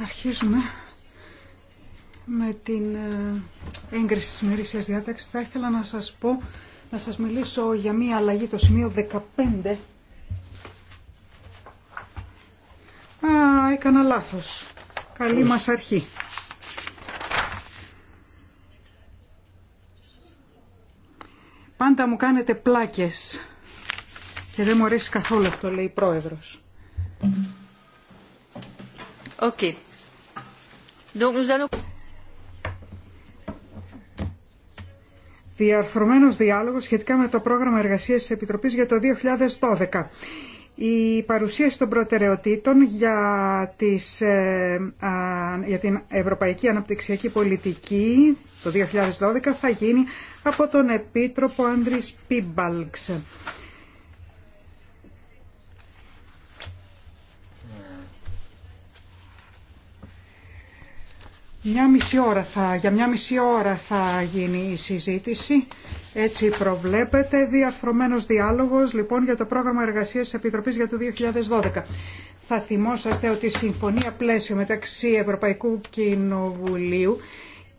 Αρχίζουμε με την ε, έγκριση της μερίσιας διάταξης. Θα ήθελα να σας πω, να σας μιλήσω για μία αλλαγή το σημείο 15. Α, έκανα λάθος. Καλή μας αρχή. πάντα μου κάνετε πλάκες. Και δεν μου αρέσει καθόλου αυτό, λέει η πρόεδρος. Okay. Donc Διαρθρωμένος διάλογος σχετικά με το πρόγραμμα εργασίας της Επιτροπής για το 2012. Η παρουσίαση των προτεραιοτήτων για, τις, ε, για την Ευρωπαϊκή Αναπτυξιακή Πολιτική το 2012 θα γίνει από τον Επίτροπο Άνδρης Πίμπαλξ. Μια μισή ώρα θα, για μια μισή ώρα θα γίνει η συζήτηση. Έτσι προβλέπεται διαρθρωμένος διάλογος λοιπόν για το πρόγραμμα εργασίας της Επιτροπής για το 2012. Θα θυμόσαστε ότι η συμφωνία πλαίσιο μεταξύ Ευρωπαϊκού Κοινοβουλίου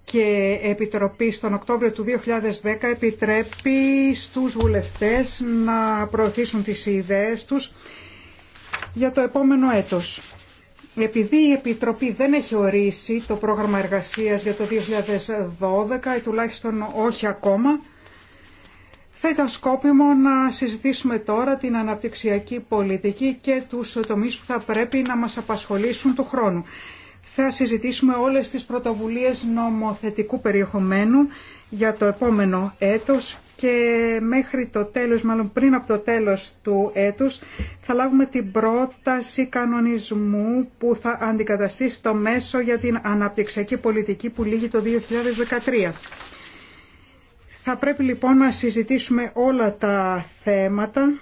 και Επιτροπή στον Οκτώβριο του 2010 επιτρέπει στους βουλευτές να προωθήσουν τις ιδέες τους για το επόμενο έτος. Επειδή η Επιτροπή δεν έχει ορίσει το πρόγραμμα εργασίας για το 2012 ή τουλάχιστον όχι ακόμα, θα ήταν σκόπιμο να συζητήσουμε τώρα την αναπτυξιακή πολιτική και τους τομείς που θα πρέπει να μας απασχολήσουν του χρόνου θα συζητήσουμε όλες τις πρωτοβουλίες νομοθετικού περιεχομένου για το επόμενο έτος και μέχρι το τέλος, μάλλον πριν από το τέλος του έτους, θα λάβουμε την πρόταση κανονισμού που θα αντικαταστήσει το μέσο για την αναπτυξιακή πολιτική που λύγει το 2013. Θα πρέπει λοιπόν να συζητήσουμε όλα τα θέματα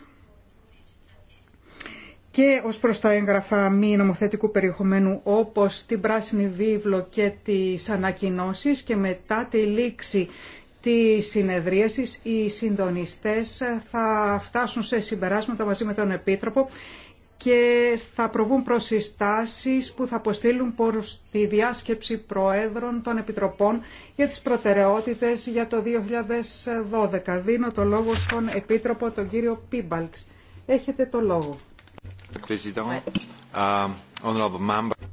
και ως προς τα έγγραφα μη νομοθετικού περιεχομένου όπως την Πράσινη Βίβλο και τις ανακοινώσεις και μετά τη λήξη τη συνεδρίασης οι συντονιστέ θα φτάσουν σε συμπεράσματα μαζί με τον Επίτροπο και θα προβούν προς που θα αποστείλουν προ τη διάσκεψη προέδρων των Επιτροπών για τι προτεραιότητε για το 2012. Δίνω το λόγο στον Επίτροπο, τον κύριο Πίμπαλξ. Έχετε το λόγο. Um,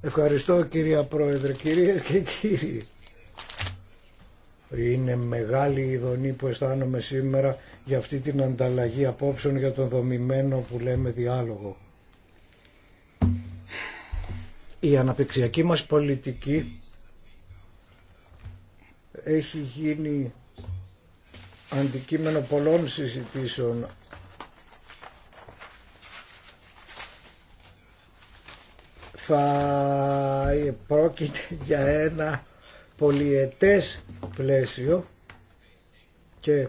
Ευχαριστώ κυρία Πρόεδρε, κυρίες και κύριοι. Είναι μεγάλη η δονή που αισθάνομαι σήμερα για αυτή την ανταλλαγή απόψεων για τον δομημένο που λέμε διάλογο. Η αναπτυξιακή μας πολιτική έχει γίνει αντικείμενο πολλών συζητήσεων θα πρόκειται για ένα πολιετές πλαίσιο και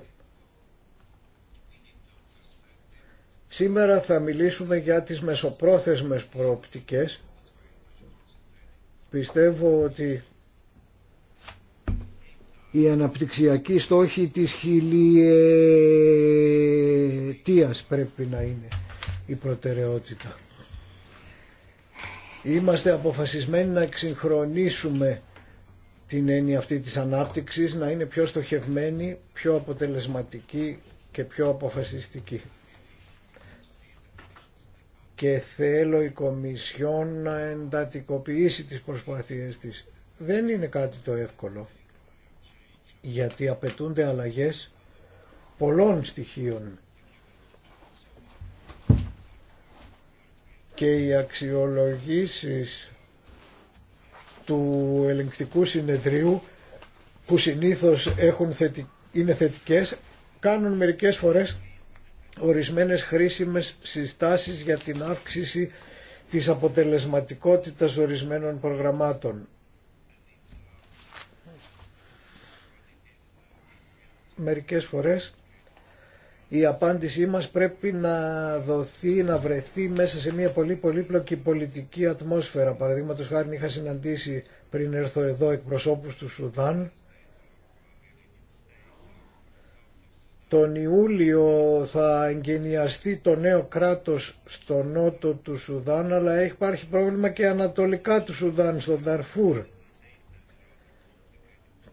σήμερα θα μιλήσουμε για τις μεσοπρόθεσμες προοπτικές. Πιστεύω ότι η αναπτυξιακή στόχη της χιλιετίας πρέπει να είναι η προτεραιότητα. Είμαστε αποφασισμένοι να εξυγχρονίσουμε την έννοια αυτή της ανάπτυξης, να είναι πιο στοχευμένη, πιο αποτελεσματική και πιο αποφασιστική. Και θέλω η Κομισιόν να εντατικοποιήσει τις προσπάθειές της. Δεν είναι κάτι το εύκολο, γιατί απαιτούνται αλλαγές πολλών στοιχείων και οι αξιολογήσεις του ελεγκτικού συνεδρίου που συνήθως έχουν είναι θετικές κάνουν μερικές φορές ορισμένες χρήσιμες συστάσεις για την αύξηση της αποτελεσματικότητας ορισμένων προγραμμάτων. Μερικές φορές η απάντησή μας πρέπει να δοθεί, να βρεθεί μέσα σε μια πολύ πολύπλοκη πολιτική ατμόσφαιρα. Παραδείγματος χάρη είχα συναντήσει πριν έρθω εδώ εκπροσώπους του Σουδάν. Τον Ιούλιο θα εγκαινιαστεί το νέο κράτος στο νότο του Σουδάν, αλλά υπάρχει πρόβλημα και ανατολικά του Σουδάν, στο Δαρφούρ.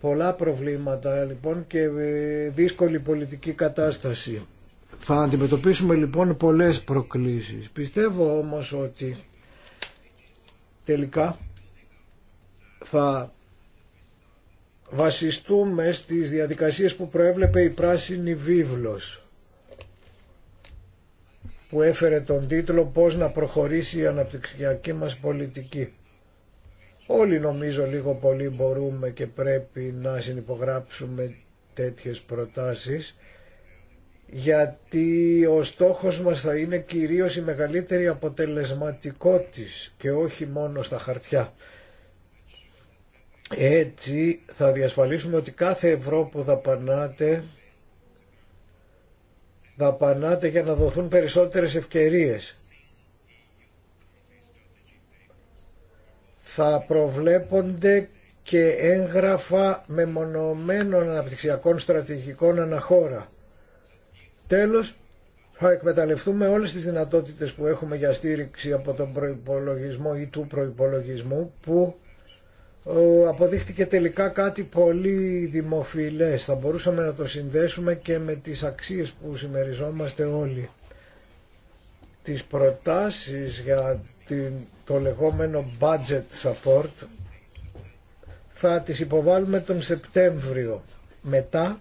Πολλά προβλήματα λοιπόν και ε, δύσκολη πολιτική κατάσταση. Θα αντιμετωπίσουμε λοιπόν πολλές προκλήσεις. Πιστεύω όμως ότι τελικά θα βασιστούμε στις διαδικασίες που προέβλεπε η πράσινη βίβλος που έφερε τον τίτλο «Πώς να προχωρήσει η αναπτυξιακή μας πολιτική». Όλοι νομίζω λίγο πολύ μπορούμε και πρέπει να συνυπογράψουμε τέτοιες προτάσεις γιατί ο στόχος μας θα είναι κυρίως η μεγαλύτερη αποτελεσματικότης και όχι μόνο στα χαρτιά. Έτσι θα διασφαλίσουμε ότι κάθε ευρώ που δαπανάτε δαπανάτε για να δοθούν περισσότερες ευκαιρίες θα προβλέπονται και έγγραφα μεμονωμένων αναπτυξιακών στρατηγικών αναχώρα. Τέλος, θα εκμεταλλευτούμε όλες τις δυνατότητες που έχουμε για στήριξη από τον προϋπολογισμό ή του προϋπολογισμού που αποδείχτηκε τελικά κάτι πολύ δημοφιλές. Θα μπορούσαμε να το συνδέσουμε και με τις αξίες που συμμεριζόμαστε όλοι. Τις προτάσεις για την, το λεγόμενο budget support θα τις υποβάλουμε τον Σεπτέμβριο. Μετά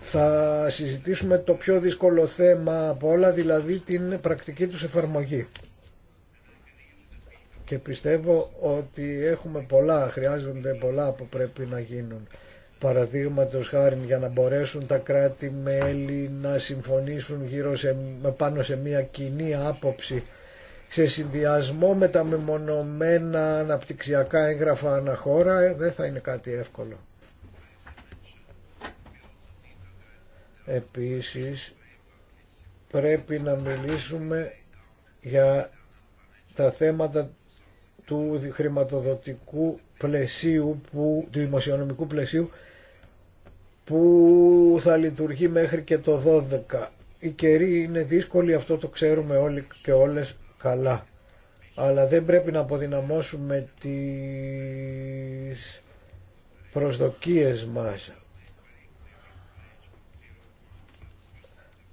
θα συζητήσουμε το πιο δύσκολο θέμα από όλα, δηλαδή την πρακτική τους εφαρμογή. Και πιστεύω ότι έχουμε πολλά, χρειάζονται πολλά που πρέπει να γίνουν. Παραδείγματο χάρη για να μπορέσουν τα κράτη-μέλη να συμφωνήσουν γύρω σε, πάνω σε μια κοινή άποψη σε συνδυασμό με τα μεμονωμένα αναπτυξιακά έγγραφα αναχώρα ε, δεν θα είναι κάτι εύκολο. Επίσης πρέπει να μιλήσουμε για τα θέματα του χρηματοδοτικού πλαισίου, που, του δημοσιονομικού πλαισίου που θα λειτουργεί μέχρι και το 12. Η καιροί είναι δύσκολη, αυτό το ξέρουμε όλοι και όλες καλά. Αλλά δεν πρέπει να αποδυναμώσουμε τις προσδοκίες μας.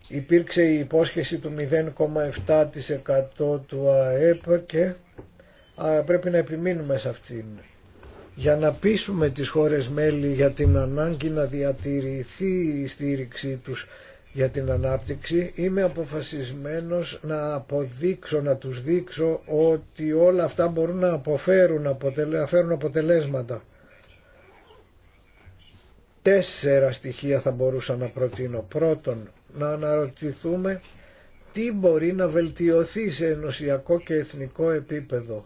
Υπήρξε η υπόσχεση του 0,7% του ΑΕΠ και πρέπει να επιμείνουμε σε αυτήν για να πείσουμε τις χώρες μέλη για την ανάγκη να διατηρηθεί η στήριξή τους για την ανάπτυξη είμαι αποφασισμένος να αποδείξω, να τους δείξω ότι όλα αυτά μπορούν να αποφέρουν, να φέρουν αποτελέσματα. Τέσσερα στοιχεία θα μπορούσα να προτείνω. Πρώτον, να αναρωτηθούμε τι μπορεί να βελτιωθεί σε ενωσιακό και εθνικό επίπεδο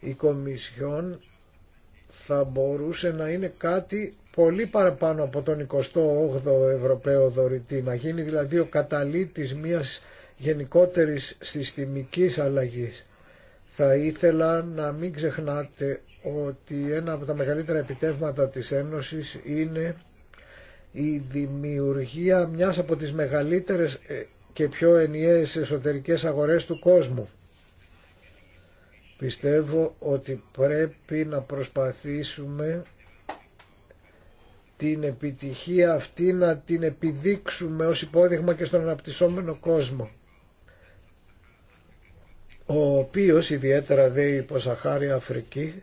η Κομισιόν θα μπορούσε να είναι κάτι πολύ παραπάνω από τον 28ο Ευρωπαίο Δωρητή, να γίνει δηλαδή ο καταλήτης μιας γενικότερης συστημικής αλλαγής. Θα ήθελα να μην ξεχνάτε ότι ένα από τα μεγαλύτερα επιτεύγματα της Ένωσης είναι η δημιουργία μιας από τις μεγαλύτερες ε, και πιο ενιαίες εσωτερικές αγορές του κόσμου. Πιστεύω ότι πρέπει να προσπαθήσουμε την επιτυχία αυτή να την επιδείξουμε ως υπόδειγμα και στον αναπτυσσόμενο κόσμο ο οποίος ιδιαίτερα δε η Αφρική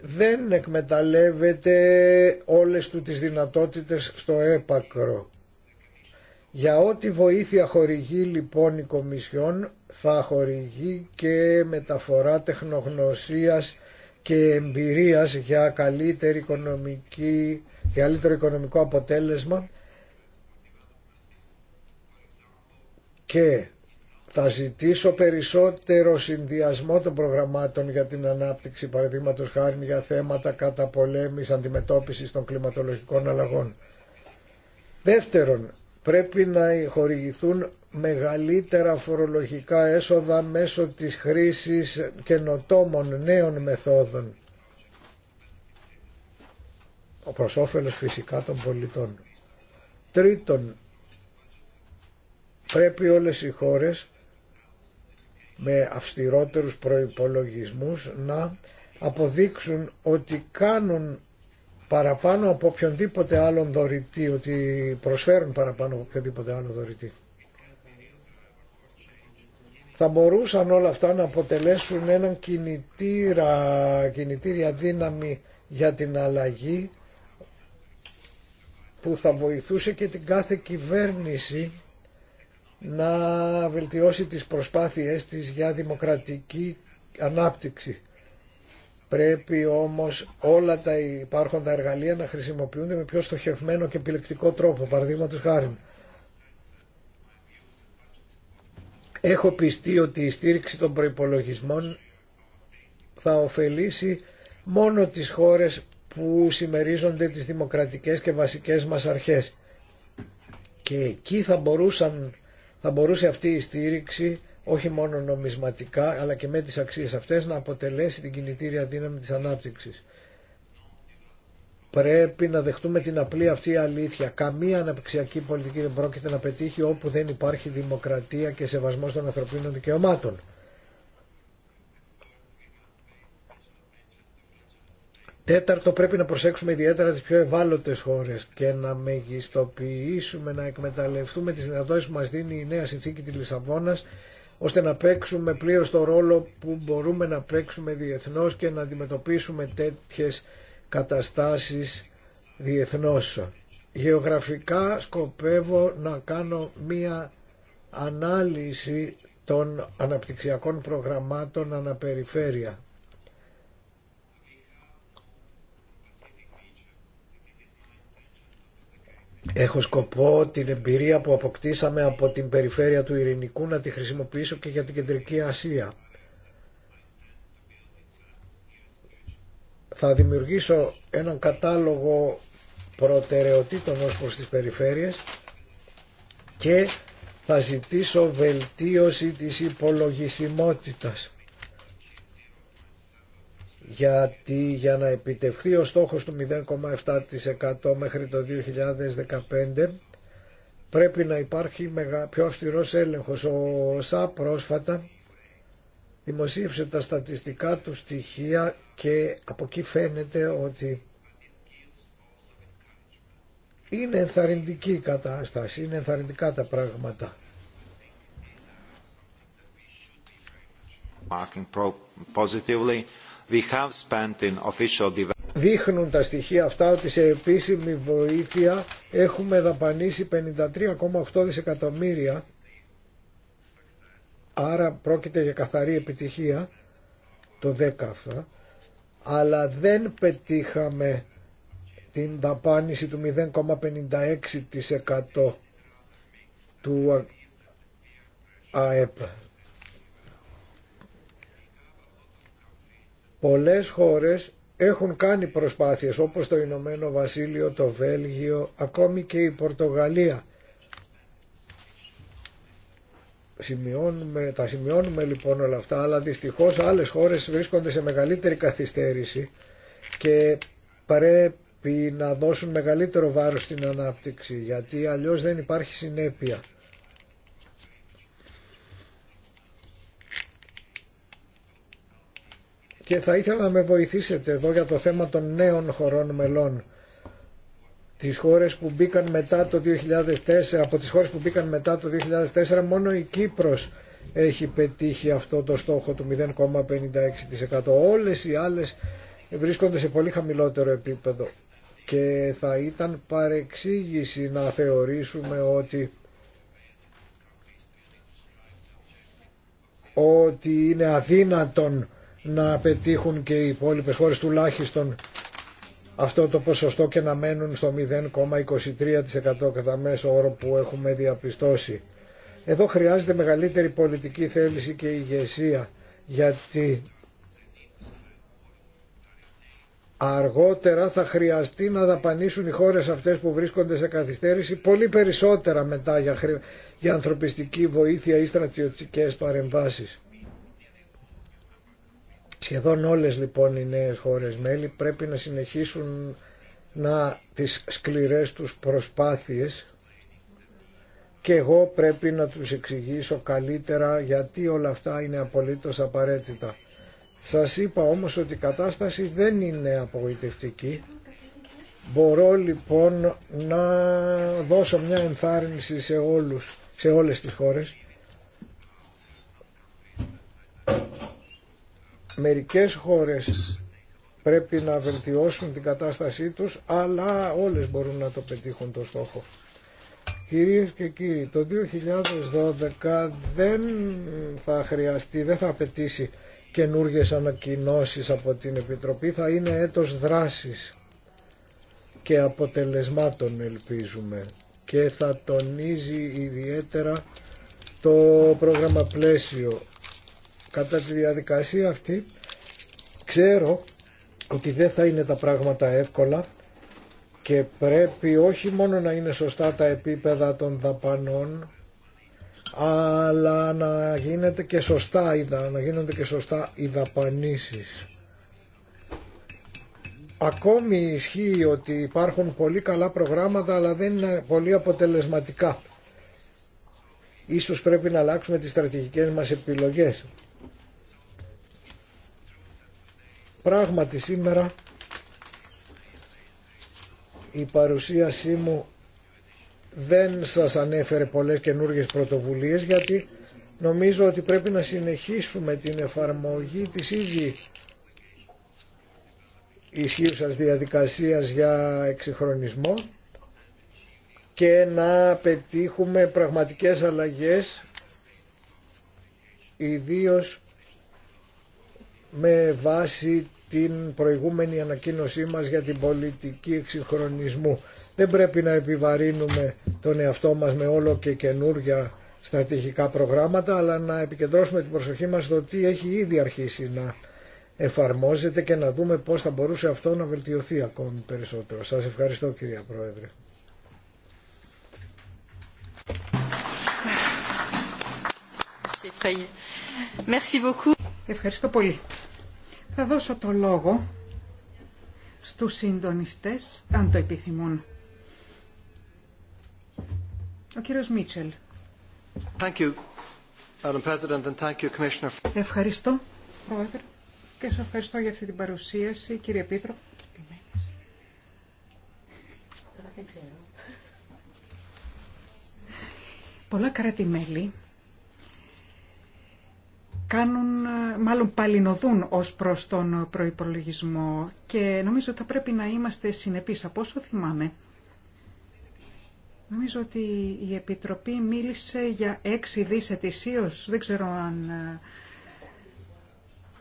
δεν εκμεταλλεύεται όλες του τις δυνατότητες στο έπακρο. Για ό,τι βοήθεια χορηγεί λοιπόν η Κομισιόν θα χορηγεί και μεταφορά τεχνογνωσίας και εμπειρίας για καλύτερη οικονομική, για καλύτερο οικονομικό αποτέλεσμα και θα ζητήσω περισσότερο συνδυασμό των προγραμμάτων για την ανάπτυξη παραδείγματος χάρη για θέματα κατά πολέμης αντιμετώπισης των κλιματολογικών αλλαγών. Δεύτερον, πρέπει να χορηγηθούν μεγαλύτερα φορολογικά έσοδα μέσω της χρήσης καινοτόμων νέων μεθόδων Ο προσόφελος φυσικά των πολιτών. Τρίτον, πρέπει όλες οι χώρες με αυστηρότερους προϋπολογισμούς να αποδείξουν ότι κάνουν παραπάνω από οποιονδήποτε άλλον δωρητή, ότι προσφέρουν παραπάνω από οποιονδήποτε άλλον δωρητή θα μπορούσαν όλα αυτά να αποτελέσουν έναν κινητήρα, κινητήρια δύναμη για την αλλαγή που θα βοηθούσε και την κάθε κυβέρνηση να βελτιώσει τις προσπάθειές της για δημοκρατική ανάπτυξη. Πρέπει όμως όλα τα υπάρχοντα εργαλεία να χρησιμοποιούνται με πιο στοχευμένο και επιλεκτικό τρόπο, παραδείγματος χάρη Έχω πιστεί ότι η στήριξη των προϋπολογισμών θα ωφελήσει μόνο τις χώρες που συμμερίζονται τις δημοκρατικές και βασικές μας αρχές. Και εκεί θα, μπορούσαν, θα μπορούσε αυτή η στήριξη όχι μόνο νομισματικά αλλά και με τις αξίες αυτές να αποτελέσει την κινητήρια δύναμη της ανάπτυξης. Πρέπει να δεχτούμε την απλή αυτή αλήθεια. Καμία αναπτυξιακή πολιτική δεν πρόκειται να πετύχει όπου δεν υπάρχει δημοκρατία και σεβασμός των ανθρωπίνων δικαιωμάτων. Τέταρτο, πρέπει να προσέξουμε ιδιαίτερα τις πιο ευάλωτες χώρες και να μεγιστοποιήσουμε, να εκμεταλλευτούμε τις δυνατότητες που μας δίνει η νέα συνθήκη της Λισαβόνας ώστε να παίξουμε πλήρως το ρόλο που μπορούμε να παίξουμε διεθνώς και να αντιμετωπίσουμε τέτοιες καταστάσεις διεθνώς. Γεωγραφικά σκοπεύω να κάνω μία ανάλυση των αναπτυξιακών προγραμμάτων αναπεριφέρεια. Έχω σκοπό την εμπειρία που αποκτήσαμε από την περιφέρεια του Ειρηνικού να τη χρησιμοποιήσω και για την Κεντρική Ασία. θα δημιουργήσω έναν κατάλογο προτεραιοτήτων ως προς τις περιφέρειες και θα ζητήσω βελτίωση της υπολογισμότητας γιατί για να επιτευχθεί ο στόχος του 0,7% μέχρι το 2015 πρέπει να υπάρχει πιο αυστηρός έλεγχος. Ο ΣΑ πρόσφατα δημοσίευσε τα στατιστικά του στοιχεία και από εκεί φαίνεται ότι είναι ενθαρρυντική η κατάσταση, είναι ενθαρρυντικά τα πράγματα. Δείχνουν τα στοιχεία αυτά ότι σε επίσημη βοήθεια έχουμε δαπανίσει 53,8 δισεκατομμύρια άρα πρόκειται για καθαρή επιτυχία το 10 αυτά αλλά δεν πετύχαμε την δαπάνηση του 0,56% του ΑΕΠ. Πολλές χώρες έχουν κάνει προσπάθειες όπως το Ηνωμένο Βασίλειο, το Βέλγιο, ακόμη και η Πορτογαλία σημειώνουμε, τα σημειώνουμε λοιπόν όλα αυτά, αλλά δυστυχώς άλλες χώρες βρίσκονται σε μεγαλύτερη καθυστέρηση και πρέπει να δώσουν μεγαλύτερο βάρος στην ανάπτυξη, γιατί αλλιώς δεν υπάρχει συνέπεια. Και θα ήθελα να με βοηθήσετε εδώ για το θέμα των νέων χωρών μελών τις χώρες που μπήκαν μετά το 2004, από τις χώρες που μπήκαν μετά το 2004 μόνο η Κύπρος έχει πετύχει αυτό το στόχο του 0,56%. Όλες οι άλλες βρίσκονται σε πολύ χαμηλότερο επίπεδο και θα ήταν παρεξήγηση να θεωρήσουμε ότι ότι είναι αδύνατον να πετύχουν και οι υπόλοιπε χώρες τουλάχιστον αυτό το ποσοστό και να μένουν στο 0,23% κατά μέσο όρο που έχουμε διαπιστώσει. Εδώ χρειάζεται μεγαλύτερη πολιτική θέληση και ηγεσία γιατί αργότερα θα χρειαστεί να δαπανίσουν οι χώρες αυτές που βρίσκονται σε καθυστέρηση πολύ περισσότερα μετά για, για ανθρωπιστική βοήθεια ή στρατιωτικές παρεμβάσεις. Σχεδόν όλες λοιπόν οι νέες χώρες μέλη πρέπει να συνεχίσουν να τις σκληρές τους προσπάθειες και εγώ πρέπει να τους εξηγήσω καλύτερα γιατί όλα αυτά είναι απολύτως απαραίτητα. Σας είπα όμως ότι η κατάσταση δεν είναι απογοητευτική. Μπορώ λοιπόν να δώσω μια ενθάρρυνση σε, όλους, σε όλες τις χώρες Μερικές χώρες πρέπει να βελτιώσουν την κατάστασή τους, αλλά όλες μπορούν να το πετύχουν το στόχο. Κυρίες και κύριοι, το 2012 δεν θα χρειαστεί, δεν θα απαιτήσει καινούργιες ανακοινώσεις από την Επιτροπή, θα είναι έτος δράσης και αποτελεσμάτων ελπίζουμε και θα τονίζει ιδιαίτερα το πρόγραμμα πλαίσιο Κατά τη διαδικασία αυτή ξέρω ότι δεν θα είναι τα πράγματα εύκολα και πρέπει όχι μόνο να είναι σωστά τα επίπεδα των δαπανών αλλά να γίνεται και σωστά, να γίνονται και σωστά οι δαπανήσεις. Ακόμη ισχύει ότι υπάρχουν πολύ καλά προγράμματα αλλά δεν είναι πολύ αποτελεσματικά. Ίσως πρέπει να αλλάξουμε τις στρατηγικές μας επιλογές. Πράγματι σήμερα η παρουσίασή μου δεν σας ανέφερε πολλές καινούργιες πρωτοβουλίες γιατί νομίζω ότι πρέπει να συνεχίσουμε την εφαρμογή της ήδη ισχύουσας διαδικασίας για εξυγχρονισμό και να πετύχουμε πραγματικές αλλαγές ιδίως με βάση την προηγούμενη ανακοίνωσή μας για την πολιτική εξυγχρονισμού. Δεν πρέπει να επιβαρύνουμε τον εαυτό μας με όλο και καινούργια στρατηγικά προγράμματα, αλλά να επικεντρώσουμε την προσοχή μας στο τι έχει ήδη αρχίσει να εφαρμόζεται και να δούμε πώς θα μπορούσε αυτό να βελτιωθεί ακόμη περισσότερο. Σας ευχαριστώ κυρία Πρόεδρε. Ευχαριστώ πολύ. Θα δώσω το λόγο στους συντονιστές, αν το επιθυμούν. Ο κύριος Μίτσελ. Thank you, Madam President, and thank you, Commissioner. Ευχαριστώ, Πρόεδρε, και σας ευχαριστώ για αυτή την παρουσίαση, κύριε Πίτρο. Πολλά κράτη-μέλη κάνουν, μάλλον παλινοδούν ως προς τον προϋπολογισμό και νομίζω ότι θα πρέπει να είμαστε συνεπείς. Από όσο θυμάμαι, νομίζω ότι η Επιτροπή μίλησε για έξι δις ετησίως, δεν ξέρω αν ε,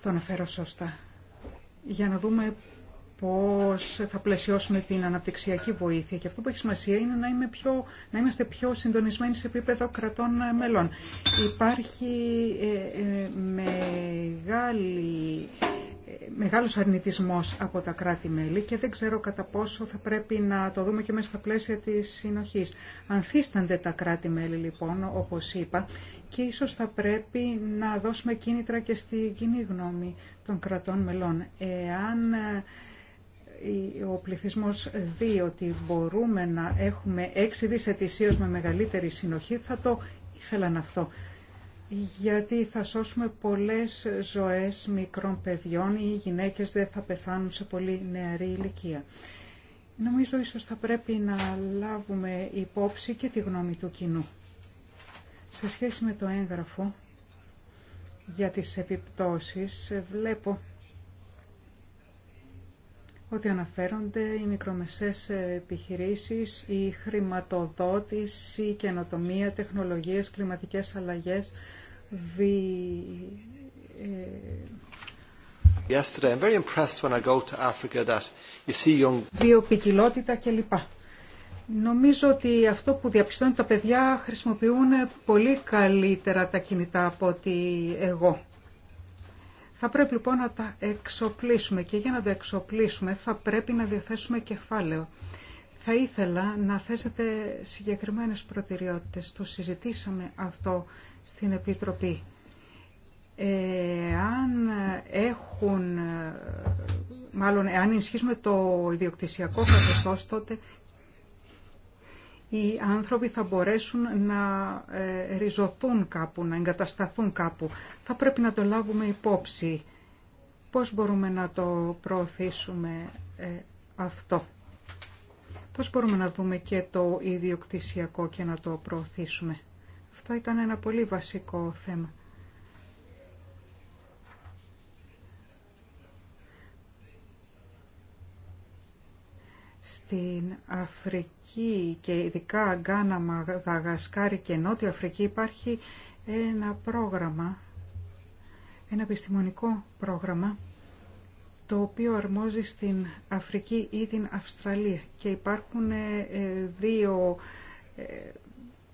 το αναφέρω σωστά, για να δούμε πώς θα πλαισιώσουμε την αναπτυξιακή βοήθεια. Και αυτό που έχει σημασία είναι να, είμαι πιο, να είμαστε πιο συντονισμένοι σε επίπεδο κρατών μελών. Υπάρχει ε, ε, ε, μεγάλος αρνητισμός από τα κράτη-μέλη και δεν ξέρω κατά πόσο θα πρέπει να το δούμε και μέσα στα πλαίσια της συνοχής. Ανθίστανται τα κράτη-μέλη λοιπόν, όπως είπα, και ίσως θα πρέπει να δώσουμε κίνητρα και στη κοινή γνώμη των κρατών μελών. Εάν ο πληθυσμός δει ότι μπορούμε να έχουμε έξι δισετησίως με μεγαλύτερη συνοχή, θα το ήθελαν αυτό. Γιατί θα σώσουμε πολλές ζωές μικρών παιδιών, οι γυναίκες δεν θα πεθάνουν σε πολύ νεαρή ηλικία. Νομίζω ίσως θα πρέπει να λάβουμε υπόψη και τη γνώμη του κοινού. Σε σχέση με το έγγραφο για τις επιπτώσεις βλέπω ότι αναφέρονται οι μικρομεσαίες επιχειρήσεις, η χρηματοδότηση, η καινοτομία, τεχνολογίες, κλιματικές αλλαγές, ε, Yesterday, I'm very impressed Βιοπικιλότητα κλπ. Νομίζω ότι αυτό που διαπιστώνει τα παιδιά χρησιμοποιούν πολύ καλύτερα τα κινητά από ότι εγώ. Θα πρέπει λοιπόν να τα εξοπλίσουμε και για να τα εξοπλίσουμε θα πρέπει να διαθέσουμε κεφάλαιο. Θα ήθελα να θέσετε συγκεκριμένες προτεραιότητες. Το συζητήσαμε αυτό στην Επιτροπή. αν έχουν, μάλλον αν ενισχύσουμε το ιδιοκτησιακό καθεστώς, τότε οι άνθρωποι θα μπορέσουν να ε, ριζωθούν κάπου, να εγκατασταθούν κάπου. Θα πρέπει να το λάβουμε υπόψη. Πώς μπορούμε να το προωθήσουμε ε, αυτό. Πώς μπορούμε να δούμε και το ιδιοκτησιακό και να το προωθήσουμε. Αυτό ήταν ένα πολύ βασικό θέμα. Στην Αφρική και ειδικά Γκάνα, Μαδαγασκάρη και Νότια Αφρική υπάρχει ένα πρόγραμμα, ένα επιστημονικό πρόγραμμα το οποίο αρμόζει στην Αφρική ή την Αυστραλία και υπάρχουν ε, ε, δύο ε,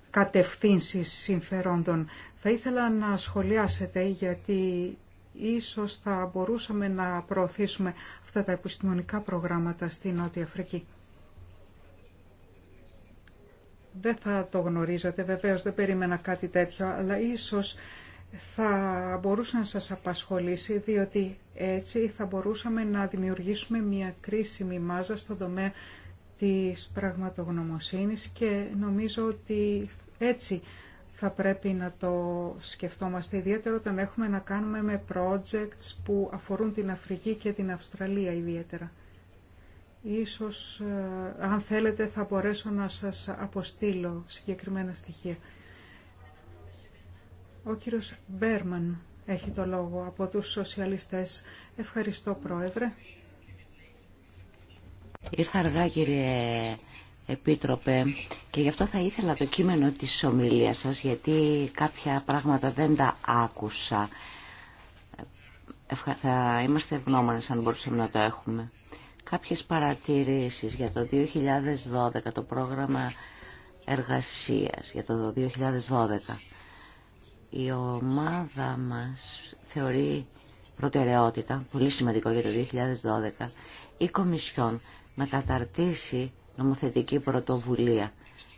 κατευθύνσεις συμφερόντων. Θα ήθελα να σχολιάσετε γιατί ίσως θα μπορούσαμε να προωθήσουμε αυτά τα επιστημονικά προγράμματα στην Νότια Αφρική. Δεν θα το γνωρίζατε βεβαίως, δεν περίμενα κάτι τέτοιο, αλλά ίσως θα μπορούσε να σας απασχολήσει, διότι έτσι θα μπορούσαμε να δημιουργήσουμε μια κρίσιμη μάζα στον τομέα της πραγματογνωμοσύνης και νομίζω ότι έτσι θα πρέπει να το σκεφτόμαστε, ιδιαίτερα όταν έχουμε να κάνουμε με projects που αφορούν την Αφρική και την Αυστραλία ιδιαίτερα. Ίσως, ε, αν θέλετε, θα μπορέσω να σας αποστείλω συγκεκριμένα στοιχεία. Ο κύριος Μπέρμαν έχει το λόγο από τους σοσιαλιστές. Ευχαριστώ, Πρόεδρε. Ήρθα αργά, κύριε Επίτροπε, και γι' αυτό θα ήθελα το κείμενο της ομιλίας σας, γιατί κάποια πράγματα δεν τα άκουσα. Θα είμαστε ευγνώμονες αν μπορούσαμε να το έχουμε κάποιες παρατηρήσεις για το 2012, το πρόγραμμα εργασίας για το 2012. Η ομάδα μας θεωρεί προτεραιότητα, πολύ σημαντικό για το 2012, η Κομισιόν να καταρτήσει νομοθετική πρωτοβουλία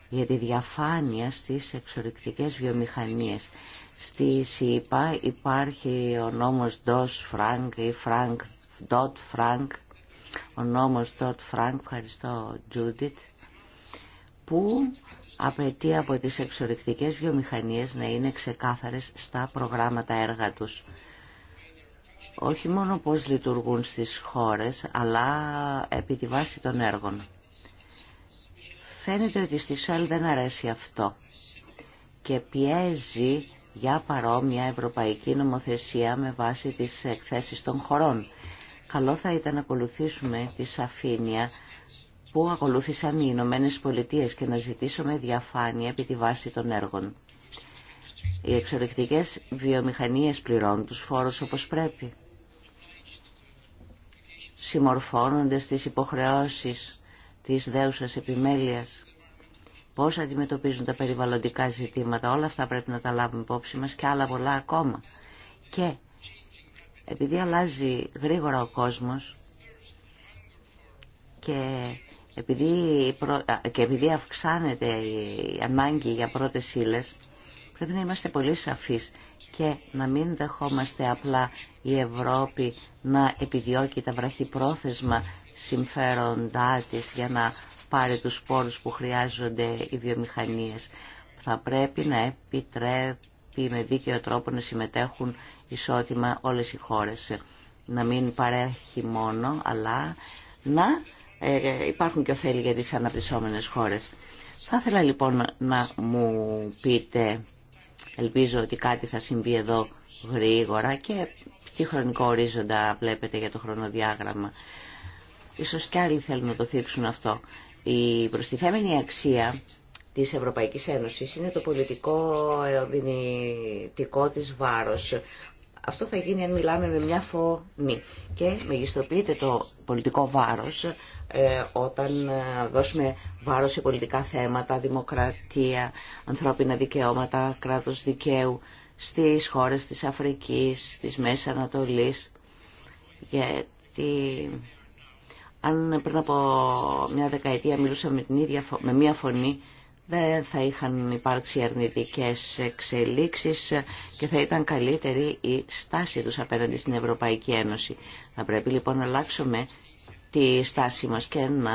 για τη διαφάνεια στις εξορρυκτικές βιομηχανίες. Στη ΣΥΠΑ υπάρχει ο νόμος DOS-FRANK ή FRANK-DOT-FRANK ο νόμος Τότ Φρανκ, ευχαριστώ Τζούντιτ, που απαιτεί από τις εξορυκτικές βιομηχανίες να είναι ξεκάθαρες στα προγράμματα έργα τους. Όχι μόνο πώς λειτουργούν στις χώρες, αλλά επί τη βάση των έργων. Φαίνεται ότι στη ΣΕΛ δεν αρέσει αυτό και πιέζει για παρόμοια ευρωπαϊκή νομοθεσία με βάση τις εκθέσεις των χωρών. Καλό θα ήταν να ακολουθήσουμε τη σαφήνεια που ακολούθησαν οι Ηνωμένε Πολιτείε και να ζητήσουμε διαφάνεια επί τη βάση των έργων. Οι εξορρυκτικέ βιομηχανίες πληρώνουν τους φόρους όπως πρέπει. Συμμορφώνονται στις υποχρεώσεις της δεούσα επιμέλειας. Πώς αντιμετωπίζουν τα περιβαλλοντικά ζητήματα, όλα αυτά πρέπει να τα λάβουμε υπόψη μα και άλλα πολλά ακόμα. Και επειδή αλλάζει γρήγορα ο κόσμος και επειδή, και επειδή αυξάνεται η ανάγκη για πρώτες ύλε, πρέπει να είμαστε πολύ σαφείς και να μην δεχόμαστε απλά η Ευρώπη να επιδιώκει τα βραχυπρόθεσμα συμφέροντά της για να πάρει τους πόρους που χρειάζονται οι βιομηχανίες. Θα πρέπει να επιτρέπει με δίκαιο τρόπο να συμμετέχουν ισότιμα όλες οι χώρες. Να μην παρέχει μόνο, αλλά να ε, υπάρχουν και ωφέλη για τις αναπτυσσόμενες χώρες. Θα ήθελα λοιπόν να μου πείτε, ελπίζω ότι κάτι θα συμβεί εδώ γρήγορα και τι χρονικό ορίζοντα βλέπετε για το χρονοδιάγραμμα. Ίσως κι άλλοι θέλουν να το θίξουν αυτό. Η προστιθέμενη αξία της Ευρωπαϊκής Ένωσης είναι το πολιτικό ε, δυνητικό της βάρος αυτό θα γίνει αν μιλάμε με μια φωνή και μεγιστοποιείται το πολιτικό βάρος ε, όταν ε, δώσουμε βάρος σε πολιτικά θέματα, δημοκρατία, ανθρώπινα δικαιώματα, κράτος δικαίου στις χώρες της Αφρικής, της Μέσης Ανατολής. Γιατί αν πριν από μια δεκαετία μιλούσαμε την με μια φωνή, δεν θα είχαν υπάρξει αρνητικές εξελίξεις και θα ήταν καλύτερη η στάση τους απέναντι στην Ευρωπαϊκή Ένωση. Θα πρέπει λοιπόν να αλλάξουμε τη στάση μας και να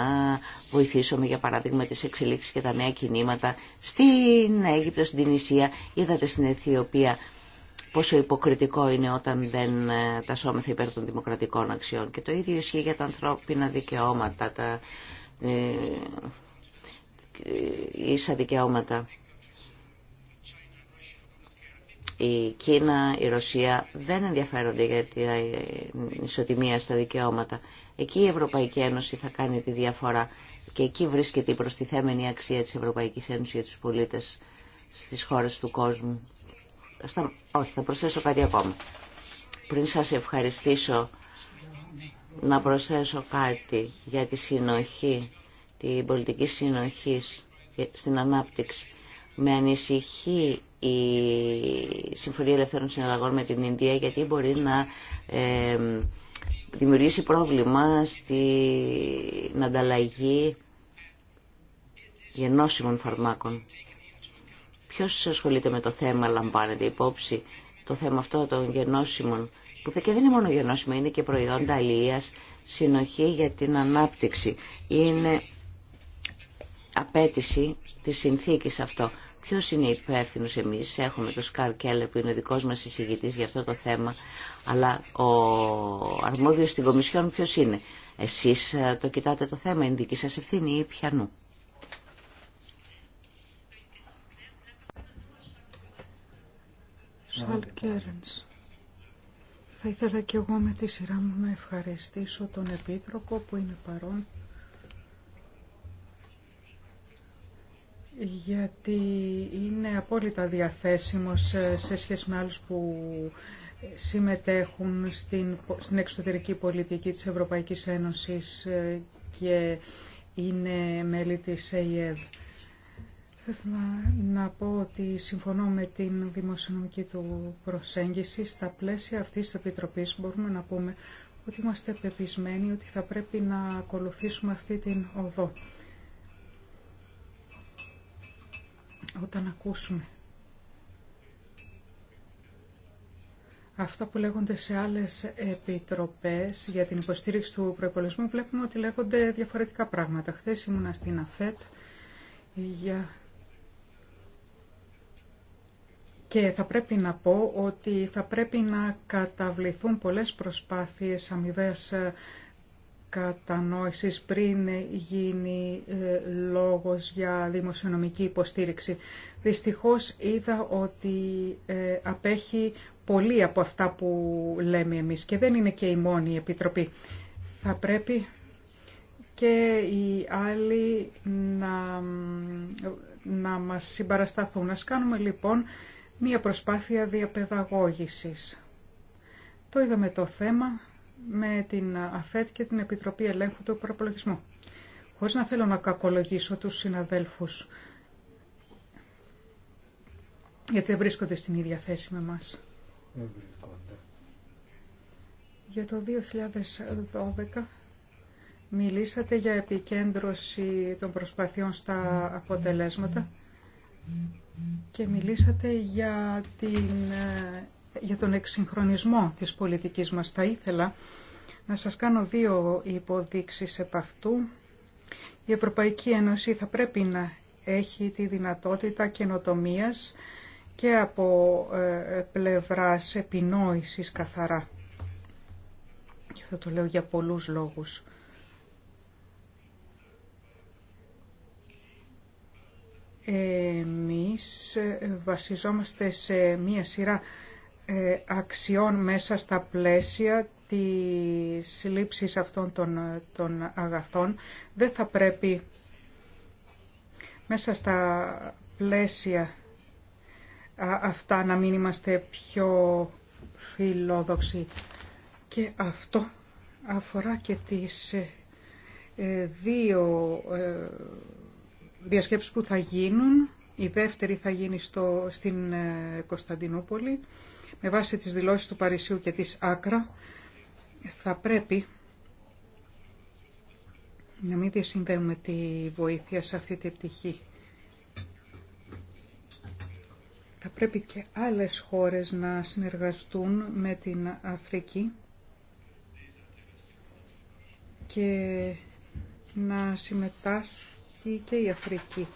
βοηθήσουμε για παράδειγμα τις εξελίξεις και τα νέα κινήματα στην Αίγυπτο, στην Τινησία, είδατε στην Αιθιοπία πόσο υποκριτικό είναι όταν δεν ε, τα σώμεθα υπέρ των δημοκρατικών αξιών και το ίδιο ισχύει για τα ανθρώπινα δικαιώματα, τα ε, ίσα δικαιώματα. Η Κίνα, η Ρωσία δεν ενδιαφέρονται για την ισοτιμία στα δικαιώματα. Εκεί η Ευρωπαϊκή Ένωση θα κάνει τη διαφορά και εκεί βρίσκεται η προστιθέμενη αξία της Ευρωπαϊκής Ένωσης για τους πολίτες στις χώρες του κόσμου. Στα... Όχι, θα προσθέσω κάτι ακόμα. Πριν σας ευχαριστήσω να προσθέσω κάτι για τη συνοχή την πολιτική συνοχή στην ανάπτυξη. Με ανησυχεί η Συμφωνία Ελευθέρων Συναλλαγών με την Ινδία γιατί μπορεί να ε, δημιουργήσει πρόβλημα στην ανταλλαγή γενώσιμων φαρμάκων. Ποιος ασχολείται με το θέμα, λαμβάνεται υπόψη, το θέμα αυτό των γενώσιμων, που δεν είναι μόνο γενώσιμα, είναι και προϊόντα αλληλείας, συνοχή για την ανάπτυξη. Είναι απέτηση τη συνθήκη αυτό. Ποιο είναι υπεύθυνο εμείς, έχουμε τον Σκαρ Κέλλερ που είναι ο δικός μας εισηγητής για αυτό το θέμα, αλλά ο αρμόδιος στην Κομισιόν ποιο είναι. Εσείς ε, το κοιτάτε το θέμα, είναι δική σας ευθύνη ή πιανού. Θα ήθελα και εγώ με τη σειρά μου να ευχαριστήσω τον Επίτροπο που είναι παρόν γιατί είναι απόλυτα διαθέσιμος ε, σε σχέση με άλλους που συμμετέχουν στην, στην εξωτερική πολιτική της Ευρωπαϊκής Ένωσης ε, και είναι μέλη της ΕΙΕΔ. Θα να πω ότι συμφωνώ με την δημοσιονομική του προσέγγιση. Στα πλαίσια αυτής της Επιτροπής μπορούμε να πούμε ότι είμαστε πεπισμένοι ότι θα πρέπει να ακολουθήσουμε αυτή την οδό. όταν ακούσουμε αυτά που λέγονται σε άλλες επιτροπές για την υποστήριξη του προϋπολογισμού βλέπουμε ότι λέγονται διαφορετικά πράγματα. Χθες ήμουνα στην ΑΦΕΤ για... και θα πρέπει να πω ότι θα πρέπει να καταβληθούν πολλές προσπάθειες αμοιβές κατανόησης πριν γίνει ε, λόγος για δημοσιονομική υποστήριξη. Δυστυχώς είδα ότι ε, απέχει πολύ από αυτά που λέμε εμείς και δεν είναι και η μόνη Επιτροπή. Θα πρέπει και οι άλλοι να, να μας συμπαρασταθούν. Ας κάνουμε λοιπόν μία προσπάθεια διαπαιδαγώγησης. Το είδαμε το θέμα με την ΑΦΕΤ και την Επιτροπή Ελέγχου του Προπολογισμού. Χωρίς να θέλω να κακολογήσω τους συναδέλφους, γιατί δεν βρίσκονται στην ίδια θέση με μας. Για το 2012 μιλήσατε για επικέντρωση των προσπαθειών στα αποτελέσματα και μιλήσατε για την ε, για τον εξυγχρονισμό της πολιτικής μας. Θα ήθελα να σας κάνω δύο υποδείξεις επ' αυτού. Η Ευρωπαϊκή Ένωση θα πρέπει να έχει τη δυνατότητα καινοτομίας και από ε, πλευράς επινόησης καθαρά. Και αυτό το λέω για πολλούς λόγους. Εμείς ε, βασιζόμαστε σε μία σειρά ε, αξιών μέσα στα πλαίσια της λήψης αυτών των, αγαθών δεν θα πρέπει μέσα στα πλαίσια αυτά να μην είμαστε πιο φιλόδοξοι. Και αυτό αφορά και τις ε, ε, δύο διασκέψεις που θα γίνουν. Η δεύτερη θα γίνει στο, στην Κωνσταντινούπολη με βάση τις δηλώσεις του Παρισιού και της Άκρα θα πρέπει να μην διασυνδέουμε τη βοήθεια σε αυτή την πτυχή. Θα πρέπει και άλλες χώρες να συνεργαστούν με την Αφρική και να συμμετάσχει και η Αφρική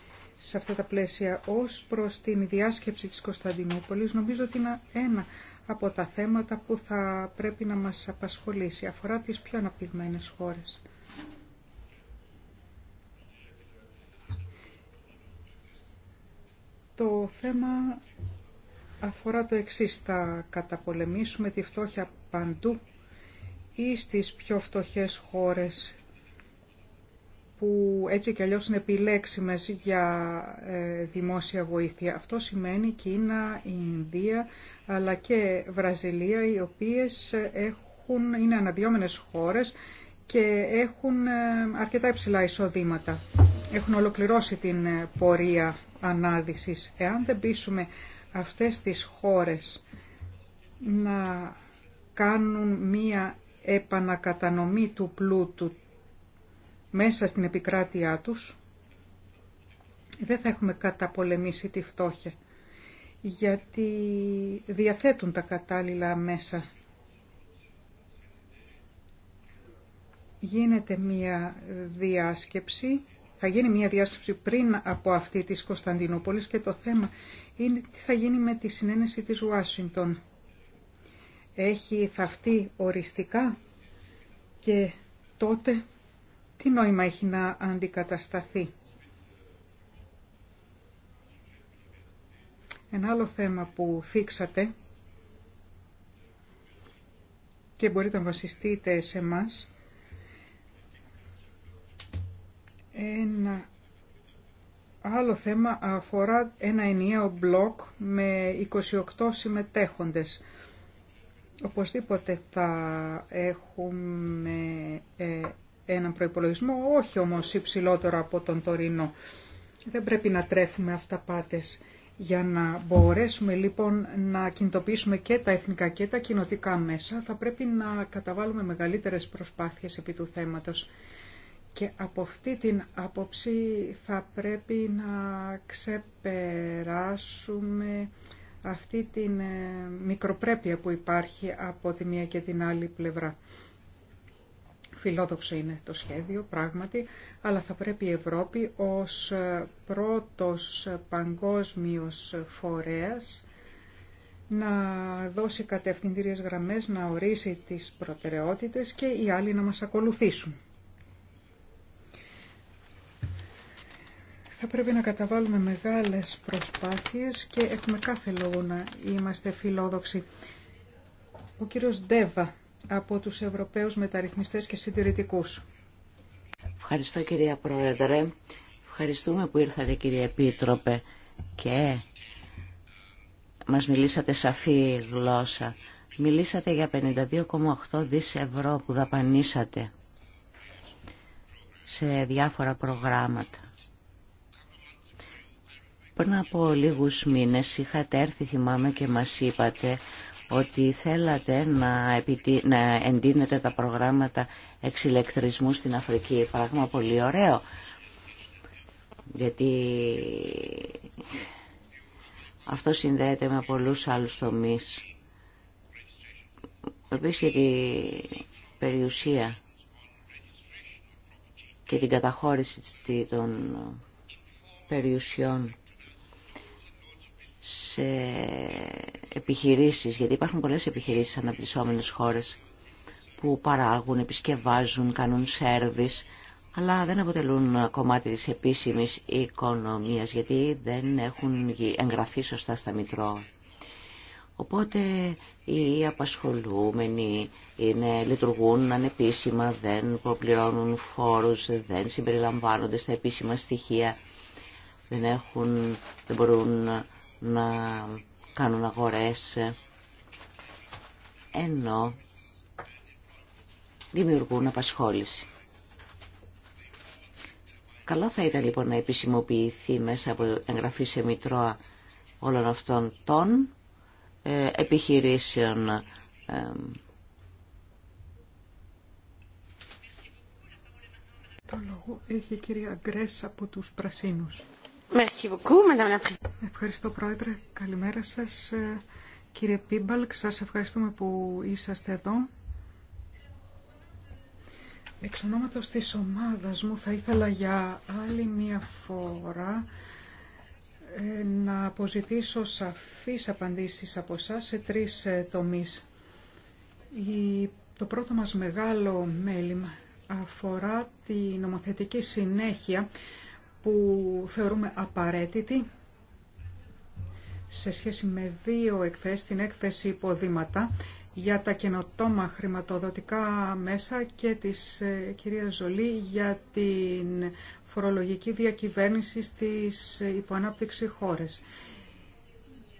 σε αυτά τα πλαίσια ως προς την διάσκεψη της Κωνσταντινούπολης νομίζω ότι είναι ένα από τα θέματα που θα πρέπει να μας απασχολήσει αφορά τις πιο αναπτυγμένες χώρες. Το θέμα αφορά το εξής. Θα καταπολεμήσουμε τη φτώχεια παντού ή στις πιο φτωχές χώρες που έτσι κι αλλιώς είναι επιλέξιμες για ε, δημόσια βοήθεια. Αυτό σημαίνει Κίνα, η Ινδία αλλά και Βραζιλία οι οποίες έχουν, είναι αναδυόμενες χώρες και έχουν ε, αρκετά υψηλά εισοδήματα. Έχουν ολοκληρώσει την ε, πορεία ανάδυσης. Εάν δεν πείσουμε αυτές τις χώρες να κάνουν μία επανακατανομή του πλούτου μέσα στην επικράτειά τους, δεν θα έχουμε καταπολεμήσει τη φτώχεια, γιατί διαθέτουν τα κατάλληλα μέσα. Γίνεται μία διάσκεψη, θα γίνει μία διάσκεψη πριν από αυτή της Κωνσταντινούπολης και το θέμα είναι τι θα γίνει με τη συνένεση της Ουάσιντον. Έχει θαυτεί οριστικά και τότε τι νόημα έχει να αντικατασταθεί. Ένα άλλο θέμα που θίξατε και μπορείτε να βασιστείτε σε μας ένα άλλο θέμα αφορά ένα ενιαίο μπλοκ με 28 συμμετέχοντες. Οπωσδήποτε θα έχουμε ε, έναν προϋπολογισμό, όχι όμως υψηλότερο από τον τωρινό. Δεν πρέπει να τρέφουμε αυταπάτες. Για να μπορέσουμε λοιπόν να κινητοποιήσουμε και τα εθνικά και τα κοινοτικά μέσα, θα πρέπει να καταβάλουμε μεγαλύτερες προσπάθειες επί του θέματος. Και από αυτή την άποψη θα πρέπει να ξεπεράσουμε αυτή την ε, μικροπρέπεια που υπάρχει από τη μία και την άλλη πλευρά. Φιλόδοξο είναι το σχέδιο, πράγματι, αλλά θα πρέπει η Ευρώπη ως πρώτος παγκόσμιος φορέας να δώσει κατευθυντήριες γραμμές, να ορίσει τις προτεραιότητες και οι άλλοι να μας ακολουθήσουν. Θα πρέπει να καταβάλουμε μεγάλες προσπάθειες και έχουμε κάθε λόγο να είμαστε φιλόδοξοι. Ο κύριος Ντέβα από τους Ευρωπαίους μεταρρυθμιστές και συντηρητικούς. Ευχαριστώ κυρία Πρόεδρε. Ευχαριστούμε που ήρθατε κύριε Επίτροπε και μας μιλήσατε σαφή γλώσσα. Μιλήσατε για 52,8 δις ευρώ που δαπανίσατε σε διάφορα προγράμματα. Πριν από λίγους μήνες είχατε έρθει θυμάμαι και μας είπατε ότι θέλατε να, επιτύ... να εντείνετε τα προγράμματα εξηλεκτρισμού στην Αφρική. Πράγμα πολύ ωραίο. Γιατί αυτό συνδέεται με πολλούς άλλους τομείς. Επίσης για την περιουσία και την καταχώρηση των περιουσιών σε επιχειρήσεις, γιατί υπάρχουν πολλές επιχειρήσεις σε αναπτυσσόμενες χώρες που παράγουν, επισκευάζουν, κάνουν σέρβις, αλλά δεν αποτελούν κομμάτι της επίσημης οικονομίας, γιατί δεν έχουν εγγραφεί σωστά στα Μητρώα. Οπότε οι απασχολούμενοι είναι, λειτουργούν ανεπίσημα, δεν προπληρώνουν φόρους, δεν συμπεριλαμβάνονται στα επίσημα στοιχεία, δεν, έχουν, δεν μπορούν να κάνουν αγορές ενώ δημιουργούν απασχόληση. Καλό θα ήταν λοιπόν να επισημοποιηθεί μέσα από εγγραφή σε Μητρώα όλων αυτών των ε, επιχειρήσεων ε, Το λόγο έχει η κυρία Γκρέσ από τους Πρασίνους. Ευχαριστώ Πρόεδρε. Καλημέρα σας. Ε, κύριε Πίμπαλκ, σας ευχαριστούμε που είσαστε εδώ. Εξ ονόματος της ομάδας μου θα ήθελα για άλλη μία φορά ε, να αποζητήσω σαφείς απαντήσεις από εσά σε τρεις ε, τομείς. Το πρώτο μας μεγάλο μέλημα αφορά τη νομοθετική συνέχεια που θεωρούμε απαραίτητη σε σχέση με δύο εκθέσεις, την έκθεση υποδήματα για τα καινοτόμα χρηματοδοτικά μέσα και της ε, κυρία Ζολή για την φορολογική διακυβέρνηση στις υποανάπτυξη χώρες.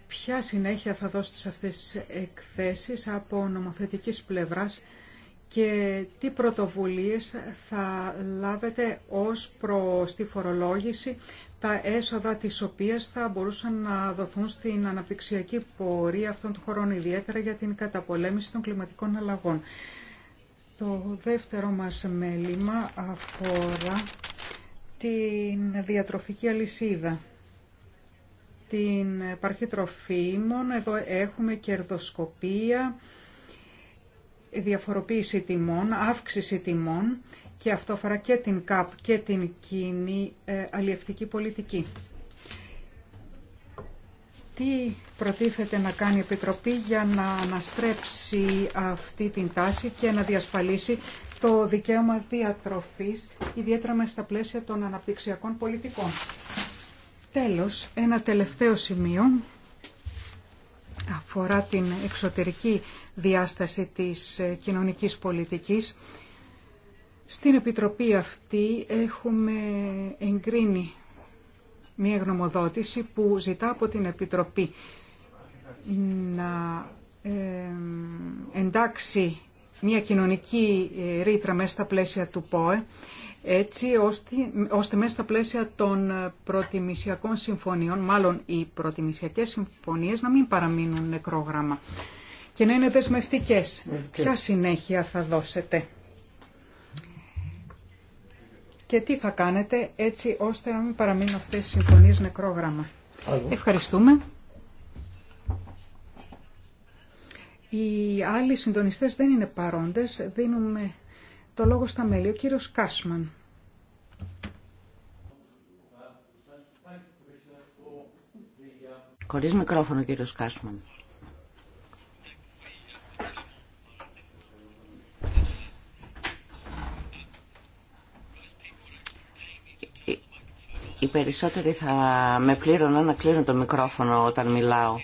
Ποια συνέχεια θα δώσει σε αυτές τις εκθέσεις από νομοθετικής πλευράς και τι πρωτοβουλίες θα λάβετε ως προς τη φορολόγηση, τα έσοδα της οποίας θα μπορούσαν να δοθούν στην αναπτυξιακή πορεία αυτών των χωρών, ιδιαίτερα για την καταπολέμηση των κλιματικών αλλαγών. Το δεύτερο μας μέλημα αφορά την διατροφική αλυσίδα. Την παρχή τροφίμων, εδώ έχουμε κερδοσκοπία, διαφοροποίηση τιμών, αύξηση τιμών και αυτό αφορά και την ΚΑΠ και την κοινή ε, αλλιευτική πολιτική. Τι προτίθεται να κάνει η Επιτροπή για να αναστρέψει αυτή την τάση και να διασφαλίσει το δικαίωμα διατροφής, ιδιαίτερα μέσα στα πλαίσια των αναπτυξιακών πολιτικών. Τέλος, ένα τελευταίο σημείο αφορά την εξωτερική διάσταση της ε, κοινωνικής πολιτικής. Στην Επιτροπή αυτή έχουμε εγκρίνει μία γνωμοδότηση που ζητά από την Επιτροπή να εντάξει μία κοινωνική ε, ρήτρα μέσα στα πλαίσια του ΠΟΕ έτσι ώστε, ώστε μέσα στα πλαίσια των προτιμησιακών συμφωνιών, μάλλον οι προτιμησιακές συμφωνίες να μην παραμείνουν νεκρόγραμμα και να είναι δεσμευτικές. Ποια συνέχεια θα δώσετε και τι θα κάνετε έτσι ώστε να μην παραμείνουν αυτές οι συμφωνίες νεκρόγραμμα. Ευχαριστούμε. Οι άλλοι συντονιστές δεν είναι παρόντες. Δίνουμε το λόγο στα μέλη. Ο κύριος Κάσμαν. Χωρίς μικρόφωνο, κύριος Κάσμαν. Οι περισσότεροι θα με πλήρωναν να κλείνω το μικρόφωνο όταν μιλάω.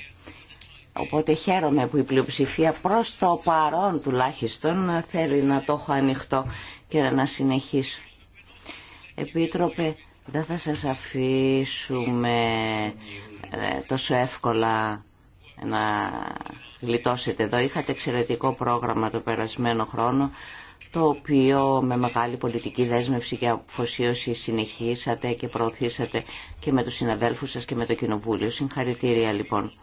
Οπότε χαίρομαι που η πλειοψηφία προς το παρόν τουλάχιστον θέλει να το έχω ανοιχτό και να συνεχίσω. Επίτροπε, δεν θα σας αφήσουμε ε, τόσο εύκολα να γλιτώσετε εδώ. Είχατε εξαιρετικό πρόγραμμα το περασμένο χρόνο, το οποίο με μεγάλη πολιτική δέσμευση και αφοσίωση συνεχίσατε και προωθήσατε και με τους συναδέλφους σας και με το Κοινοβούλιο. Συγχαρητήρια λοιπόν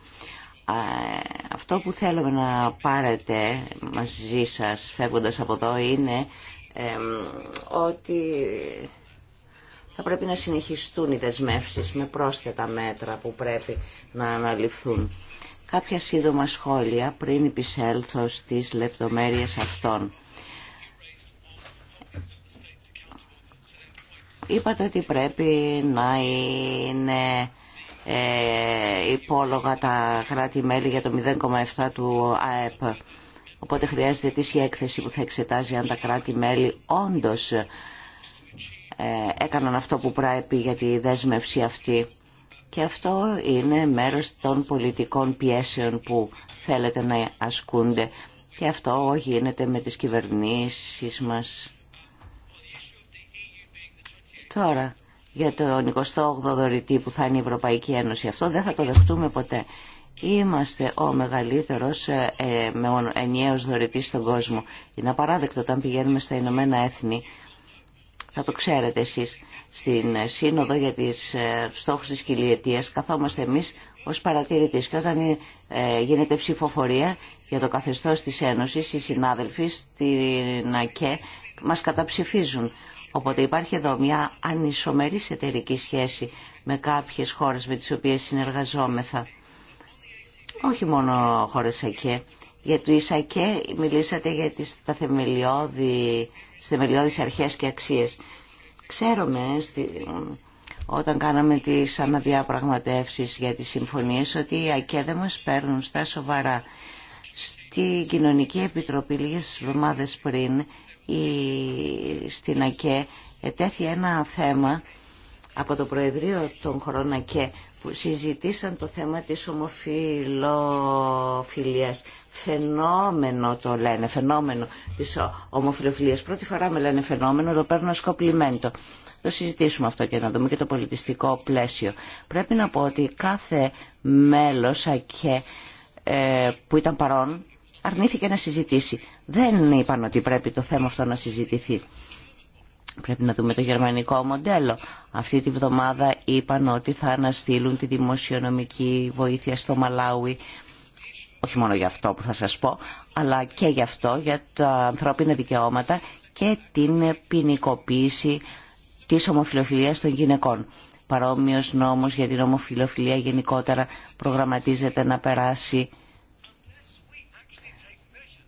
αυτό που θέλουμε να πάρετε μαζί σας φεύγοντας από εδώ είναι ότι θα πρέπει να συνεχιστούν οι δεσμεύσεις με πρόσθετα μέτρα που πρέπει να αναλυφθούν. Κάποια σύντομα σχόλια πριν επισέλθω στις λεπτομέρειες αυτών. Είπατε ότι πρέπει να είναι ε, υπόλογα τα κράτη-μέλη για το 0,7 του ΑΕΠ. Οπότε χρειάζεται τις έκθεση που θα εξετάζει αν τα κράτη-μέλη όντως ε, έκαναν αυτό που πρέπει για τη δέσμευση αυτή. Και αυτό είναι μέρος των πολιτικών πιέσεων που θέλετε να ασκούνται. Και αυτό γίνεται με τις κυβερνήσεις μας. Τώρα, για τον 28ο δωρητή που θα είναι η Ευρωπαϊκή Ένωση. Αυτό δεν θα το δεχτούμε ποτέ. Είμαστε ο μεγαλύτερος ε, ε με ενιαίος δωρητής στον κόσμο. Είναι απαράδεκτο όταν πηγαίνουμε στα Ηνωμένα Έθνη, θα το ξέρετε εσείς, στην ε, σύνοδο για τις ε, στόχους της καθόμαστε εμείς ως παρατηρητής και όταν ε, γίνεται ψηφοφορία για το καθεστώς της Ένωσης, οι συνάδελφοι στην ΑΚΕ μας καταψηφίζουν. Οπότε υπάρχει εδώ μια ανισομερή εταιρική σχέση με κάποιες χώρες με τις οποίες συνεργαζόμεθα. Όχι μόνο χώρες ΑΚΕ. Για του ΙΣΑΚΕ μιλήσατε για τις, τα θεμελιώδη, αρχές και αξίες. Ξέρουμε όταν κάναμε τις αναδιαπραγματεύσεις για τις συμφωνίες ότι οι ΑΚΕ δεν μας παίρνουν στα σοβαρά. Στη Κοινωνική Επιτροπή λίγες εβδομάδες πριν στην ΑΚΕ ετέθη ένα θέμα από το Προεδρείο των χωρών ΑΚΕ που συζητήσαν το θέμα της ομοφιλοφιλίας. Φαινόμενο το λένε, φαινόμενο της ομοφιλοφιλίας. Πρώτη φορά με λένε φαινόμενο, το παίρνω σκοπλιμέντο. Το συζητήσουμε αυτό και να δούμε και το πολιτιστικό πλαίσιο. Πρέπει να πω ότι κάθε μέλος ΑΚΕ ε, που ήταν παρόν αρνήθηκε να συζητήσει. Δεν είπαν ότι πρέπει το θέμα αυτό να συζητηθεί. Πρέπει να δούμε το γερμανικό μοντέλο. Αυτή τη βδομάδα είπαν ότι θα αναστείλουν τη δημοσιονομική βοήθεια στο Μαλάουι. Όχι μόνο για αυτό που θα σας πω, αλλά και για αυτό, για τα ανθρώπινα δικαιώματα και την ποινικοποίηση της ομοφιλοφιλίας των γυναικών. Παρόμοιος νόμος για την ομοφιλοφιλία γενικότερα προγραμματίζεται να περάσει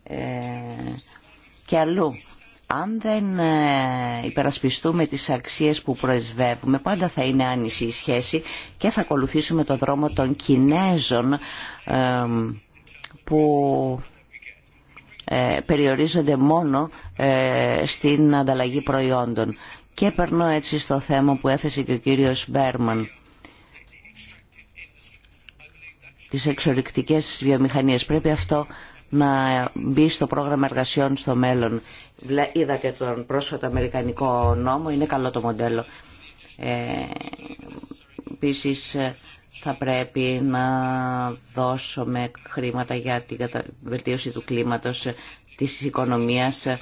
ε, και αλλού. Αν δεν ε, υπερασπιστούμε τις αξίες που προεσβεύουμε, πάντα θα είναι άνηση η σχέση και θα ακολουθήσουμε το δρόμο των Κινέζων ε, που περιορίζονται μόνο στην ανταλλαγή προϊόντων. Και περνώ έτσι στο θέμα που έθεσε και ο κύριος Μπέρμαν. Τις εξορρυκτικές βιομηχανίες. Πρέπει αυτό να μπει στο πρόγραμμα εργασιών στο μέλλον. Είδατε τον πρόσφατο αμερικανικό νόμο, είναι καλό το μοντέλο. Ε, ε θα πρέπει να δώσουμε χρήματα για την βελτίωση του κλίματος, ε, της οικονομίας ε,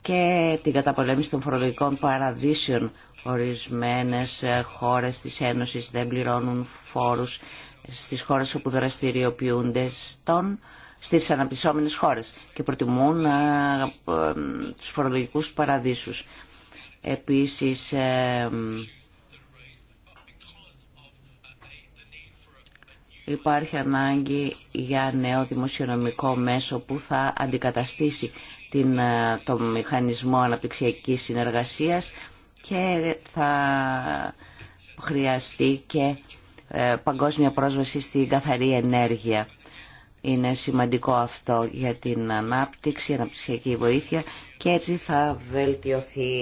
και την καταπολέμηση των φορολογικών παραδείσεων. Ορισμένες χώρες της Ένωσης δεν πληρώνουν φόρους στις χώρες όπου δραστηριοποιούνται στον, στις αναπτυσσόμενες χώρες και προτιμούν α, ε, α, ε, τους φορολογικούς παραδείσους. Επίσης, ε, υπάρχει ανάγκη για νέο δημοσιονομικό μέσο που θα αντικαταστήσει την, το μηχανισμό αναπτυξιακής συνεργασίας και θα χρειαστεί και ε, παγκόσμια πρόσβαση στην καθαρή ενέργεια. Είναι σημαντικό αυτό για την ανάπτυξη, αναπτυξιακή βοήθεια και έτσι θα βελτιωθεί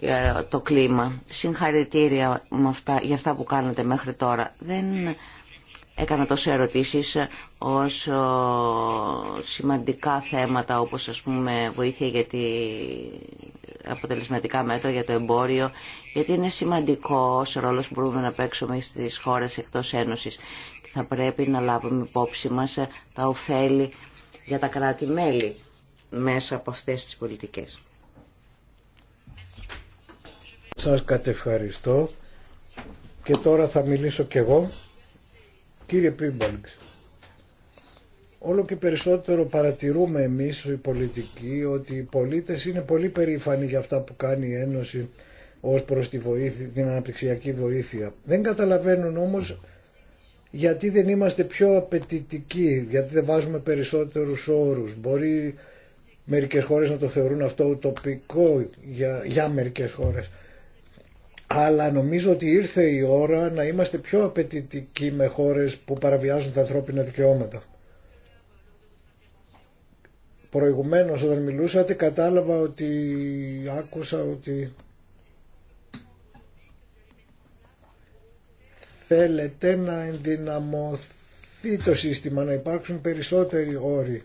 ε, το κλίμα. Συγχαρητήρια με αυτά, για αυτά που κάνετε μέχρι τώρα. Δεν έκανα τόσο ερωτήσεις όσο σημαντικά θέματα όπως ας πούμε βοήθεια για τη αποτελεσματικά μέτρα για το εμπόριο γιατί είναι σημαντικό ο ρόλος που μπορούμε να παίξουμε στις χώρες εκτός Ένωσης θα πρέπει να λάβουμε υπόψη μας τα ωφέλη για τα κράτη-μέλη μέσα από αυτές τις πολιτικές. Σας κατευχαριστώ και τώρα θα μιλήσω κι εγώ Κύριε Πίμπαλξ, όλο και περισσότερο παρατηρούμε εμείς οι πολιτικοί ότι οι πολίτες είναι πολύ περήφανοι για αυτά που κάνει η Ένωση ως προς τη βοήθεια, την αναπτυξιακή βοήθεια. Δεν καταλαβαίνουν όμως γιατί δεν είμαστε πιο απαιτητικοί, γιατί δεν βάζουμε περισσότερους όρους. Μπορεί μερικές χώρες να το θεωρούν αυτό ουτοπικό για, για μερικές χώρες αλλά νομίζω ότι ήρθε η ώρα να είμαστε πιο απαιτητικοί με χώρες που παραβιάζουν τα ανθρώπινα δικαιώματα. Προηγουμένως όταν μιλούσατε κατάλαβα ότι άκουσα ότι θέλετε να ενδυναμωθεί το σύστημα, να υπάρξουν περισσότεροι όροι.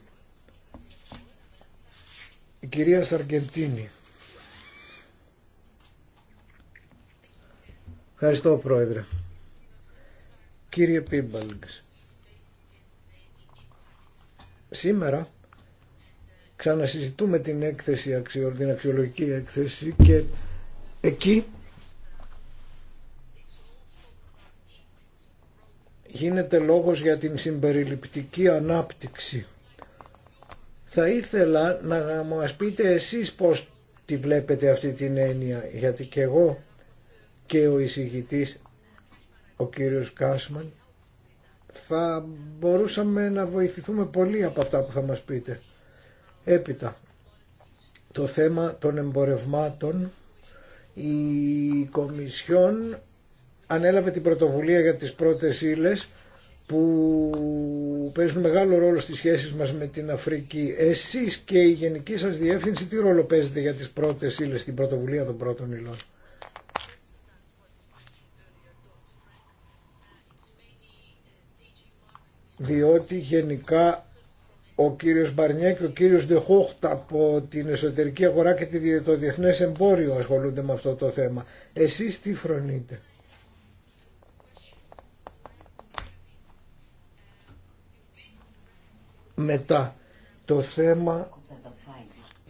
Η κυρία Σαργεντίνη. Ευχαριστώ Πρόεδρε. Κύριε Πίμπαλγκς, σήμερα ξανασυζητούμε την έκθεση, την αξιολογική έκθεση και εκεί γίνεται λόγος για την συμπεριληπτική ανάπτυξη. Θα ήθελα να μας πείτε εσείς πώς τη βλέπετε αυτή την έννοια, γιατί και εγώ και ο εισηγητής ο κύριος Κάσμαν θα μπορούσαμε να βοηθηθούμε πολύ από αυτά που θα μας πείτε. Έπειτα, το θέμα των εμπορευμάτων, η Κομισιόν ανέλαβε την πρωτοβουλία για τις πρώτες ύλες που παίζουν μεγάλο ρόλο στις σχέσεις μας με την Αφρική. Εσείς και η γενική σας διεύθυνση τι ρόλο παίζετε για τις πρώτες ύλες, την πρωτοβουλία των πρώτων ύλων. διότι γενικά ο κύριος Μπαρνιέ και ο κύριος Δεχόχτα από την εσωτερική αγορά και το διεθνές εμπόριο ασχολούνται με αυτό το θέμα. Εσείς τι φρονείτε. Μετά το θέμα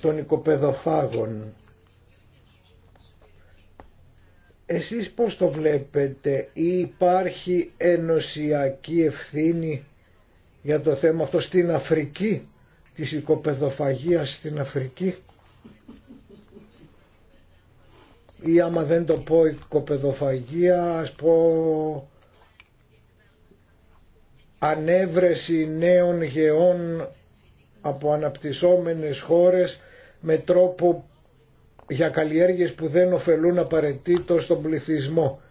των οικοπεδοφάγων. Εσείς πώς το βλέπετε, ή υπάρχει ενωσιακή ευθύνη για το θέμα αυτό στην Αφρική, της οικοπεδοφαγίας στην Αφρική. Ή άμα δεν το πω οικοπεδοφαγία, ας πω ανέβρεση νέων γεών από αναπτυσσόμενες χώρες με τρόπο για καλλιέργειες που δεν ωφελούν απαραίτητο στον πληθυσμό.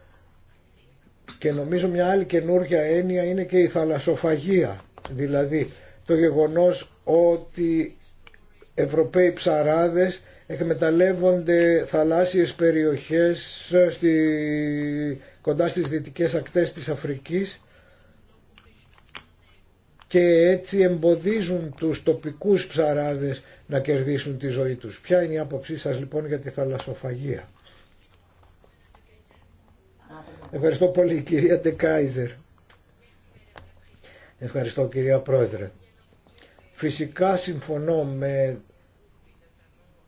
Και νομίζω μια άλλη καινούργια έννοια είναι και η θαλασσοφαγία. Δηλαδή το γεγονός ότι Ευρωπαίοι ψαράδες εκμεταλλεύονται θαλάσσιες περιοχές στη, κοντά στις δυτικές ακτές της Αφρικής και έτσι εμποδίζουν τους τοπικούς ψαράδες να κερδίσουν τη ζωή τους. Ποια είναι η άποψή σας λοιπόν για τη θαλασσοφαγία. Ευχαριστώ πολύ κυρία Τεκάιζερ. Ευχαριστώ κυρία Πρόεδρε. Φυσικά συμφωνώ με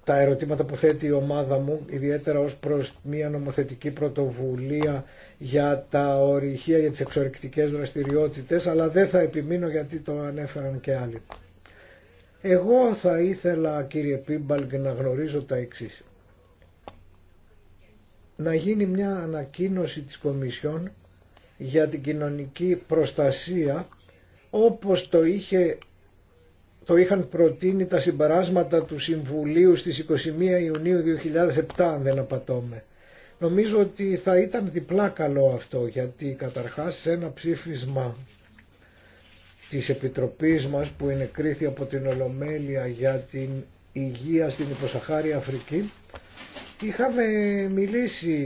τα ερωτήματα που θέτει η ομάδα μου, ιδιαίτερα ως προς μια νομοθετική πρωτοβουλία για τα ορυχεία, για τις εξορρυκτικές δραστηριότητες, αλλά δεν θα επιμείνω γιατί το ανέφεραν και άλλοι. Εγώ θα ήθελα κύριε Πίμπαλγκ να γνωρίζω τα εξή, Να γίνει μια ανακοίνωση της Κομισιόν για την κοινωνική προστασία όπως το, είχε, το είχαν προτείνει τα συμπεράσματα του Συμβουλίου στις 21 Ιουνίου 2007 αν δεν απατώμε. Νομίζω ότι θα ήταν διπλά καλό αυτό γιατί καταρχάς σε ένα ψήφισμα της Επιτροπής μας που είναι κρίθη από την Ολομέλεια για την υγεία στην Υποσαχάρη Αφρική είχαμε μιλήσει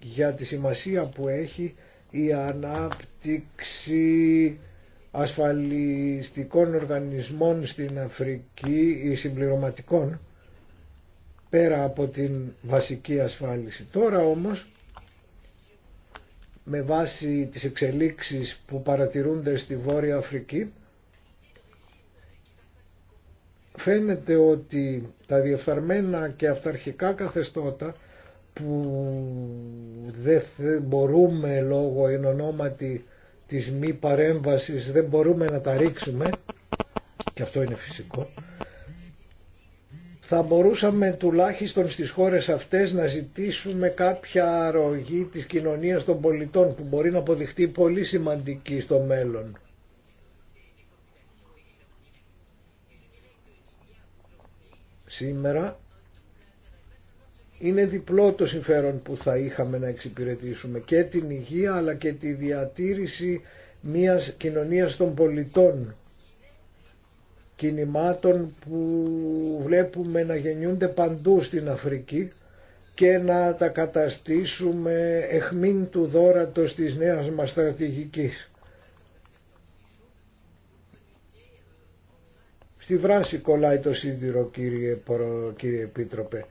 για τη σημασία που έχει η ανάπτυξη ασφαλιστικών οργανισμών στην Αφρική ή συμπληρωματικών πέρα από την βασική ασφάλιση. Τώρα όμως με βάση τις εξελίξεις που παρατηρούνται στη Βόρεια Αφρική φαίνεται ότι τα διεφθαρμένα και αυταρχικά καθεστώτα που δεν μπορούμε λόγω εν ονόματι της μη παρέμβασης δεν μπορούμε να τα ρίξουμε και αυτό είναι φυσικό θα μπορούσαμε τουλάχιστον στις χώρες αυτές να ζητήσουμε κάποια αρρωγή της κοινωνίας των πολιτών που μπορεί να αποδειχτεί πολύ σημαντική στο μέλλον. Σήμερα είναι διπλό το συμφέρον που θα είχαμε να εξυπηρετήσουμε και την υγεία αλλά και τη διατήρηση μιας κοινωνίας των πολιτών κινημάτων που βλέπουμε να γεννιούνται παντού στην Αφρική και να τα καταστήσουμε εχμήν του δόρατος της νέας μας στρατηγικής. Στη βράση κολλάει το σίδηρο κύριε, κύριε Επίτροπε.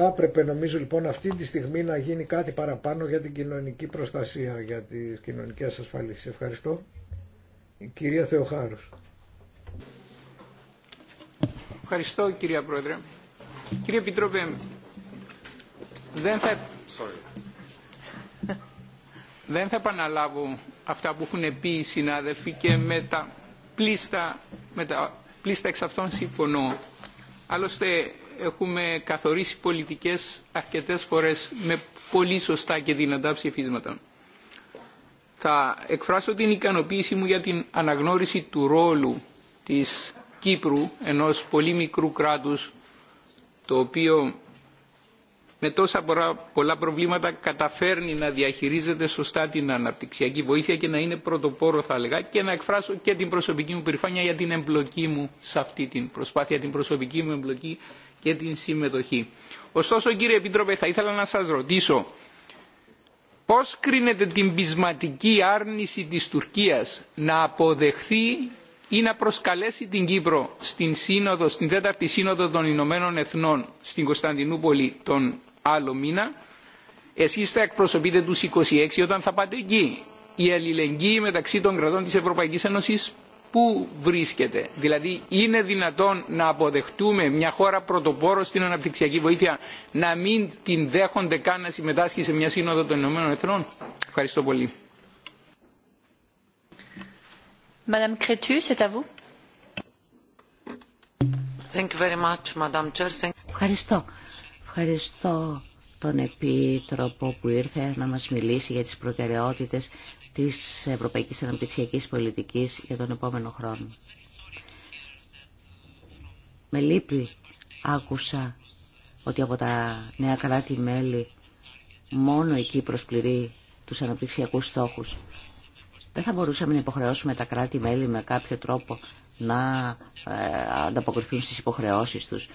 Θα έπρεπε νομίζω λοιπόν αυτή τη στιγμή να γίνει κάτι παραπάνω για την κοινωνική προστασία, για τις κοινωνικές ασφαλίσει. Ευχαριστώ. Η κυρία Θεοχάρους. Ευχαριστώ κυρία Πρόεδρε. Κύριε Επιτρόπε, δεν θα... δεν θα επαναλάβω αυτά που έχουν πει οι συνάδελφοι και με τα πλήστα, με τα πλήστα εξ αυτών συμφωνώ. Άλλωστε έχουμε καθορίσει πολιτικές αρκετές φορές με πολύ σωστά και δυνατά ψηφίσματα. Θα εκφράσω την ικανοποίησή μου για την αναγνώριση του ρόλου της Κύπρου, ενός πολύ μικρού κράτους, το οποίο με τόσα πολλά προβλήματα καταφέρνει να διαχειρίζεται σωστά την αναπτυξιακή βοήθεια και να είναι πρωτοπόρο θα έλεγα και να εκφράσω και την προσωπική μου περηφάνεια για την εμπλοκή μου σε αυτή την προσπάθεια, την προσωπική μου εμπλοκή και την συμμετοχή. Ωστόσο κύριε Επίτροπε θα ήθελα να σας ρωτήσω πώς κρίνετε την πεισματική άρνηση της Τουρκίας να αποδεχθεί ή να προσκαλέσει την Κύπρο στην, σύνοδο, στην τέταρτη σύνοδο των Ηνωμένων Εθνών στην Κωνσταντινούπολη τον άλλο μήνα. Εσείς θα εκπροσωπείτε τους 26 όταν θα πάτε εκεί. Η αλληλεγγύη μεταξύ των κρατών της Ευρωπαϊκής Ένωσης πού βρίσκεται. Δηλαδή είναι δυνατόν να αποδεχτούμε μια χώρα πρωτοπόρο στην αναπτυξιακή βοήθεια να μην την δέχονται καν να συμμετάσχει σε μια σύνοδο των Ηνωμένων Εθνών. Ευχαριστώ πολύ. Crétu, c'est à vous. Thank you very much, Ευχαριστώ. Ευχαριστώ τον Επίτροπο που ήρθε να μας μιλήσει για τις προτεραιότητες της Ευρωπαϊκής Αναπτυξιακής Πολιτικής για τον επόμενο χρόνο. Με λύπη άκουσα ότι από τα νέα κράτη-μέλη μόνο η Κύπρος πληρεί τους αναπτυξιακούς στόχους. Δεν θα μπορούσαμε να υποχρεώσουμε τα κράτη-μέλη με κάποιο τρόπο να ε, ανταποκριθούν στις υποχρεώσεις τους,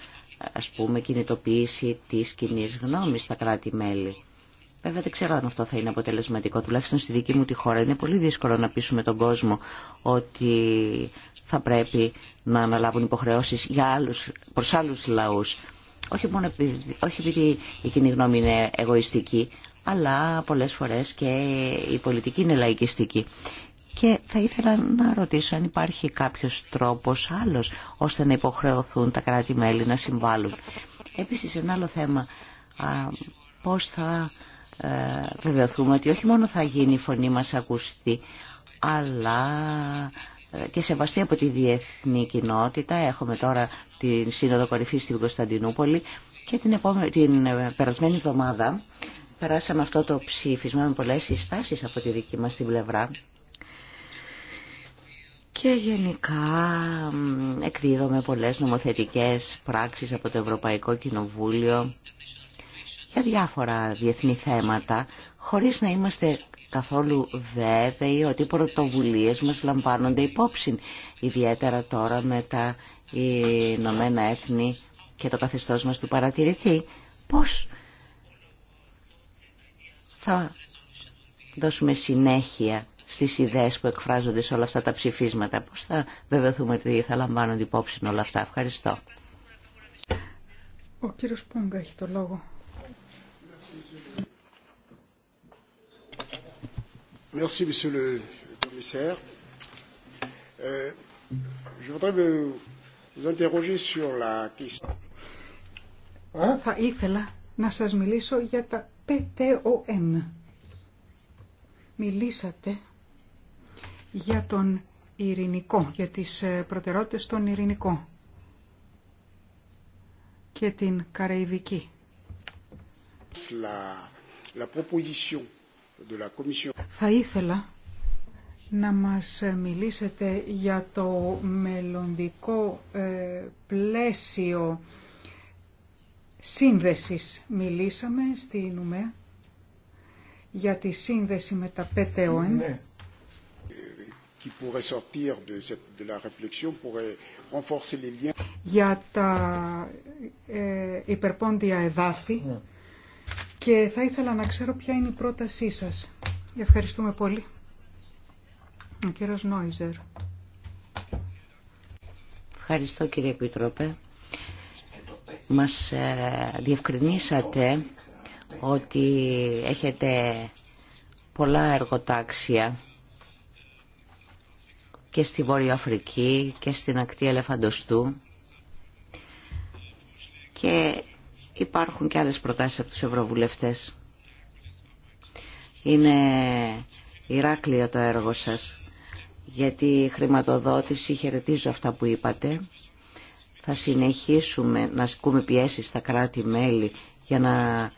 ας πούμε κινητοποίηση της κοινή γνώμης στα κράτη-μέλη Βέβαια δεν ξέρω αν αυτό θα είναι αποτελεσματικό. Τουλάχιστον στη δική μου τη χώρα είναι πολύ δύσκολο να πείσουμε τον κόσμο ότι θα πρέπει να αναλάβουν υποχρεώσεις για άλλους, προς άλλους λαούς. Όχι μόνο επειδή, όχι επειδή η κοινή γνώμη είναι εγωιστική, αλλά πολλές φορές και η πολιτική είναι λαϊκιστική. Και θα ήθελα να ρωτήσω αν υπάρχει κάποιος τρόπος άλλος ώστε να υποχρεωθούν τα κράτη-μέλη να συμβάλλουν. Επίσης, ένα άλλο θέμα, πώς θα ε, βεβαιωθούμε ότι όχι μόνο θα γίνει η φωνή μας ακουστή, αλλά ε, και σεβαστή από τη διεθνή κοινότητα. Έχουμε τώρα την Σύνοδο Κορυφής στην Κωνσταντινούπολη και την, επόμενη, την ε, περασμένη εβδομάδα περάσαμε αυτό το ψήφισμα με πολλές συστάσεις από τη δική μας την πλευρά. Και γενικά εκδίδομαι πολλές νομοθετικές πράξεις από το Ευρωπαϊκό Κοινοβούλιο για διάφορα διεθνή θέματα, χωρίς να είμαστε καθόλου βέβαιοι ότι οι πρωτοβουλίες μας λαμβάνονται υπόψη, ιδιαίτερα τώρα με τα Ηνωμένα Έθνη και το καθεστώς μας του παρατηρηθεί, πώς θα δώσουμε συνέχεια στις ιδέες που εκφράζονται σε όλα αυτά τα ψηφίσματα. Πώς θα βεβαιωθούμε ότι θα λαμβάνονται υπόψη όλα αυτά. Ευχαριστώ. Ο κύριος Πόγκα έχει το λόγο. Merci, Monsieur le Commissaire. Euh, je voudrais vous, vous interroger sur la question. Θα ήθελα να σας μιλήσω για τα PTON. Μιλήσατε για τον ειρηνικό, για τις ε, προτεραιότητες τον ειρηνικό και την Καραϊβική. La, la proposition θα ήθελα να μας μιλήσετε για το μελλοντικό ε, πλαίσιο σύνδεσης. Μιλήσαμε στη Νουμέα για τη σύνδεση με τα ΠΤΟΕΝ. Ναι. Για τα ε, υπερπόντια εδάφη. Ναι και θα ήθελα να ξέρω ποια είναι η πρότασή σας. Ευχαριστούμε πολύ. Ο κύριος Νόιζερ. Ευχαριστώ κύριε Επιτρόπε. Μας ε, διευκρινίσατε ότι έχετε πολλά εργοτάξια και στη Βόρεια Αφρική και στην ακτή Ελεφαντοστού και Υπάρχουν και άλλες προτάσεις από τους ευρωβουλευτές. Είναι Ηράκλειο το έργο σας, γιατί η χρηματοδότηση, χαιρετίζω αυτά που είπατε, θα συνεχίσουμε να ασκούμε πιέσεις στα κράτη-μέλη για να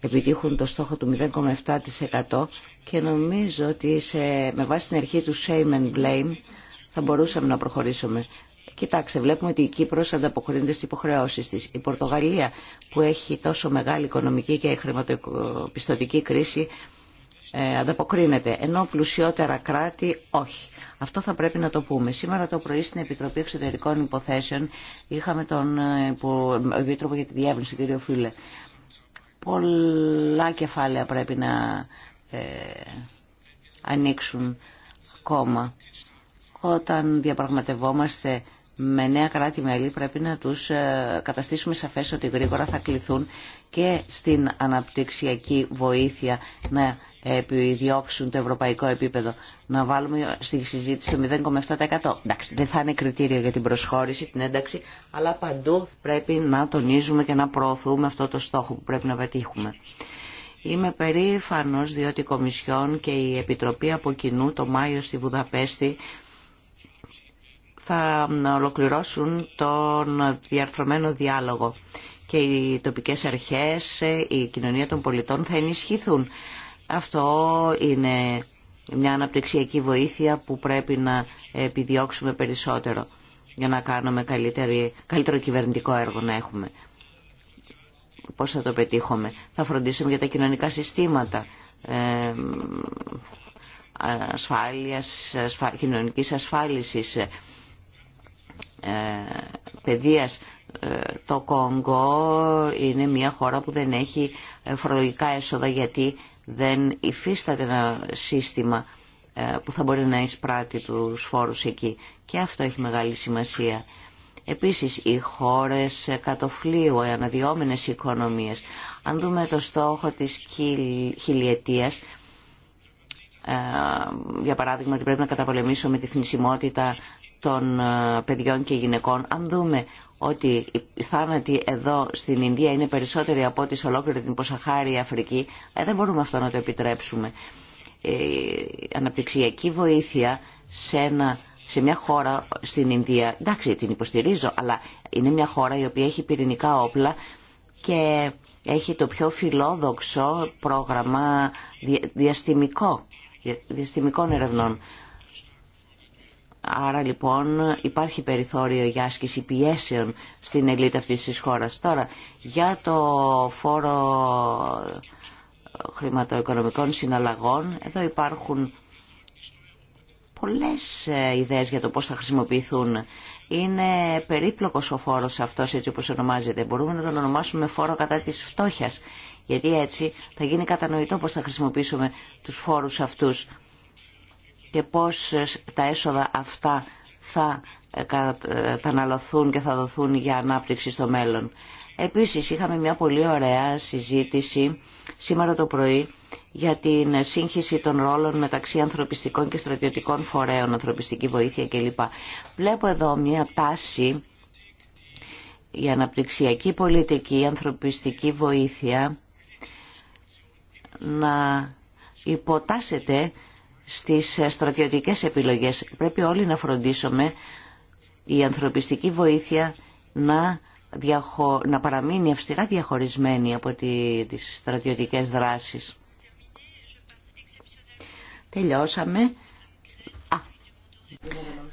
επιτύχουν το στόχο του 0,7% και νομίζω ότι σε, με βάση την αρχή του shame and blame θα μπορούσαμε να προχωρήσουμε. Κοιτάξτε, βλέπουμε ότι η Κύπρος ανταποκρίνεται στις υποχρεώσεις της. Η Πορτογαλία που έχει τόσο μεγάλη οικονομική και χρηματοπιστωτική κρίση ε, ανταποκρίνεται, ενώ πλουσιότερα κράτη όχι. Αυτό θα πρέπει να το πούμε. Σήμερα το πρωί στην Επιτροπή Εξωτερικών Υποθέσεων είχαμε τον ε, Επίτροπο για τη Διεύρυνση, κύριο Φίλε. Πολλά κεφάλαια πρέπει να ε, ανοίξουν ακόμα. Όταν διαπραγματευόμαστε με νέα κράτη-μέλη πρέπει να τους ε, καταστήσουμε σαφές ότι γρήγορα θα κληθούν και στην αναπτυξιακή βοήθεια να επιδιώξουν το ευρωπαϊκό επίπεδο. Να βάλουμε στη συζήτηση 0,7%. Εντάξει, δεν θα είναι κριτήριο για την προσχώρηση, την ένταξη, αλλά παντού πρέπει να τονίζουμε και να προωθούμε αυτό το στόχο που πρέπει να πετύχουμε. Είμαι περήφανος διότι η Κομισιόν και η Επιτροπή από κοινού το Μάιο στη Βουδαπέστη θα ολοκληρώσουν τον διαρθρωμένο διάλογο και οι τοπικές αρχές, η κοινωνία των πολιτών θα ενισχυθούν. Αυτό είναι μια αναπτυξιακή βοήθεια που πρέπει να επιδιώξουμε περισσότερο για να κάνουμε καλύτερη, καλύτερο κυβερνητικό έργο να έχουμε. Πώς θα το πετύχουμε. Θα φροντίσουμε για τα κοινωνικά συστήματα ε, ασφάλειας, ασφάλισης, ε, παιδείας ε, το Κόγκο είναι μια χώρα που δεν έχει ε, φορολογικά έσοδα γιατί δεν υφίσταται ένα σύστημα που θα μπορεί να εισπράττει τους φόρους εκεί. Και αυτό έχει μεγάλη σημασία. Επίσης, οι χώρες κατοφλίου, οι αναδυόμενες οικονομίες. Αν δούμε το στόχο της χιλιετίας, για παράδειγμα ότι πρέπει να καταπολεμήσουμε τη θνησιμότητα των ε, παιδιών και γυναικών. Αν δούμε ότι οι θάνατοι εδώ στην Ινδία είναι περισσότεροι από ό,τι σε ολόκληρη την Ποσαχάρη Αφρική, ε, δεν μπορούμε αυτό να το επιτρέψουμε. Ε, αναπτυξιακή βοήθεια σε, ένα, σε μια χώρα στην Ινδία, εντάξει την υποστηρίζω, αλλά είναι μια χώρα η οποία έχει πυρηνικά όπλα και έχει το πιο φιλόδοξο πρόγραμμα διαστημικό, διαστημικών ερευνών. Άρα λοιπόν υπάρχει περιθώριο για άσκηση πιέσεων στην ελίτ αυτή τη χώρας. Τώρα, για το φόρο χρηματοοικονομικών συναλλαγών, εδώ υπάρχουν πολλές ε, ιδέες για το πώς θα χρησιμοποιηθούν. Είναι περίπλοκος ο φόρος αυτός έτσι όπως ονομάζεται. Μπορούμε να τον ονομάσουμε φόρο κατά της φτώχειας, γιατί έτσι θα γίνει κατανοητό πώς θα χρησιμοποιήσουμε τους φόρους αυτούς και πώς τα έσοδα αυτά θα ε, ε, καταναλωθούν και θα δοθούν για ανάπτυξη στο μέλλον. Επίσης είχαμε μια πολύ ωραία συζήτηση σήμερα το πρωί για την σύγχυση των ρόλων μεταξύ ανθρωπιστικών και στρατιωτικών φορέων, ανθρωπιστική βοήθεια κλπ. Βλέπω εδώ μια τάση, για αναπτυξιακή πολιτική, ανθρωπιστική βοήθεια να υποτάσσεται στις στρατιωτικές επιλογές. Πρέπει όλοι να φροντίσουμε η ανθρωπιστική βοήθεια να, διαχω... να παραμείνει αυστηρά διαχωρισμένη από τη... τις στρατιωτικές δράσεις. Τελειώσαμε. Α.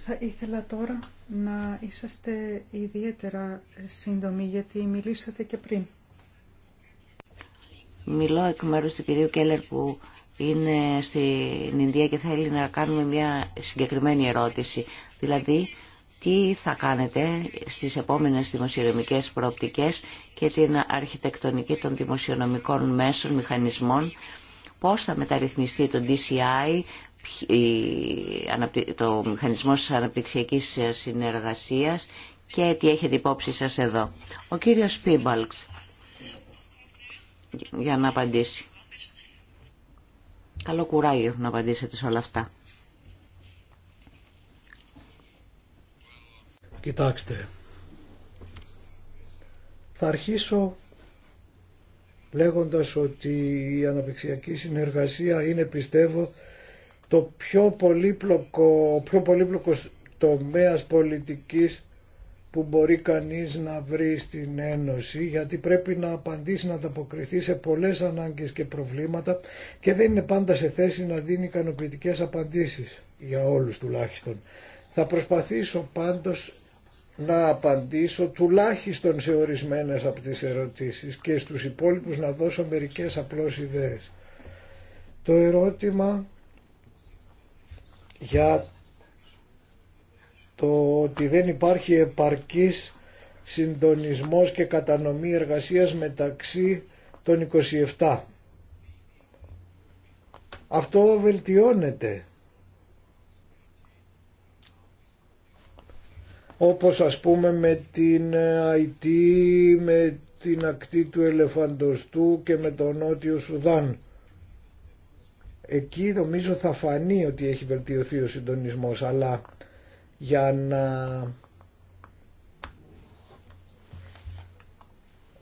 Θα ήθελα τώρα να είσαστε ιδιαίτερα σύντομοι γιατί μιλήσατε και πριν. Μιλώ εκ μέρους του κυρίου Κέλλερ που είναι στην Ινδία και θέλει να κάνουμε μια συγκεκριμένη ερώτηση. Δηλαδή, τι θα κάνετε στις επόμενες δημοσιονομικές προοπτικές και την αρχιτεκτονική των δημοσιονομικών μέσων, μηχανισμών, πώς θα μεταρρυθμιστεί το DCI, το μηχανισμό της Αναπτυξιακής Συνεργασίας και τι έχετε υπόψη σας εδώ. Ο κύριος Πίμπαλξ, για να απαντήσει. Καλό κουράγιο να απαντήσετε σε όλα αυτά. Κοιτάξτε, θα αρχίσω λέγοντας ότι η αναπτυξιακή συνεργασία είναι πιστεύω το πιο πολύπλοκο, πιο πολύπλοκος τομέας πολιτικής που μπορεί κανείς να βρει στην Ένωση γιατί πρέπει να απαντήσει να ανταποκριθεί σε πολλές ανάγκες και προβλήματα και δεν είναι πάντα σε θέση να δίνει ικανοποιητικέ απαντήσεις για όλους τουλάχιστον. Θα προσπαθήσω πάντως να απαντήσω τουλάχιστον σε ορισμένες από τις ερωτήσεις και στους υπόλοιπους να δώσω μερικές απλώς ιδέες. Το ερώτημα για το ότι δεν υπάρχει επαρκής συντονισμός και κατανομή εργασίας μεταξύ των 27. Αυτό βελτιώνεται. Όπως ας πούμε με την IT, με την ακτή του Ελεφαντοστού και με τον Νότιο Σουδάν. Εκεί νομίζω θα φανεί ότι έχει βελτιωθεί ο συντονισμός, αλλά για να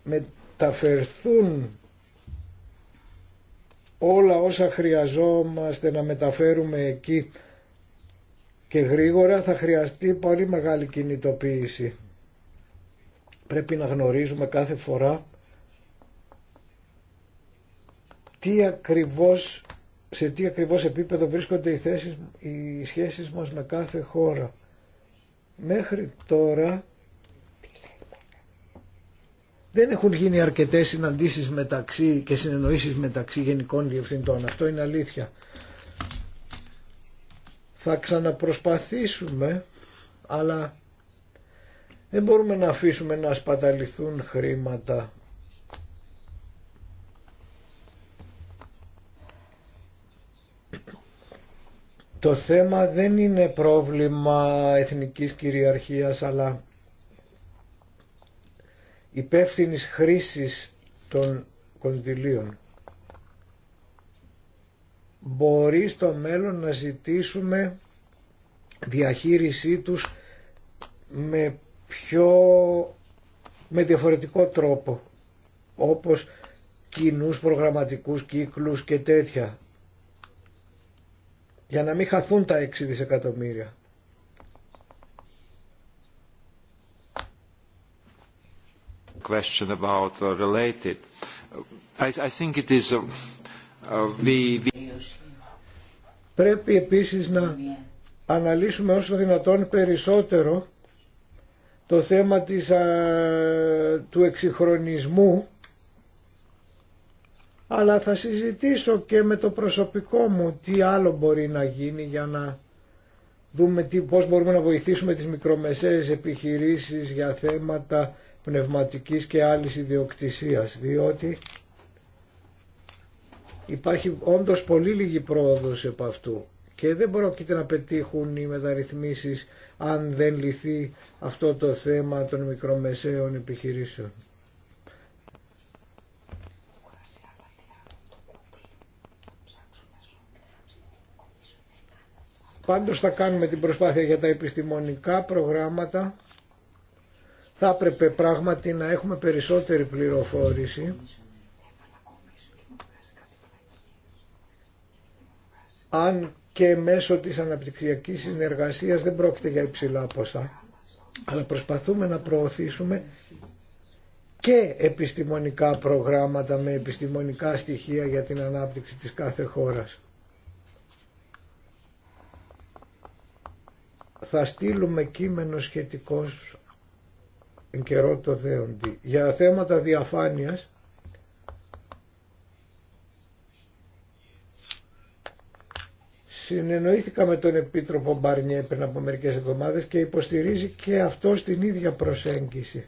μεταφερθούν όλα όσα χρειαζόμαστε να μεταφέρουμε εκεί και γρήγορα θα χρειαστεί πολύ μεγάλη κινητοποίηση. Πρέπει να γνωρίζουμε κάθε φορά τι ακριβώς, σε τι ακριβώς επίπεδο βρίσκονται οι, θέσεις, οι σχέσεις μας με κάθε χώρα. Μέχρι τώρα δεν έχουν γίνει αρκετές συναντήσεις μεταξύ και συνεννοήσεις μεταξύ γενικών διευθυντών. Αυτό είναι αλήθεια. Θα ξαναπροσπαθήσουμε, αλλά δεν μπορούμε να αφήσουμε να σπαταληθούν χρήματα Το θέμα δεν είναι πρόβλημα εθνικής κυριαρχίας αλλά υπεύθυνη χρήσης των κονδυλίων. Μπορεί στο μέλλον να ζητήσουμε διαχείρισή τους με πιο με διαφορετικό τρόπο όπως κοινούς προγραμματικούς κύκλους και τέτοια για να μην χαθούν τα 6 δισεκατομμύρια. Πρέπει επίσης να αναλύσουμε όσο δυνατόν περισσότερο το θέμα της, του εξυγχρονισμού αλλά θα συζητήσω και με το προσωπικό μου τι άλλο μπορεί να γίνει για να δούμε τι, πώς μπορούμε να βοηθήσουμε τις μικρομεσαίες επιχειρήσεις για θέματα πνευματικής και άλλης ιδιοκτησίας, διότι υπάρχει όντως πολύ λίγη πρόοδος επ' αυτού και δεν πρόκειται να πετύχουν οι μεταρρυθμίσεις αν δεν λυθεί αυτό το θέμα των μικρομεσαίων επιχειρήσεων. Πάντως θα κάνουμε την προσπάθεια για τα επιστημονικά προγράμματα. Θα έπρεπε πράγματι να έχουμε περισσότερη πληροφόρηση. Αν και μέσω της αναπτυξιακής συνεργασίας δεν πρόκειται για υψηλά ποσά. Αλλά προσπαθούμε να προωθήσουμε και επιστημονικά προγράμματα με επιστημονικά στοιχεία για την ανάπτυξη της κάθε χώρας. θα στείλουμε κείμενο σχετικό εν καιρό το θέοντι. Για θέματα διαφάνειας συνεννοήθηκα με τον Επίτροπο Μπαρνιέ πριν από μερικές εβδομάδες και υποστηρίζει και αυτό την ίδια προσέγγιση.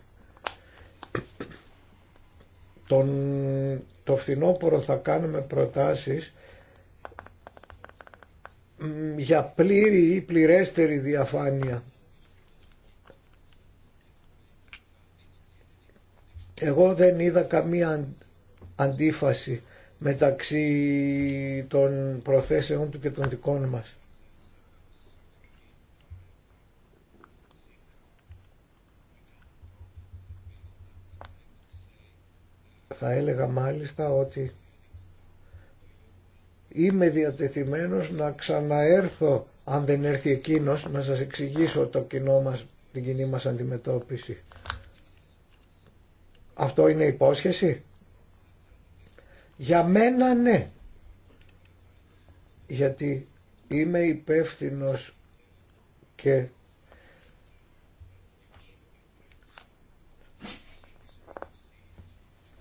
Τον, το φθινόπωρο θα κάνουμε προτάσεις για πλήρη ή πληρέστερη διαφάνεια. Εγώ δεν είδα καμία αντίφαση μεταξύ των προθέσεων του και των δικών μας. Θα έλεγα μάλιστα ότι είμαι διατεθειμένος να ξαναέρθω αν δεν έρθει εκείνος να σας εξηγήσω το κοινό μας, την κοινή μας αντιμετώπιση. Αυτό είναι υπόσχεση. Για μένα ναι. Γιατί είμαι υπεύθυνο και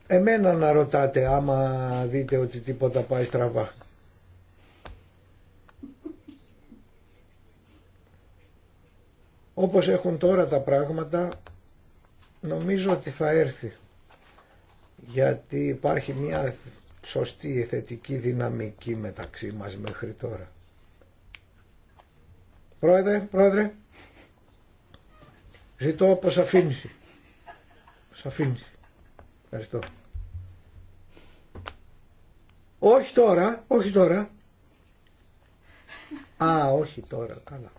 εμένα να ρωτάτε άμα δείτε ότι τίποτα πάει στραβά. Όπως έχουν τώρα τα πράγματα, νομίζω ότι θα έρθει. Γιατί υπάρχει μια σωστή θετική δυναμική μεταξύ μας μέχρι τώρα. Πρόεδρε, πρόεδρε, ζητώ αποσαφήνιση. Σαφήνιση. Ευχαριστώ. Όχι τώρα, όχι τώρα. Α, όχι τώρα, καλά.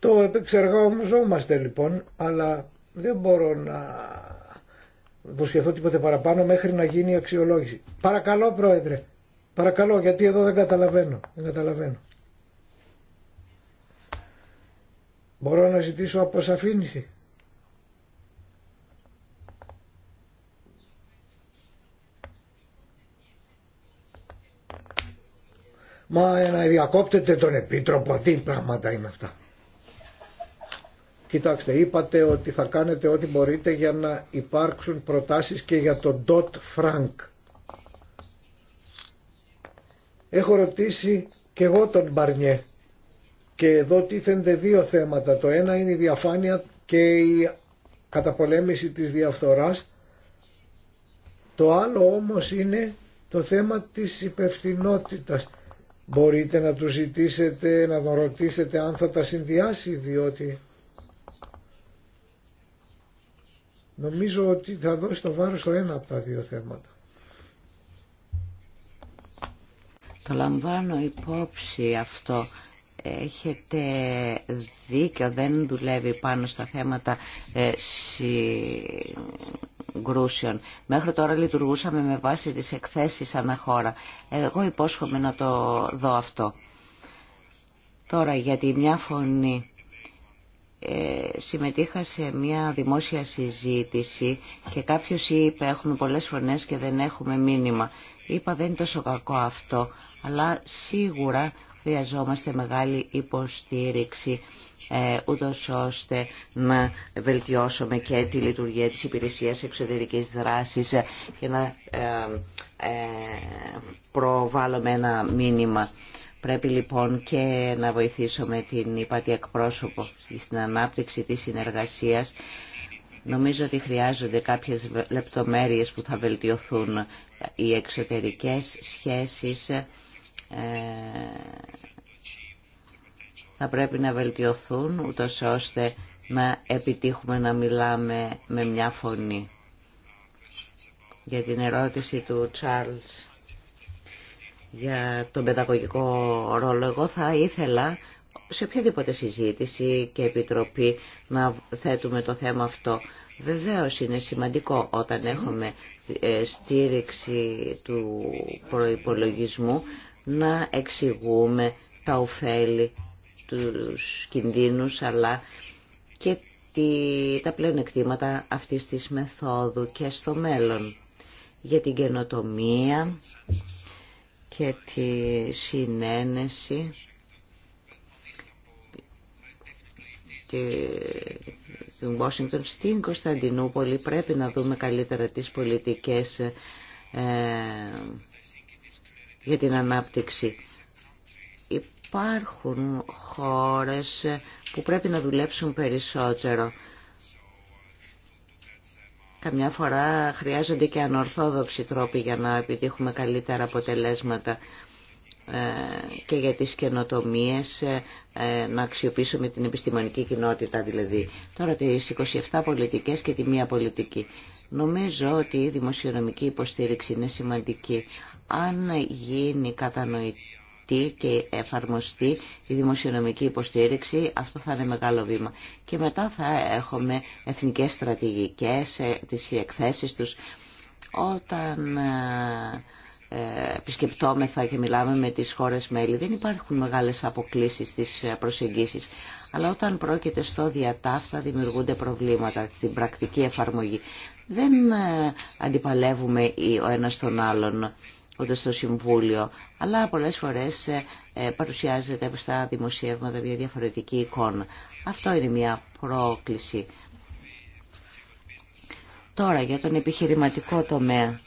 Το επεξεργαζόμαστε λοιπόν, αλλά δεν μπορώ να υποσχεθώ τίποτε παραπάνω μέχρι να γίνει η αξιολόγηση. Παρακαλώ πρόεδρε, παρακαλώ γιατί εδώ δεν καταλαβαίνω. Δεν καταλαβαίνω. Μπορώ να ζητήσω αποσαφήνιση. Μα να διακόπτεται τον επίτροπο, τι πράγματα είναι αυτά. Κοιτάξτε, είπατε ότι θα κάνετε ό,τι μπορείτε για να υπάρξουν προτάσεις και για τον Dot Frank. Έχω ρωτήσει και εγώ τον Μπαρνιέ και εδώ τίθενται δύο θέματα. Το ένα είναι η διαφάνεια και η καταπολέμηση της διαφθοράς. Το άλλο όμως είναι το θέμα της υπευθυνότητας. Μπορείτε να του ζητήσετε, να τον ρωτήσετε αν θα τα συνδυάσει διότι Νομίζω ότι θα δώσει το βάρος στο ένα από τα δύο θέματα. Το λαμβάνω υπόψη αυτό. Έχετε δίκιο, δεν δουλεύει πάνω στα θέματα ε, συγκρούσεων. Μέχρι τώρα λειτουργούσαμε με βάση τις εκθέσεις αναχώρα. Εγώ υπόσχομαι να το δω αυτό. Τώρα, γιατί μια φωνή ε, συμμετείχα σε μια δημόσια συζήτηση και κάποιος είπε έχουμε πολλές φωνές και δεν έχουμε μήνυμα. Είπα δεν είναι τόσο κακό αυτό, αλλά σίγουρα χρειαζόμαστε μεγάλη υποστήριξη ε, ώστε να βελτιώσουμε και τη λειτουργία της υπηρεσίας εξωτερικής δράσης και να ε, ε, προβάλλουμε ένα μήνυμα. Πρέπει λοιπόν και να βοηθήσουμε την υπάτη εκπρόσωπο στην ανάπτυξη της συνεργασίας. Νομίζω ότι χρειάζονται κάποιες λεπτομέρειες που θα βελτιωθούν οι εξωτερικές σχέσεις ε, θα πρέπει να βελτιωθούν ούτως ώστε να επιτύχουμε να μιλάμε με μια φωνή. Για την ερώτηση του Charles για τον παιδαγωγικό ρόλο. Εγώ θα ήθελα σε οποιαδήποτε συζήτηση και επιτροπή να θέτουμε το θέμα αυτό. Βεβαίως είναι σημαντικό όταν έχουμε ε, στήριξη του προϋπολογισμού να εξηγούμε τα ωφέλη, τους κινδύνους αλλά και τα πλεονεκτήματα αυτής της μεθόδου και στο μέλλον για την καινοτομία και τη συνένεση του Washington στην Κωνσταντινούπολη πρέπει να δούμε καλύτερα τις πολιτικές ε, για την ανάπτυξη. Υπάρχουν χώρες που πρέπει να δουλέψουν περισσότερο. Καμιά φορά χρειάζονται και ανορθόδοξοι τρόποι για να επιτύχουμε καλύτερα αποτελέσματα ε, και για τις καινοτομίες ε, ε, να αξιοποιήσουμε την επιστημονική κοινότητα δηλαδή. Τώρα τις 27 πολιτικές και τη μία πολιτική. Νομίζω ότι η δημοσιονομική υποστήριξη είναι σημαντική. Αν γίνει κατανοητή και εφαρμοστεί η δημοσιονομική υποστήριξη, αυτό θα είναι μεγάλο βήμα. Και μετά θα έχουμε εθνικές στρατηγικές, ε, τις εκθέσεις τους. Όταν ε, ε, επισκεπτόμεθα και μιλάμε με τις χώρες μέλη, δεν υπάρχουν μεγάλες αποκλήσεις στις προσεγγίσεις. Αλλά όταν πρόκειται στο διατάφτα δημιουργούνται προβλήματα στην πρακτική εφαρμογή. Δεν αντιπαλεύουμε ο ένας τον άλλον ούτε στο Συμβούλιο, αλλά πολλές φορές ε, ε, παρουσιάζεται στα δημοσιεύματα μια διαφορετική εικόνα. Αυτό είναι μια πρόκληση. Τώρα για τον επιχειρηματικό τομέα.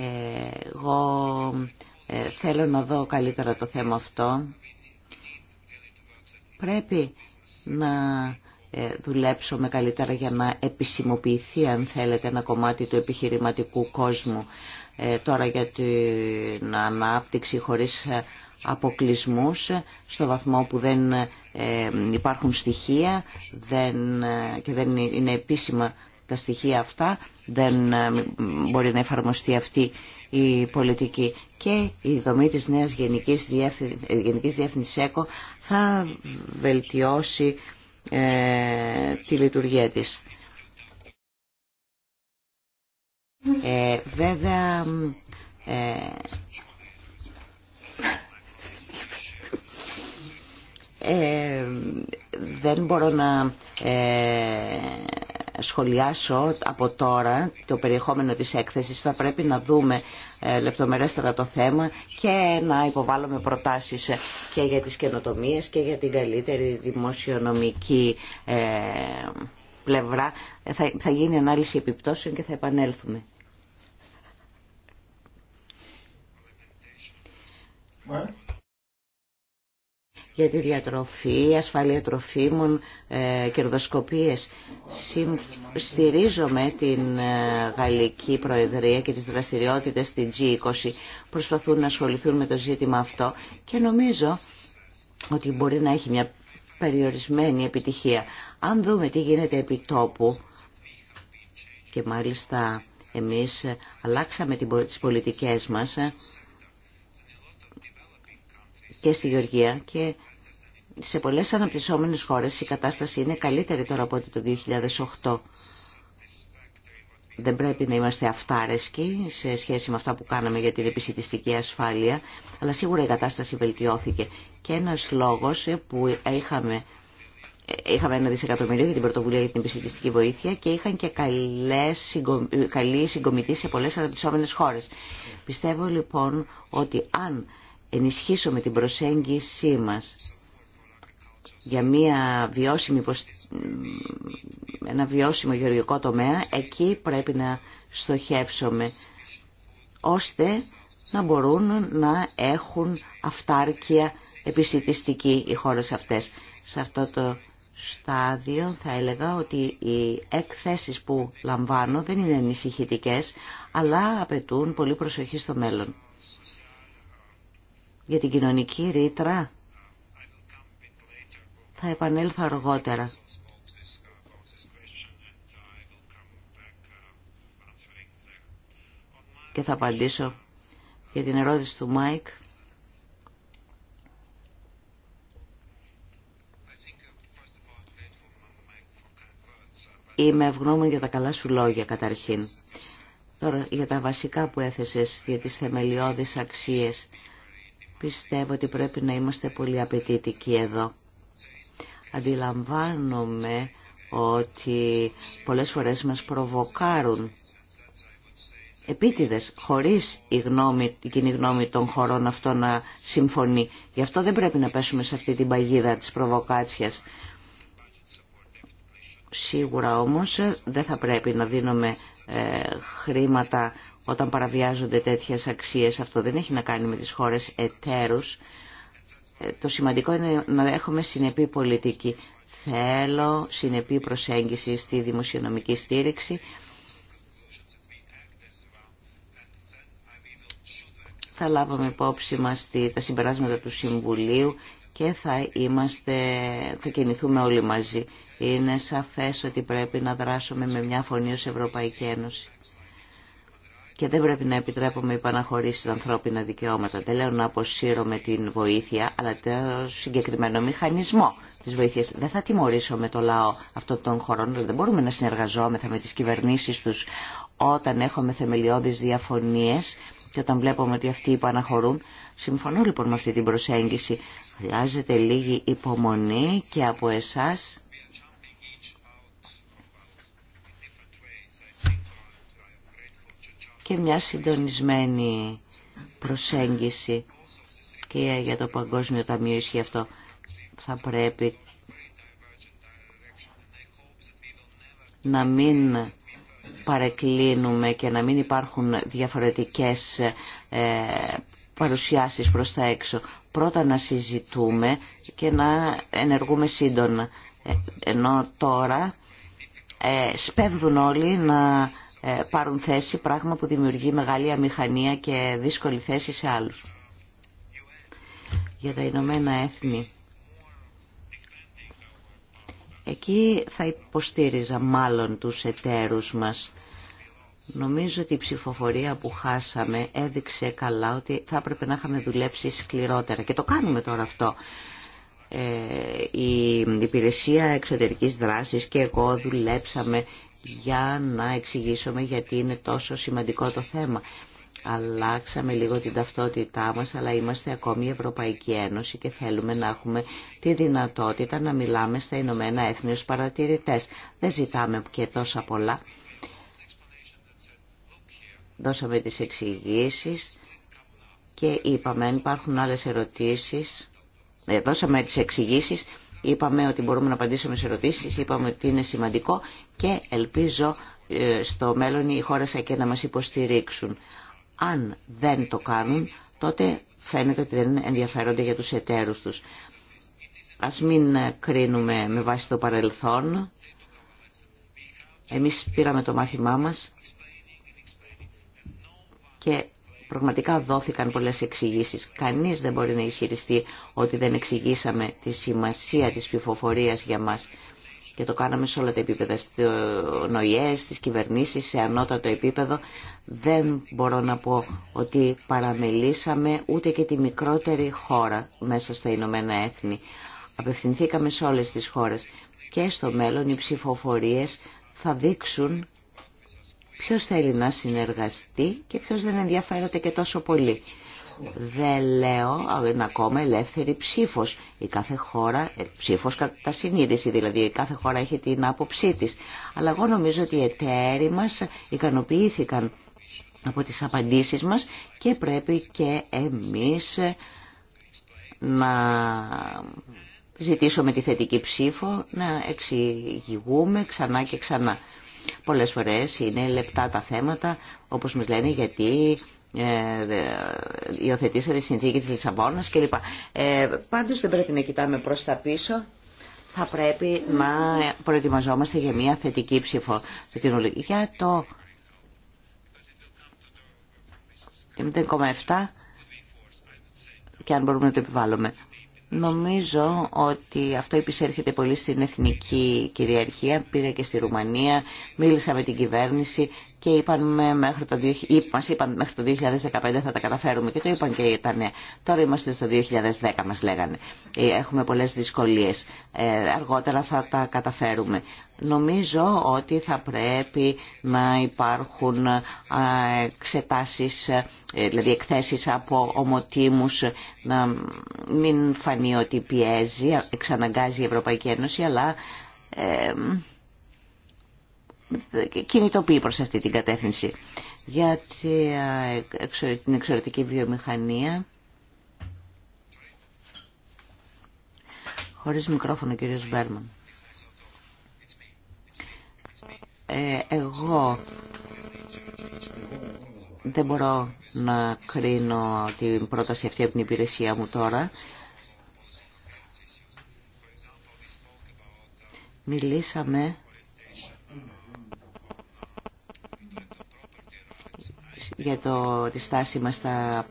Ε, εγώ θέλω να δω καλύτερα το θέμα αυτό. Πρέπει να δουλέψουμε καλύτερα για να επισημοποιηθεί, αν θέλετε, ένα κομμάτι του επιχειρηματικού κόσμου. Ε, τώρα για την ανάπτυξη χωρίς ε, αποκλισμούς στο βαθμό που δεν ε, υπάρχουν στοιχεία δεν, και δεν είναι επίσημα τα στοιχεία αυτά δεν μπορεί να εφαρμοστεί αυτή η πολιτική και η δομή της νέας Γενικής, Διεύθυν, Γενικής ΕΚΟ θα βελτιώσει τη λειτουργία της. Ε, βέβαια... Ε, ε, δεν μπορώ να ε, σχολιάσω από τώρα το περιεχόμενο της έκθεσης. Θα πρέπει να δούμε λεπτομερέστερα το θέμα και να υποβάλλουμε προτάσεις και για τις καινοτομίες και για την καλύτερη δημοσιονομική πλευρά. Θα, θα γίνει ανάλυση επιπτώσεων και θα επανέλθουμε. Ε. για τη διατροφή, ασφάλεια τροφίμων, ε, κερδοσκοπίες. Στηρίζομαι την ε, Γαλλική Προεδρία και τις δραστηριότητες στην G20 προσπαθούν να ασχοληθούν με το ζήτημα αυτό και νομίζω ότι μπορεί να έχει μια περιορισμένη επιτυχία. Αν δούμε τι γίνεται επί τόπου και μάλιστα εμείς αλλάξαμε τις πολιτικές μας ε, και στη Γεωργία και σε πολλές αναπτυσσόμενες χώρες η κατάσταση είναι καλύτερη τώρα από ότι το 2008. Δεν πρέπει να είμαστε αυτάρεσκοι σε σχέση με αυτά που κάναμε για την επισητιστική ασφάλεια, αλλά σίγουρα η κατάσταση βελτιώθηκε. Και ένας λόγος που είχαμε, είχαμε ένα δισεκατομμύριο για την πρωτοβουλία για την επισητιστική βοήθεια και είχαν και καλή συγκομιτή σε πολλές αναπτυσσόμενες χώρες. Πιστεύω λοιπόν ότι αν ενισχύσουμε την προσέγγιση μας για μια βιώσιμη, ένα βιώσιμο γεωργικό τομέα, εκεί πρέπει να στοχεύσουμε, ώστε να μπορούν να έχουν αυτάρκεια επισητιστική οι χώρες αυτές. Σε αυτό το στάδιο θα έλεγα ότι οι εκθέσεις που λαμβάνω δεν είναι ανησυχητικέ, αλλά απαιτούν πολύ προσοχή στο μέλλον για την κοινωνική ρήτρα. Θα επανέλθω αργότερα. Και θα απαντήσω για την ερώτηση του Μάικ. Είμαι ευγνώμων για τα καλά σου λόγια καταρχήν. Τώρα για τα βασικά που έθεσες, για τις θεμελιώδεις αξίες Πιστεύω ότι πρέπει να είμαστε πολύ απαιτητικοί εδώ. Αντιλαμβάνομαι ότι πολλές φορές μας προβοκάρουν επίτηδες, χωρίς η, γνώμη, η κοινή γνώμη των χωρών αυτό να συμφωνεί. Γι' αυτό δεν πρέπει να πέσουμε σε αυτή την παγίδα της προβοκάτσιας. Σίγουρα όμως δεν θα πρέπει να δίνουμε ε, χρήματα όταν παραβιάζονται τέτοιες αξίες. Αυτό δεν έχει να κάνει με τις χώρες εταίρους. Ε, το σημαντικό είναι να έχουμε συνεπή πολιτική. Θέλω συνεπή προσέγγιση στη δημοσιονομική στήριξη. Θα λάβουμε υπόψη μας τα συμπεράσματα του Συμβουλίου και θα, είμαστε, θα κινηθούμε όλοι μαζί. Είναι σαφές ότι πρέπει να δράσουμε με μια φωνή ως Ευρωπαϊκή Ένωση και δεν πρέπει να επιτρέπουμε υπαναχωρήσει τα ανθρώπινα δικαιώματα. Δεν λέω να αποσύρωμε την βοήθεια, αλλά το συγκεκριμένο μηχανισμό τη βοήθεια. Δεν θα τιμωρήσω με το λαό αυτών των χωρών, αλλά δεν μπορούμε να συνεργαζόμεθα με τι κυβερνήσει του όταν έχουμε θεμελιώδει διαφωνίε και όταν βλέπουμε ότι αυτοί υπαναχωρούν. Συμφωνώ λοιπόν με αυτή την προσέγγιση. Χρειάζεται λίγη υπομονή και από εσάς και μια συντονισμένη προσέγγιση και για το Παγκόσμιο Ταμείο ισχύει αυτό. Θα πρέπει να μην παρεκκλίνουμε και να μην υπάρχουν διαφορετικές ε, παρουσιάσεις προς τα έξω. Πρώτα να συζητούμε και να ενεργούμε σύντομα. Ε, ενώ τώρα ε, σπέβδουν όλοι να ε, πάρουν θέση, πράγμα που δημιουργεί μεγάλη αμηχανία και δύσκολη θέση σε άλλους. Για τα Ηνωμένα Έθνη. Εκεί θα υποστήριζα μάλλον τους εταίρους μας. Νομίζω ότι η ψηφοφορία που χάσαμε έδειξε καλά ότι θα έπρεπε να είχαμε δουλέψει σκληρότερα και το κάνουμε τώρα αυτό. Ε, η Υπηρεσία Εξωτερικής Δράσης και εγώ δουλέψαμε για να εξηγήσουμε γιατί είναι τόσο σημαντικό το θέμα. Αλλάξαμε λίγο την ταυτότητά μας, αλλά είμαστε ακόμη η Ευρωπαϊκή Ένωση και θέλουμε να έχουμε τη δυνατότητα να μιλάμε στα Ηνωμένα Έθνη ως παρατηρητές. Δεν ζητάμε και τόσα πολλά. Δώσαμε τις εξηγήσει και είπαμε, αν υπάρχουν άλλες ερωτήσεις, ε, δώσαμε τις εξηγήσει. Είπαμε ότι μπορούμε να απαντήσουμε σε ερωτήσεις, είπαμε ότι είναι σημαντικό και ελπίζω ε, στο μέλλον οι χώρες εκεί να μας υποστηρίξουν. Αν δεν το κάνουν, τότε φαίνεται ότι δεν ενδιαφέρονται για τους εταίρους τους. Ας μην κρίνουμε με βάση το παρελθόν. Εμείς πήραμε το μάθημά μας και πραγματικά δόθηκαν πολλές εξηγήσεις. Κανείς δεν μπορεί να ισχυριστεί ότι δεν εξηγήσαμε τη σημασία της ψηφοφορία για μας και το κάναμε σε όλα τα επίπεδα, στι νοιέ, στις κυβερνήσεις, σε ανώτατο επίπεδο. Δεν μπορώ να πω ότι παραμελήσαμε ούτε και τη μικρότερη χώρα μέσα στα Ηνωμένα Έθνη. Απευθυνθήκαμε σε όλες τις χώρες και στο μέλλον οι ψηφοφορίες θα δείξουν ποιος θέλει να συνεργαστεί και ποιος δεν ενδιαφέρεται και τόσο πολύ. Δεν λέω, ε, είναι ακόμα ελεύθερη ψήφο. Η κάθε χώρα, ε, ψήφος κατά συνείδηση δηλαδή, η κάθε χώρα έχει την άποψή της. Αλλά εγώ νομίζω ότι οι εταίροι μας ικανοποιήθηκαν από τις απαντήσεις μας και πρέπει και εμείς ε, να ζητήσουμε τη θετική ψήφο, να εξηγούμε ξανά και ξανά. Πολλές φορές είναι λεπτά τα θέματα, όπως μας λένε, γιατί ε, υιοθετήσατε τη συνθήκη της Λισαβόνα κλπ. Ε, πάντως δεν πρέπει να κοιτάμε προς τα πίσω. Θα πρέπει να προετοιμαζόμαστε για μια θετική ψήφο. Για το 0,7 και αν μπορούμε να το επιβάλλουμε. Νομίζω ότι αυτό επισέρχεται πολύ στην εθνική κυριαρχία. Πήγα και στη Ρουμανία, μίλησα με την κυβέρνηση και είπαν μέχρι το, μας είπαν μέχρι το 2015 θα τα καταφέρουμε και το είπαν και ήταν τώρα είμαστε στο 2010 μας λέγανε ε, έχουμε πολλές δυσκολίες ε, αργότερα θα τα καταφέρουμε νομίζω ότι θα πρέπει να υπάρχουν ε, εξετάσεις ε, δηλαδή εκθέσεις από ομοτήμους να μην φανεί ότι πιέζει εξαναγκάζει η Ευρωπαϊκή Ένωση αλλά ε, κινητοποιεί προς αυτή την κατεύθυνση. Για την εξωτερική βιομηχανία... Χωρίς μικρόφωνο, κύριος Μπέρμαν. Ε, εγώ δεν μπορώ να κρίνω την πρόταση αυτή από την υπηρεσία μου τώρα. Μιλήσαμε για το, τη στάση μας στα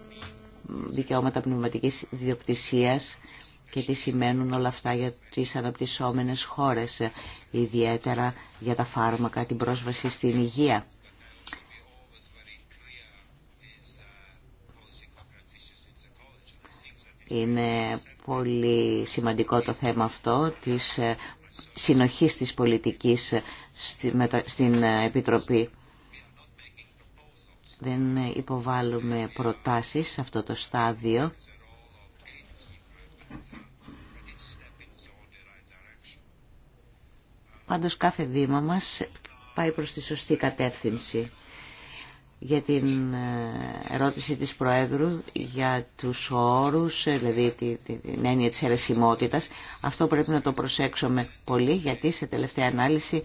δικαιώματα πνευματικής διοκτησίας και τι σημαίνουν όλα αυτά για τις αναπτυσσόμενες χώρες, ιδιαίτερα για τα φάρμακα, την πρόσβαση στην υγεία. Είναι πολύ σημαντικό το θέμα αυτό της ε, συνοχής της πολιτικής στην ε, Επιτροπή δεν υποβάλλουμε προτάσεις σε αυτό το στάδιο. Πάντως κάθε βήμα μας πάει προς τη σωστή κατεύθυνση. Για την ε, ερώτηση της Προέδρου για τους όρους, ε, δηλαδή την έννοια της αιρεσιμότητας, αυτό πρέπει να το προσέξουμε πολύ γιατί σε τελευταία ανάλυση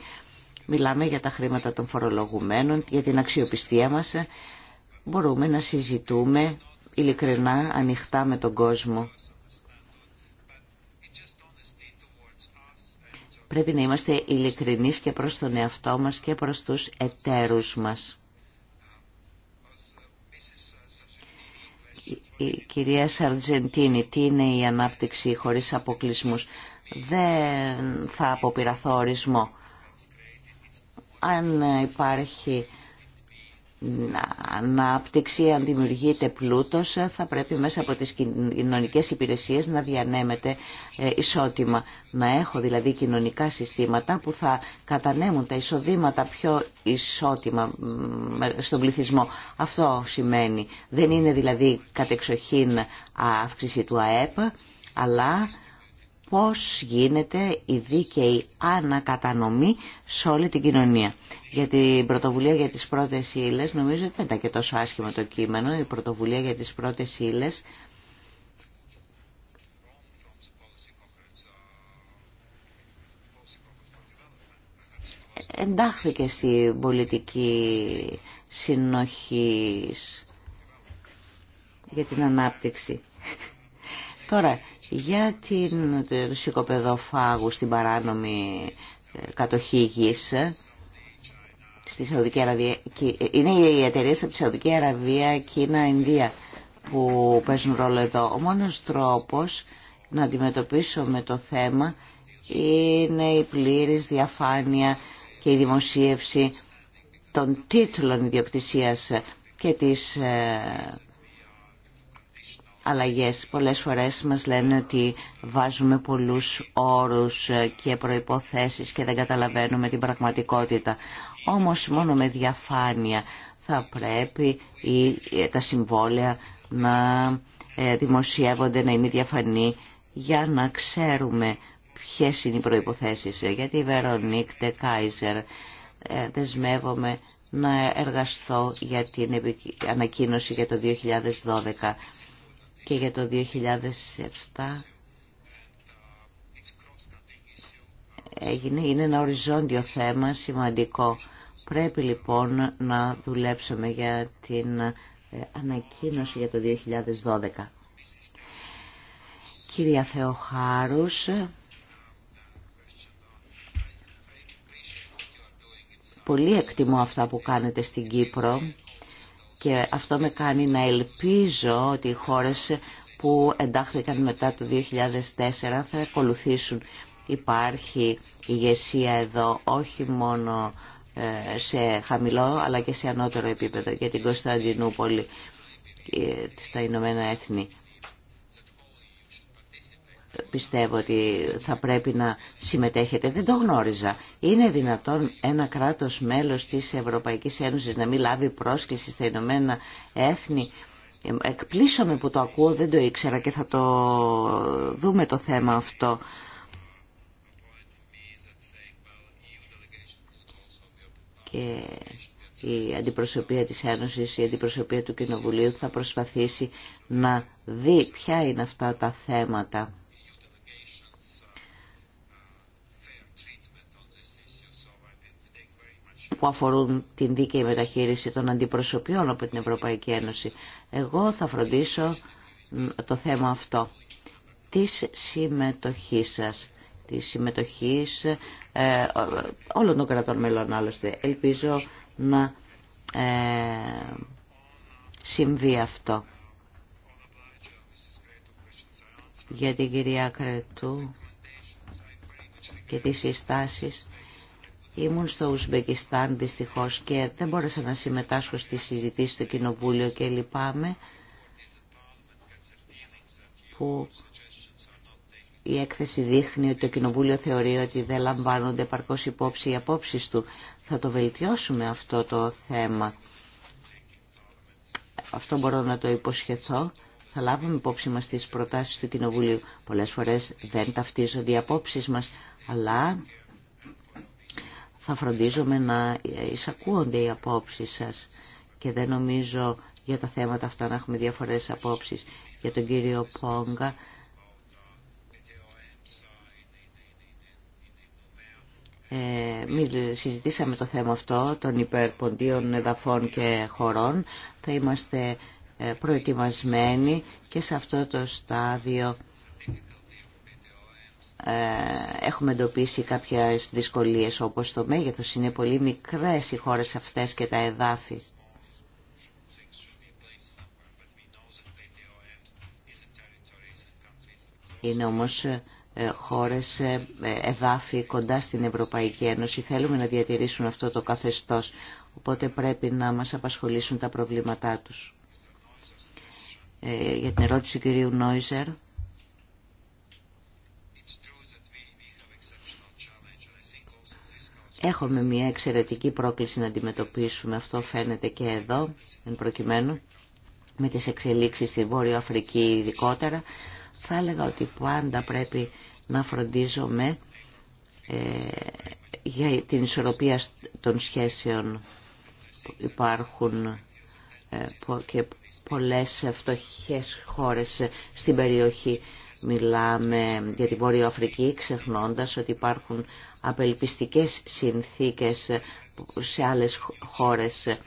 Μιλάμε για τα χρήματα των φορολογουμένων, για την αξιοπιστία μας. Μπορούμε να συζητούμε ειλικρινά, ανοιχτά με τον κόσμο. Πρέπει να είμαστε ειλικρινείς και προς τον εαυτό μας και προς τους εταίρους μας. Η κυρία Σαρτζεντίνη, τι είναι η ανάπτυξη χωρίς αποκλεισμούς. Δεν θα αποπειραθώ ορισμό αν υπάρχει ανάπτυξη, αν δημιουργείται πλούτος, θα πρέπει μέσα από τις κοινωνικές υπηρεσίες να διανέμεται ε, ισότιμα. Να έχω δηλαδή κοινωνικά συστήματα που θα κατανέμουν τα εισοδήματα πιο ισότιμα στον πληθυσμό. Αυτό σημαίνει. Δεν είναι δηλαδή κατεξοχήν αύξηση του ΑΕΠ, αλλά πώς γίνεται η δίκαιη ανακατανομή σε όλη την κοινωνία. Για την πρωτοβουλία για τις πρώτες ύλε, νομίζω ότι δεν ήταν και τόσο άσχημα το κείμενο, η πρωτοβουλία για τις πρώτες ύλε. εντάχθηκε στην πολιτική συνοχής για την ανάπτυξη. Τώρα, για την ρουσικοπεδοφάγου στην παράνομη ε, κατοχή γης ε, στη Σαουδική Αραβία. Ε, είναι οι εταιρείε από τη Σαουδική Αραβία, Κίνα, Ινδία που παίζουν ρόλο εδώ. Ο μόνος τρόπος να αντιμετωπίσουμε το θέμα είναι η πλήρης διαφάνεια και η δημοσίευση των τίτλων ιδιοκτησίας και της αλλαγές. Πολλές φορές μας λένε ότι βάζουμε πολλούς όρους ε, και προϋποθέσεις και δεν καταλαβαίνουμε την πραγματικότητα. Όμως μόνο με διαφάνεια θα πρέπει ή ε, τα συμβόλαια να ε, δημοσιεύονται, να είναι διαφανή για να ξέρουμε ποιες είναι οι προϋποθέσεις. Γιατί η Βερονίκ Τεκάιζερ δεσμεύομαι να εργαστώ για την ανακοίνωση για το 2012 και για το 2007 έγινε, είναι ένα οριζόντιο θέμα σημαντικό. Πρέπει λοιπόν να δουλέψουμε για την ε, ανακοίνωση για το 2012. Κυρία Θεοχάρους, πολύ εκτιμώ αυτά που κάνετε στην Κύπρο και αυτό με κάνει να ελπίζω ότι οι χώρες που εντάχθηκαν μετά το 2004 θα ακολουθήσουν. Υπάρχει ηγεσία εδώ όχι μόνο ε, σε χαμηλό αλλά και σε ανώτερο επίπεδο για την Κωνσταντινούπολη ε, στα Ηνωμένα Έθνη πιστεύω ότι θα πρέπει να συμμετέχετε. Δεν το γνώριζα. Είναι δυνατόν ένα κράτος μέλος της Ευρωπαϊκής Ένωσης να μην λάβει πρόσκληση στα Ηνωμένα Έθνη. Εκπλήσωμαι που το ακούω, δεν το ήξερα και θα το δούμε το θέμα αυτό. Και η αντιπροσωπεία της Ένωσης, η αντιπροσωπεία του Κοινοβουλίου θα προσπαθήσει να δει ποια είναι αυτά τα θέματα που αφορούν την δίκαιη μεταχείριση των αντιπροσωπιών από την Ευρωπαϊκή Ένωση. Εγώ θα φροντίσω το θέμα αυτό της συμμετοχής σας, της συμμετοχής ε, όλων των κρατών μελών άλλωστε. Ελπίζω να ε, συμβεί αυτό. Για την κυρία Κρετού και τις συστάσεις Ήμουν στο Ουσμπεκιστάν δυστυχώς και δεν μπόρεσα να συμμετάσχω στη συζητήση στο Κοινοβούλιο και λυπάμαι που η έκθεση δείχνει ότι το Κοινοβούλιο θεωρεί ότι δεν λαμβάνονται παρκώς υπόψη οι απόψεις του. Θα το βελτιώσουμε αυτό το θέμα. Αυτό μπορώ να το υποσχεθώ. Θα λάβουμε υπόψη μας τις προτάσεις του Κοινοβουλίου. Πολλές φορές δεν ταυτίζονται οι απόψεις μας, αλλά θα φροντίζομαι να εισακούονται οι απόψεις σας και δεν νομίζω για τα θέματα αυτά να έχουμε διαφορές απόψεις. Για τον κύριο Πόγκα ε, συζητήσαμε το θέμα αυτό των υπερποντίων εδαφών και χωρών. Θα είμαστε ε, προετοιμασμένοι και σε αυτό το στάδιο ε, έχουμε εντοπίσει κάποιες δυσκολίες όπως το μέγεθος είναι πολύ μικρές οι χώρες αυτές και τα εδάφη. Είναι όμως ε, χώρες ε, εδάφη κοντά στην Ευρωπαϊκή Ένωση. Θέλουμε να διατηρήσουν αυτό το καθεστώς, οπότε πρέπει να μας απασχολήσουν τα προβλήματά τους. Για την ερώτηση του κυρίου Νόιζερ, Έχουμε μια εξαιρετική πρόκληση να αντιμετωπίσουμε, αυτό φαίνεται και εδώ, εν προκειμένου, με τις εξελίξεις στη Βόρειο Αφρική ειδικότερα. Θα έλεγα ότι πάντα πρέπει να φροντίζομαι ε, για την ισορροπία των σχέσεων που υπάρχουν ε, και πολλές φτωχές χώρες στην περιοχή. Μιλάμε για τη Βόρειο Αφρική ξεχνώντας ότι υπάρχουν απελπιστικές συνθήκες σε άλλες χώρες.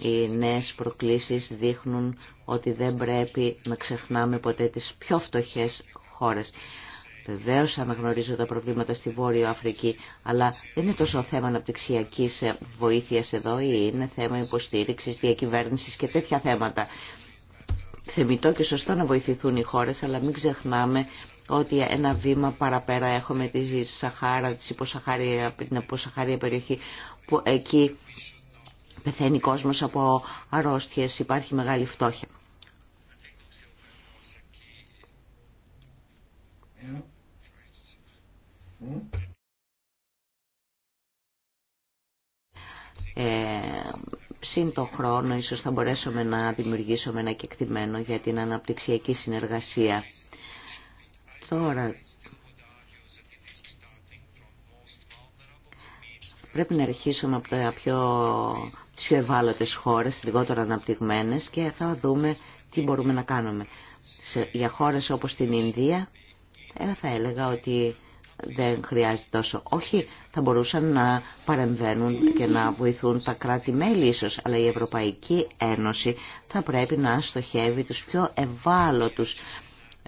Οι νέες προκλήσεις δείχνουν ότι δεν πρέπει να ξεχνάμε ποτέ τις πιο φτωχές χώρες. Βεβαίω αναγνωρίζω τα προβλήματα στη Βόρειο Αφρική, αλλά δεν είναι τόσο θέμα αναπτυξιακή βοήθεια εδώ, ή είναι θέμα υποστήριξη, διακυβέρνηση και τέτοια θέματα. Θεμητό και σωστό να βοηθηθούν οι χώρε, αλλά μην ξεχνάμε ότι ένα βήμα παραπέρα έχουμε τη Σαχάρα, την υποσαχάρια περιοχή που εκεί πεθαίνει κόσμος από αρρώστιες, υπάρχει μεγάλη φτώχεια. Ε, Συν το χρόνο ίσως θα μπορέσουμε να δημιουργήσουμε ένα κεκτημένο για την αναπτυξιακή συνεργασία Τώρα, πρέπει να αρχίσουμε από τα πιο, τις πιο ευάλωτες χώρες, λιγότερο αναπτυγμένες και θα δούμε τι μπορούμε να κάνουμε. για χώρες όπως την Ινδία ε, θα έλεγα ότι δεν χρειάζεται τόσο. Όχι, θα μπορούσαν να παρεμβαίνουν και να βοηθούν τα κράτη-μέλη ίσως, αλλά η Ευρωπαϊκή Ένωση θα πρέπει να στοχεύει τους πιο ευάλωτους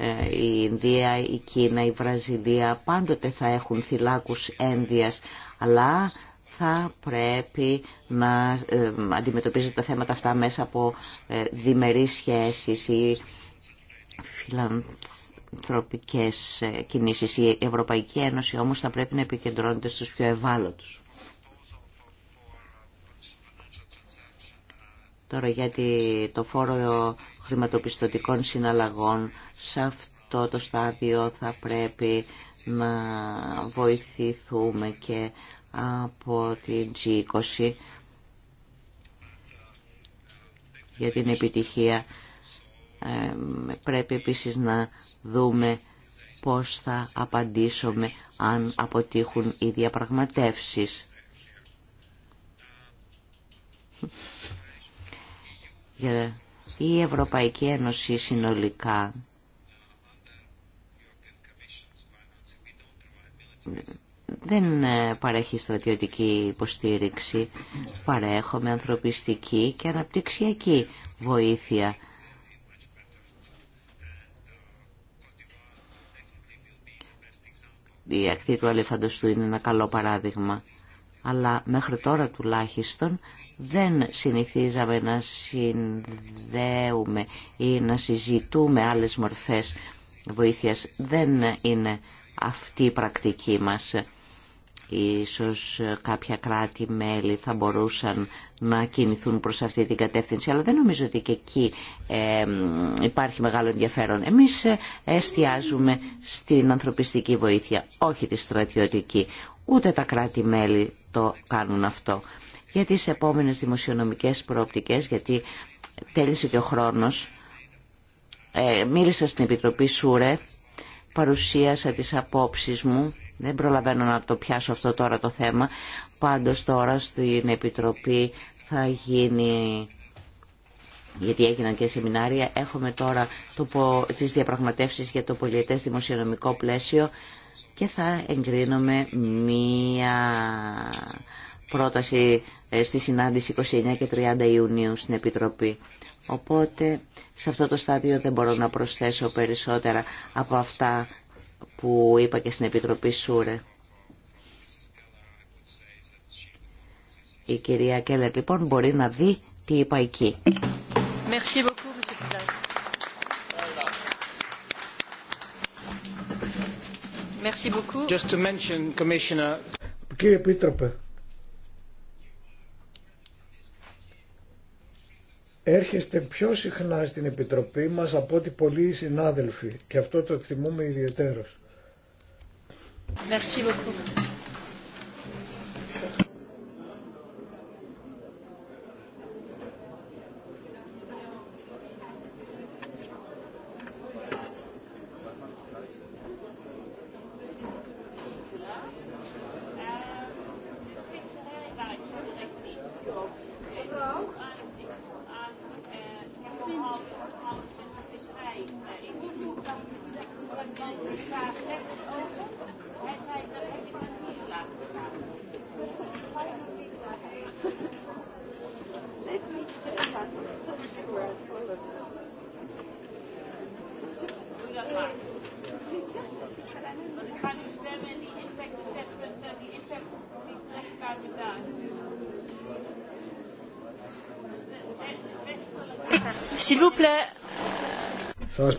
ε, η Ινδία, η Κίνα, η Βραζιλία πάντοτε θα έχουν θυλάκους ένδυας, αλλά θα πρέπει να ε, αντιμετωπίζουν τα θέματα αυτά μέσα από ε, διμερείς σχέσεις ή φιλανθρωπικές κινήσεις. Η Ευρωπαϊκή Ένωση όμως θα πρέπει να επικεντρώνεται στους πιο ευάλωτους. Τώρα γιατί το φόρο χρηματοπιστωτικών συναλλαγών. Σε αυτό το στάδιο θα πρέπει να βοηθηθούμε και από την G20 για την επιτυχία. Ε, πρέπει επίσης να δούμε πώς θα απαντήσουμε αν αποτύχουν οι διαπραγματεύσεις. Για η Ευρωπαϊκή Ένωση συνολικά δεν ε, παρέχει στρατιωτική υποστήριξη, παρέχουμε ανθρωπιστική και αναπτυξιακή βοήθεια. Η ακτή του αλεφαντοστού είναι ένα καλό παράδειγμα, αλλά μέχρι τώρα τουλάχιστον δεν συνηθίζαμε να συνδέουμε ή να συζητούμε άλλες μορφές βοήθειας. Δεν είναι αυτή η πρακτική μας. Ίσως κάποια κράτη-μέλη θα μπορούσαν να κινηθούν προς αυτή την κατεύθυνση, αλλά δεν νομίζω ότι και εκεί υπάρχει μεγάλο ενδιαφέρον. Εμείς εστιάζουμε στην ανθρωπιστική βοήθεια, όχι τη στρατιωτική. Ούτε τα κράτη-μέλη το κάνουν αυτό για τις επόμενες δημοσιονομικές προοπτικές, γιατί τέλεισε και ο χρόνος. Ε, μίλησα στην Επιτροπή Σούρε, παρουσίασα τις απόψεις μου, δεν προλαβαίνω να το πιάσω αυτό τώρα το θέμα, πάντως τώρα στην Επιτροπή θα γίνει γιατί έγιναν και σεμινάρια. Έχουμε τώρα το, τις διαπραγματεύσεις για το πολιετές δημοσιονομικό πλαίσιο και θα εγκρίνουμε μία πρόταση ε, στη συνάντηση 29 και 30 Ιουνίου στην Επιτροπή. Οπότε σε αυτό το στάδιο δεν μπορώ να προσθέσω περισσότερα από αυτά που είπα και στην Επιτροπή Σούρε. Η κυρία Κέλλερ λοιπόν μπορεί να δει τι είπα εκεί. Just to mention, Commissioner... Κύριε έρχεστε πιο συχνά στην Επιτροπή μας από ό,τι πολλοί συνάδελφοι και αυτό το εκτιμούμε ιδιαίτερος.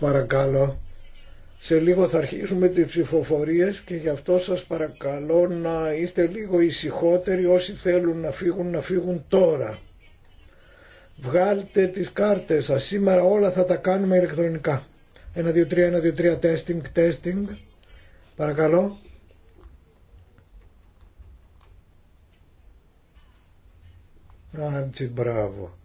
παρακαλώ. Σε λίγο θα αρχίσουμε τις ψηφοφορίες και γι' αυτό σας παρακαλώ να είστε λίγο ησυχότεροι όσοι θέλουν να φύγουν, να φύγουν τώρα. Βγάλτε τις κάρτες σας. Σήμερα όλα θα τα κάνουμε ηλεκτρονικά. 1, 2, 3, 1, 2, 3, testing, testing. Παρακαλώ. Αντσι, μπράβο.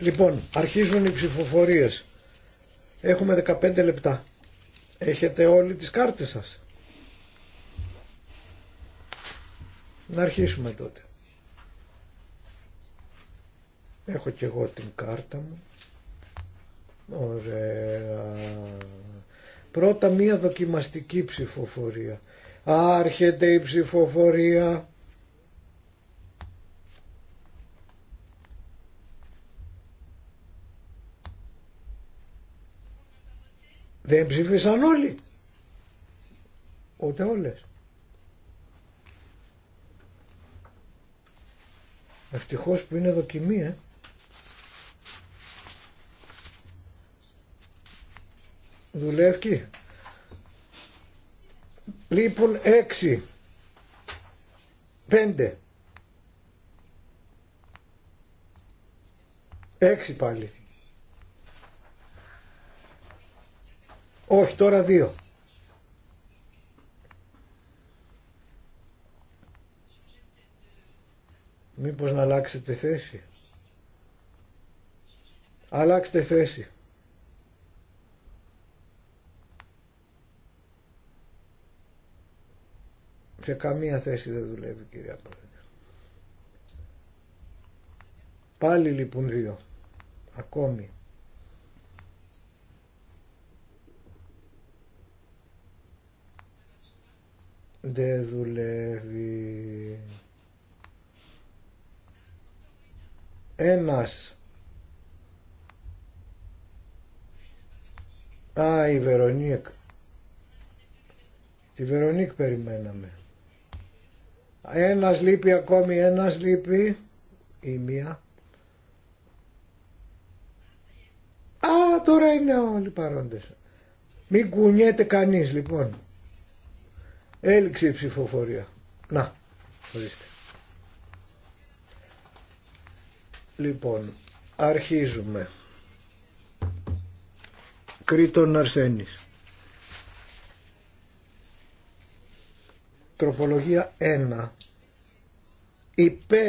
Λοιπόν, αρχίζουν οι ψηφοφορίες. Έχουμε 15 λεπτά. Έχετε όλοι τις κάρτες σας. Να αρχίσουμε τότε. Έχω και εγώ την κάρτα μου. Ωραία. Πρώτα μία δοκιμαστική ψηφοφορία. Άρχεται η ψηφοφορία. Δεν ψήφισαν όλοι. Ούτε όλες. Ευτυχώς που είναι δοκιμή, ε. Δουλεύει. Λείπουν λοιπόν, έξι. Πέντε. Έξι πάλι. Όχι, τώρα δύο. Μήπως να αλλάξετε θέση. Αλλάξτε θέση. Σε καμία θέση δεν δουλεύει κυρία Πρόεδρε. Πάλι λοιπόν δύο. Ακόμη. Δεν δουλεύει. Ένας. Α, η Βερονίκ. Τη Βερονίκ περιμέναμε. Ένας λείπει ακόμη, ένας λείπει. Η μία. Α, τώρα είναι όλοι παρόντες. Μην κουνιέται κανείς λοιπόν. Έληξε ψηφοφορία. Να, ορίστε. Λοιπόν, αρχίζουμε. Κρήτον Αρσένης. Τροπολογία 1. Υπέρ...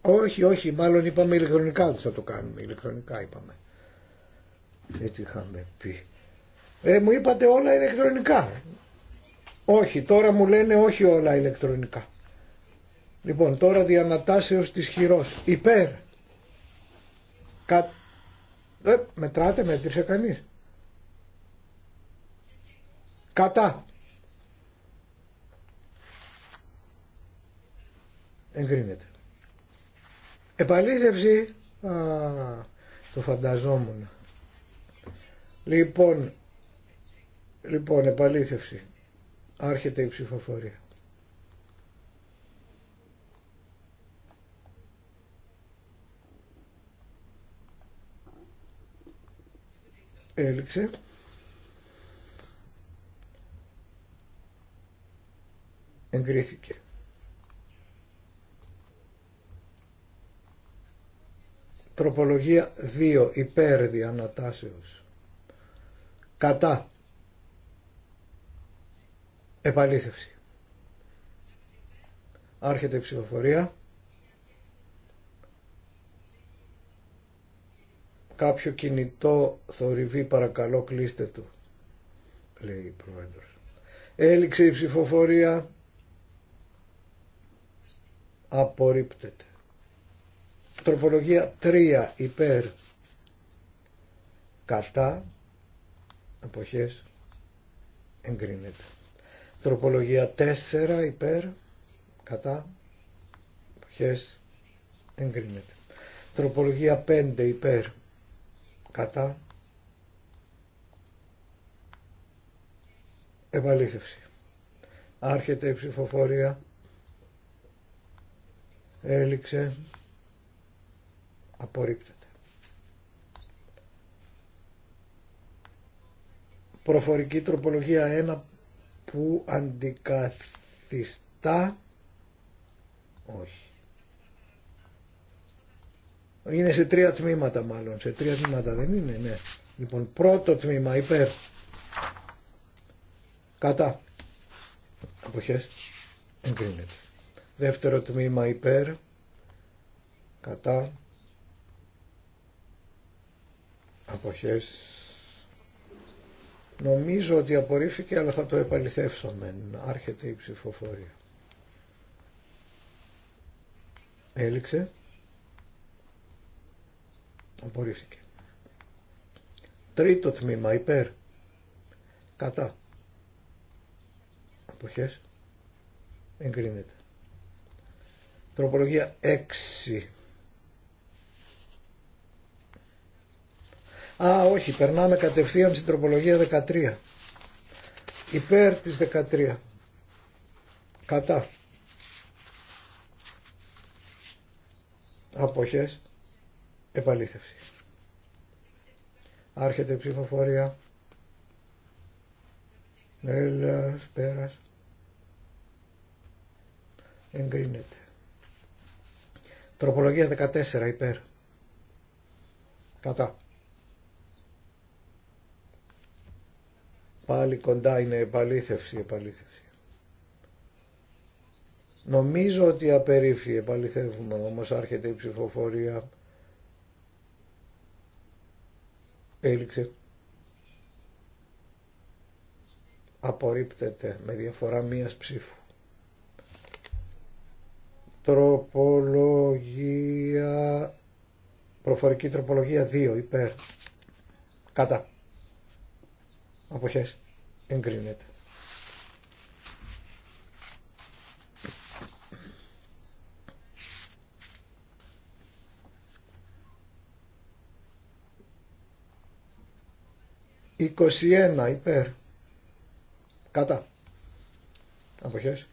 Όχι, όχι, μάλλον είπαμε ηλεκτρονικά ότι θα το κάνουμε. Ηλεκτρονικά είπαμε. Έτσι είχαμε πει. Ε, μου είπατε όλα ηλεκτρονικά. Όχι, τώρα μου λένε όχι όλα ηλεκτρονικά. Λοιπόν, τώρα διανατάσεως της χειρός. Υπέρ. Κα... Ε, μετράτε, μέτρησε κανείς. Κατά. Εγκρίνεται. Επαλήθευση. Α, το φανταζόμουν. Λοιπόν, λοιπόν, επαλήθευση. Άρχεται η ψηφοφορία. Έληξε. Εγκρίθηκε. Τροπολογία 2. Υπέρ ανατάσεως. Κατά. Επαλήθευση. Άρχεται η ψηφοφορία. Κάποιο κινητό θορυβεί παρακαλώ κλείστε του, λέει η πρόεδρος. Έληξε η ψηφοφορία. Απορρίπτεται. Τροπολογία 3 υπέρ κατά αποχές εγκρίνεται. Τροπολογία 4 υπέρ κατά την εγκρίνεται. Τροπολογία 5 υπέρ κατά επαλήθευση. Άρχεται η ψηφοφορία. Έληξε. Απορρίπτεται. Προφορική τροπολογία 1 που αντικαθιστά όχι είναι σε τρία τμήματα μάλλον σε τρία τμήματα δεν είναι ναι λοιπόν πρώτο τμήμα υπέρ κατά αποχές εγκρίνεται δεύτερο τμήμα υπέρ κατά αποχές Νομίζω ότι απορρίφθηκε αλλά θα το επαληθεύσουμε. Άρχεται η ψηφοφορία. Έληξε. Απορρίφθηκε. Τρίτο τμήμα υπέρ. Κατά. Αποχές. Εγκρίνεται. Τροπολογία 6 Α, όχι, περνάμε κατευθείαν στην τροπολογία 13. Υπέρ της 13. Κατά. Αποχές. Επαλήθευση. Άρχεται η ψηφοφορία. Έλα, πέρας. Εγκρίνεται. Τροπολογία 14 υπέρ. Κατά. Πάλι κοντά είναι επαλήθευση, επαλήθευση. Νομίζω ότι απερίφθη, επαληθεύουμε, όμως άρχεται η ψηφοφορία. Έληξε. Απορρίπτεται με διαφορά μίας ψήφου. Τροπολογία... Προφορική τροπολογία 2, υπέρ. Κατά. Αποχές. Εγκρίνεται. 21 υπέρ. Κατά. Αποχές.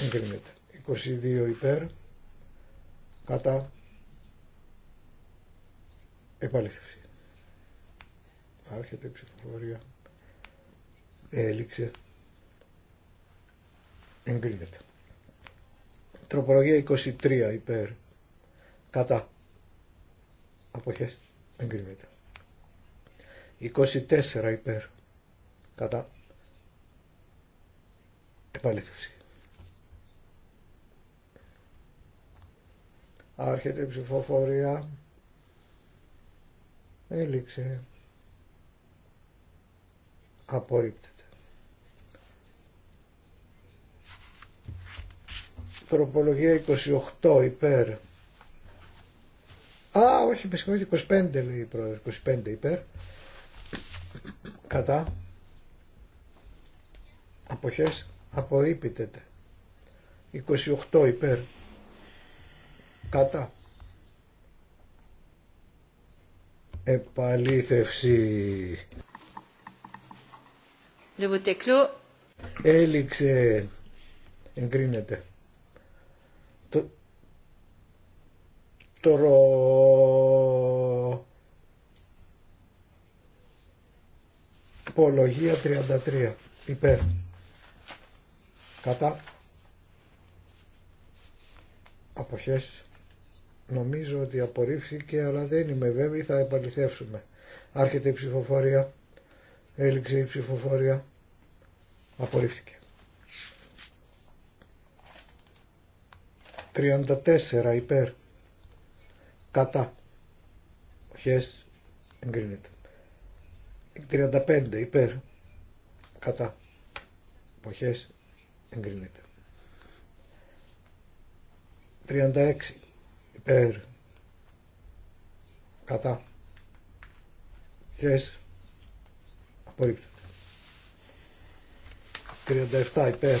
Εγκρίνεται. 22 υπέρ. Κατά. Επαλήθευση. Άρχεται η ψηφοφορία. Έληξε. Εγκρίνεται. Τροπολογία 23 υπέρ. Κατά. Αποχές. Εγκρίνεται. 24 υπέρ. Κατά. Επαλήθευση. Άρχεται η ψηφοφορία. Έληξε. Απορρίπτεται. τροπολογία 28 υπέρ. Α, όχι, με συγχωρείτε, 25 λέει η 25 υπέρ. Κατά. Αποχές απορρίπτεται. 28 υπέρ. Κατά. Επαλήθευση. Έληξε. Εγκρίνεται. υπολογία 33 υπέρ κατά αποχές νομίζω ότι απορρίφθηκε αλλά δεν είμαι βέβαιη θα επαληθεύσουμε άρχεται η ψηφοφορία έληξε η ψηφοφορία απορρίφθηκε 34 υπέρ κατά χες εγκρίνεται 35 υπέρ κατά εποχές εγκρίνεται 36 υπέρ κατά χες απορρίπτεται 37 υπέρ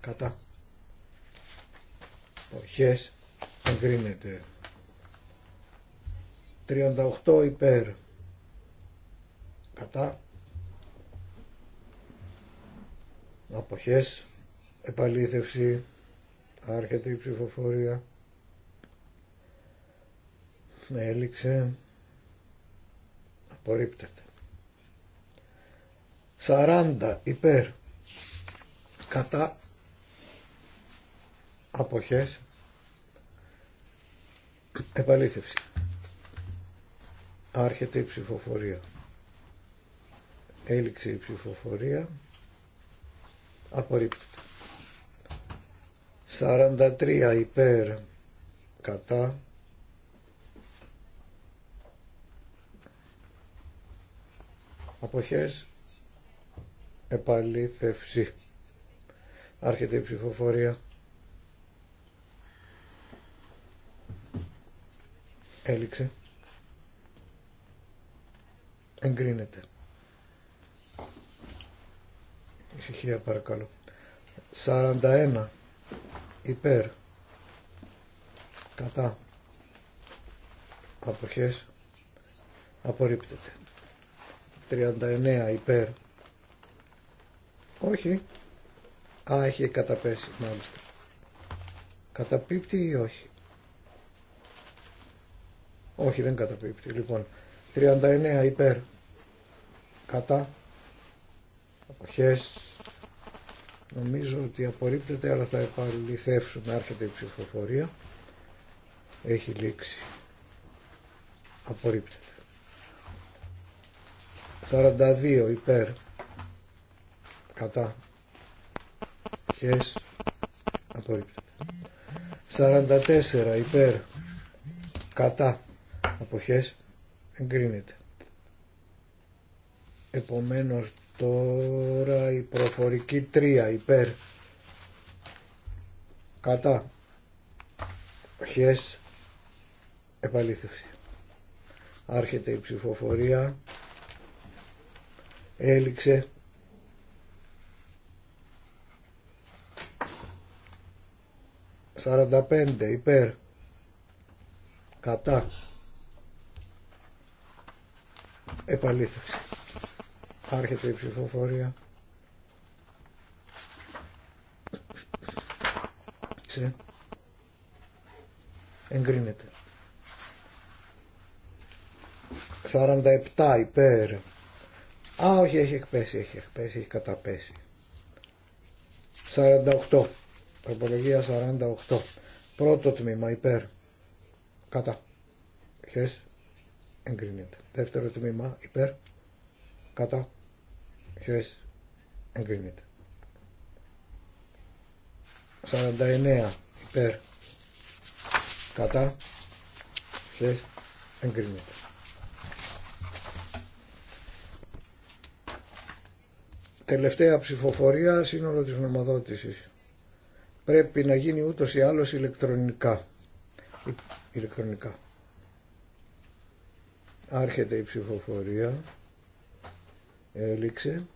κατά εποχές εγκρίνεται 38 υπέρ κατά αποχές επαλήθευση άρχεται η ψηφοφορία έληξε απορρίπτεται 40 υπέρ κατά αποχές Επαλήθευση. Άρχεται η ψηφοφορία. Έληξε η ψηφοφορία. Απορρίπτεται. 43 υπέρ κατά αποχές επαλήθευση. Άρχεται η ψηφοφορία. Έληξε. Εγκρίνεται. Ησυχία παρακαλώ. 41 υπέρ κατά αποχές απορρίπτεται 39 υπέρ όχι α έχει καταπέσει μάλιστα καταπίπτει ή όχι όχι, δεν καταπίπτει. Λοιπόν, 39 υπέρ. Κατά. Αποχές. Νομίζω ότι απορρίπτεται, αλλά θα επαληθεύσουμε. Άρχεται η ψηφοφορία. Έχει λήξει. Απορρίπτεται. 42 υπέρ. Κατά. Αποχές. Απορρίπτεται. 44 υπέρ. Κατά αποχές εγκρίνεται. Επομένως τώρα η προφορική 3 υπέρ κατά αποχές επαλήθευση. Άρχεται η ψηφοφορία, έληξε Σαρανταπέντε υπέρ κατά επαλήθευση. Άρχεται η ψηφοφορία. Εγκρίνεται. 47 υπέρ. Α, όχι, έχει εκπέσει, έχει εκπέσει, έχει καταπέσει. 48. Προπολογία 48. Πρώτο τμήμα υπέρ. Κατά. Χες. Εγκρίνεται. Δεύτερο τμήμα υπέρ κατά χες εγκρίνεται. 49 υπέρ κατά χες εγκρίνεται. Τελευταία ψηφοφορία σύνολο της νομοδότησης. Πρέπει να γίνει ούτως ή άλλως ηλεκτρονικά. Ηλεκτρονικά. Άρχεται η ψηφοφορία. Έληξε.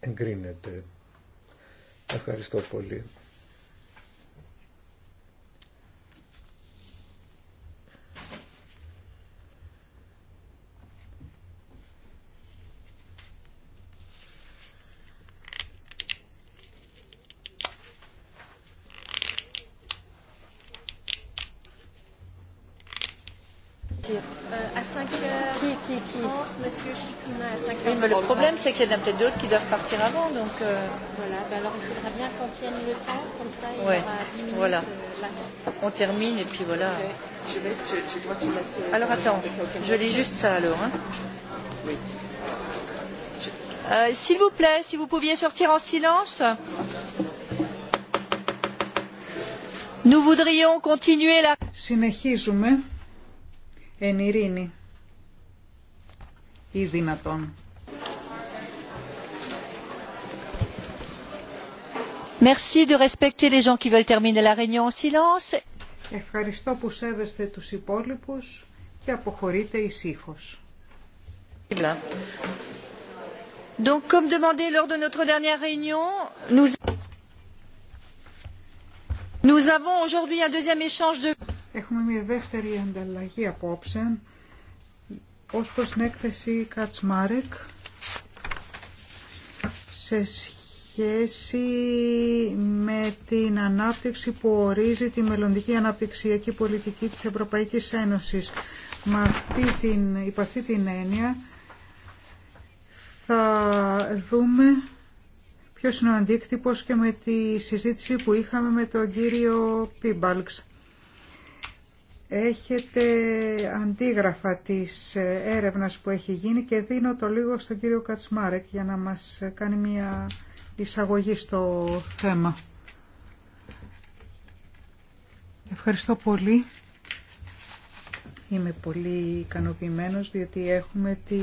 Εγκρίνεται. Ευχαριστώ πολύ. il y en a peut-être d'autres qui doivent partir avant. Donc, Voilà, ben alors il faudra bien qu'on tienne le temps, comme ça il y aura 10 minutes. Voilà. On termine et puis voilà. Je, vais, je, je dois te laisser. Alors attends, je lis juste ça alors. Hein. Oui. Euh, S'il vous plaît, si vous pouviez sortir en silence. Nous voudrions continuer la... Συνεχίζουμε εν ειρήνη ή δυνατόν. Merci de respecter les gens qui veulent terminer la réunion en silence. Ευχαριστώ που σέβεστε τους υπόλοιπους και αποχωρείτε ησύχως. Donc, comme demandé lors de notre dernière réunion, nous, nous avons aujourd'hui un deuxième échange de... Έχουμε μια δεύτερη ανταλλαγή απόψε ως προς την έκθεση Κατσμάρεκ σε σχέση σχέση με την ανάπτυξη που ορίζει τη μελλοντική αναπτυξιακή πολιτική της Ευρωπαϊκής Ένωσης. Με αυτή την, την έννοια θα δούμε ποιος είναι ο αντίκτυπος και με τη συζήτηση που είχαμε με τον κύριο Πίμπαλξ. Έχετε αντίγραφα της έρευνας που έχει γίνει και δίνω το λίγο στον κύριο Κατσμάρεκ για να μας κάνει μια εισαγωγή στο θέμα. Ευχαριστώ πολύ. Είμαι πολύ ικανοποιημένος διότι έχουμε τη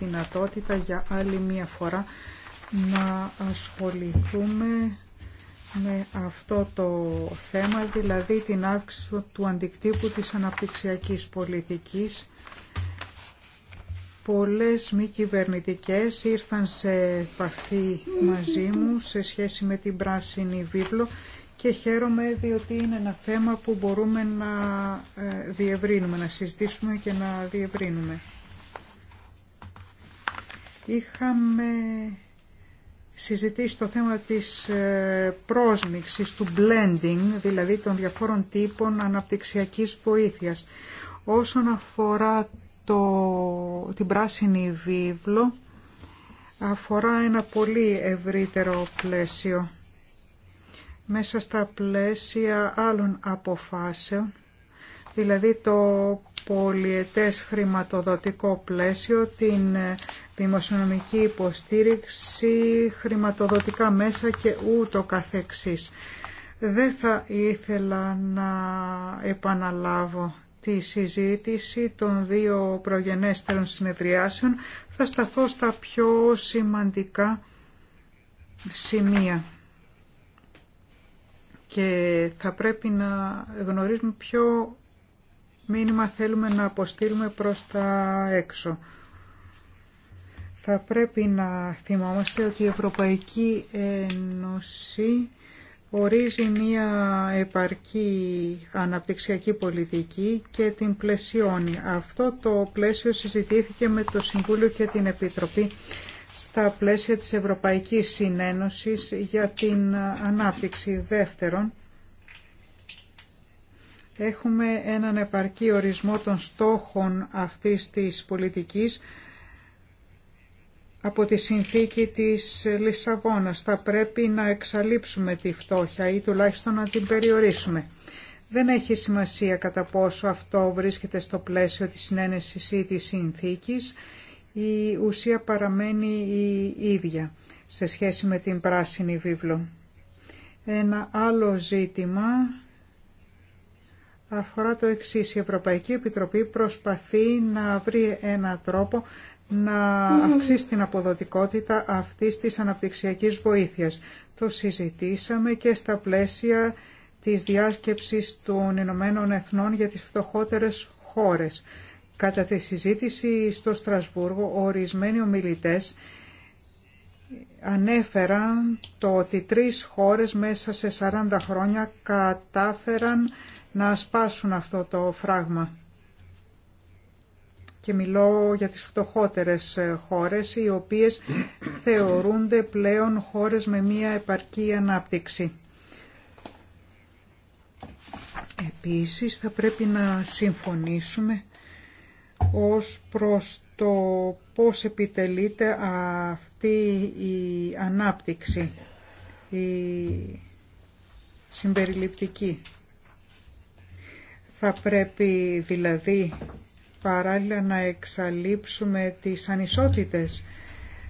δυνατότητα για άλλη μία φορά να ασχοληθούμε με αυτό το θέμα, δηλαδή την αύξηση του αντικτύπου της αναπτυξιακής πολιτικής Πολλές μη κυβερνητικέ ήρθαν σε επαφή μαζί μου σε σχέση με την πράσινη βίβλο και χαίρομαι διότι είναι ένα θέμα που μπορούμε να ε, διευρύνουμε, να συζητήσουμε και να διευρύνουμε. Είχαμε συζητήσει το θέμα της ε, πρόσμιξης, του blending, δηλαδή των διαφόρων τύπων αναπτυξιακής βοήθειας. Όσον αφορά το, την πράσινη βίβλο αφορά ένα πολύ ευρύτερο πλαίσιο μέσα στα πλαίσια άλλων αποφάσεων, δηλαδή το πολιετές χρηματοδοτικό πλαίσιο, την δημοσιονομική υποστήριξη, χρηματοδοτικά μέσα και ούτω καθεξής. Δεν θα ήθελα να επαναλάβω τη συζήτηση των δύο προγενέστερων συνεδριάσεων θα σταθώ στα πιο σημαντικά σημεία και θα πρέπει να γνωρίζουμε ποιο μήνυμα θέλουμε να αποστείλουμε προς τα έξω. Θα πρέπει να θυμόμαστε ότι η Ευρωπαϊκή Ένωση ορίζει μία επαρκή αναπτυξιακή πολιτική και την πλαισιώνει. Αυτό το πλαίσιο συζητήθηκε με το Συμβούλιο και την Επιτροπή στα πλαίσια της Ευρωπαϊκής Συνένωσης για την ανάπτυξη δεύτερον. Έχουμε έναν επαρκή ορισμό των στόχων αυτής της πολιτικής από τη συνθήκη της Λισαβόνας. Θα πρέπει να εξαλείψουμε τη φτώχεια ή τουλάχιστον να την περιορίσουμε. Δεν έχει σημασία κατά πόσο αυτό βρίσκεται στο πλαίσιο της συνένεσης ή της συνθήκης. Η ουσία παραμένει η ίδια σε σχέση με την πράσινη βίβλο. Ένα άλλο ζήτημα αφορά το εξής. Η Ευρωπαϊκή Επιτροπή προσπαθεί να βρει ένα τρόπο να αυξήσει την αποδοτικότητα αυτής της αναπτυξιακής βοήθειας. Το συζητήσαμε και στα πλαίσια της διάσκεψης των Ηνωμένων Εθνών για τις φτωχότερες χώρες. Κατά τη συζήτηση στο Στρασβούργο, ορισμένοι ομιλητές ανέφεραν το ότι τρεις χώρες μέσα σε 40 χρόνια κατάφεραν να σπάσουν αυτό το φράγμα και μιλώ για τις φτωχότερες ε, χώρες, οι οποίες θεωρούνται πλέον χώρες με μία επαρκή ανάπτυξη. Επίσης θα πρέπει να συμφωνήσουμε ως προς το πώς επιτελείται αυτή η ανάπτυξη, η συμπεριληπτική. Θα πρέπει δηλαδή παράλληλα να εξαλείψουμε τις ανισότητες.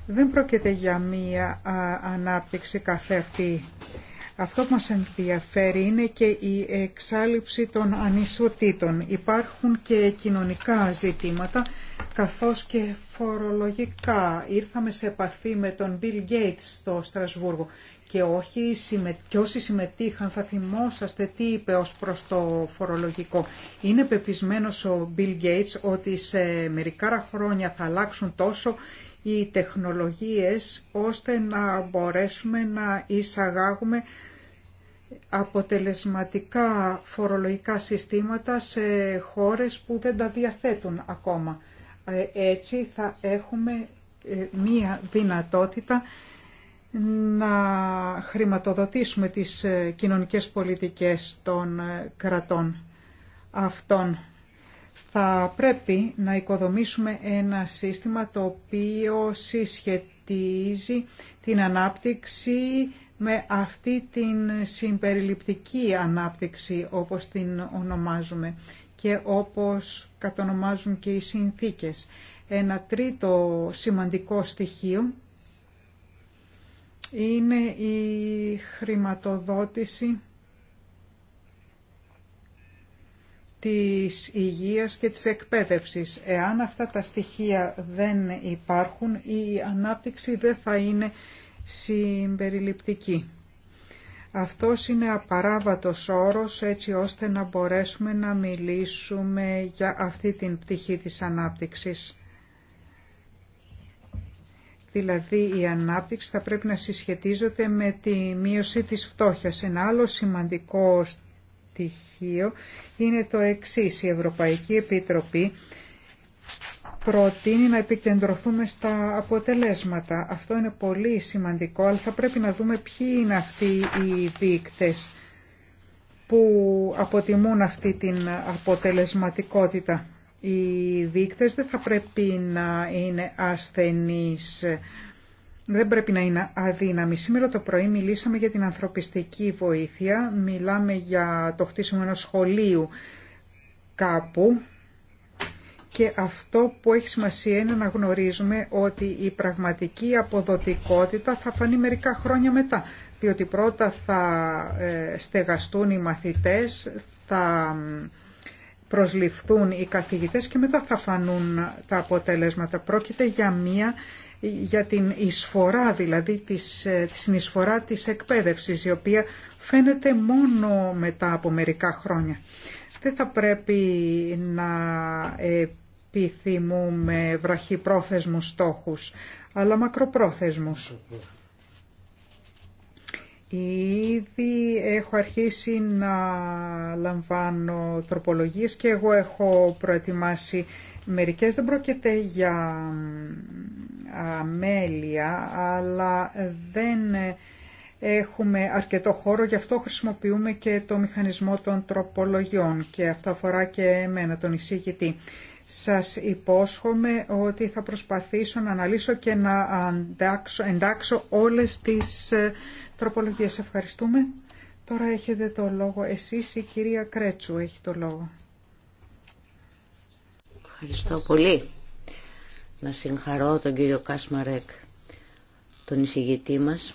Δεν πρόκειται για μία ανάπτυξη αυτή. Αυτό που μας ενδιαφέρει είναι και η εξάλληψη των ανισοτήτων. Υπάρχουν και κοινωνικά ζητήματα, καθώς και φορολογικά. Ήρθαμε σε επαφή με τον Bill Gates στο Στρασβούργο και όχι και όσοι συμμετείχαν θα θυμόσαστε τι είπε ως προς το φορολογικό. Είναι πεπισμένος ο Bill Gates ότι σε μερικά χρόνια θα αλλάξουν τόσο οι τεχνολογίες ώστε να μπορέσουμε να εισαγάγουμε αποτελεσματικά φορολογικά συστήματα σε χώρες που δεν τα διαθέτουν ακόμα. Ε, έτσι θα έχουμε ε, μία δυνατότητα να χρηματοδοτήσουμε τις ε, κοινωνικές πολιτικές των ε, κρατών αυτών. Θα πρέπει να οικοδομήσουμε ένα σύστημα το οποίο συσχετίζει την ανάπτυξη με αυτή την συμπεριληπτική ανάπτυξη όπως την ονομάζουμε και όπως κατονομάζουν και οι συνθήκες. Ένα τρίτο σημαντικό στοιχείο είναι η χρηματοδότηση της υγείας και της εκπαίδευσης. Εάν αυτά τα στοιχεία δεν υπάρχουν, η ανάπτυξη δεν θα είναι συμπεριληπτική. Αυτό είναι απαράβατος όρος έτσι ώστε να μπορέσουμε να μιλήσουμε για αυτή την πτυχή της ανάπτυξης. Δηλαδή η ανάπτυξη θα πρέπει να συσχετίζεται με τη μείωση της φτώχειας. Ένα άλλο σημαντικό στοιχείο είναι το εξής. Η Ευρωπαϊκή Επιτροπή προτείνει να επικεντρωθούμε στα αποτελέσματα. Αυτό είναι πολύ σημαντικό, αλλά θα πρέπει να δούμε ποιοι είναι αυτοί οι δείκτες που αποτιμούν αυτή την αποτελεσματικότητα. Οι δείκτες δεν θα πρέπει να είναι ασθενείς, δεν πρέπει να είναι αδύναμοι. Σήμερα το πρωί μιλήσαμε για την ανθρωπιστική βοήθεια, μιλάμε για το χτίσιμο ενός σχολείου κάπου και αυτό που έχει σημασία είναι να γνωρίζουμε ότι η πραγματική αποδοτικότητα θα φανεί μερικά χρόνια μετά, διότι πρώτα θα ε, στεγαστούν οι μαθητές, προσληφθούν οι καθηγητές και μετά θα φανούν τα αποτελέσματα. Πρόκειται για μία για την εισφορά δηλαδή, της, ε, τη συνεισφορά της εκπαίδευσης, η οποία φαίνεται μόνο μετά από μερικά χρόνια. Δεν θα πρέπει να επιθυμούμε βραχυπρόθεσμους στόχους, αλλά μακροπρόθεσμους. Ήδη έχω αρχίσει να λαμβάνω τροπολογίες και εγώ έχω προετοιμάσει μερικές. Δεν πρόκειται για αμέλεια, αλλά δεν έχουμε αρκετό χώρο, γι' αυτό χρησιμοποιούμε και το μηχανισμό των τροπολογιών και αυτό αφορά και εμένα, τον εισηγητή. Σας υπόσχομαι ότι θα προσπαθήσω να αναλύσω και να εντάξω όλες τις τροπολογίες. Ευχαριστούμε. Τώρα έχετε το λόγο εσείς, η κυρία Κρέτσου έχει το λόγο. Ευχαριστώ πολύ. Να συγχαρώ τον κύριο Κάσμαρεκ, τον εισηγητή μας,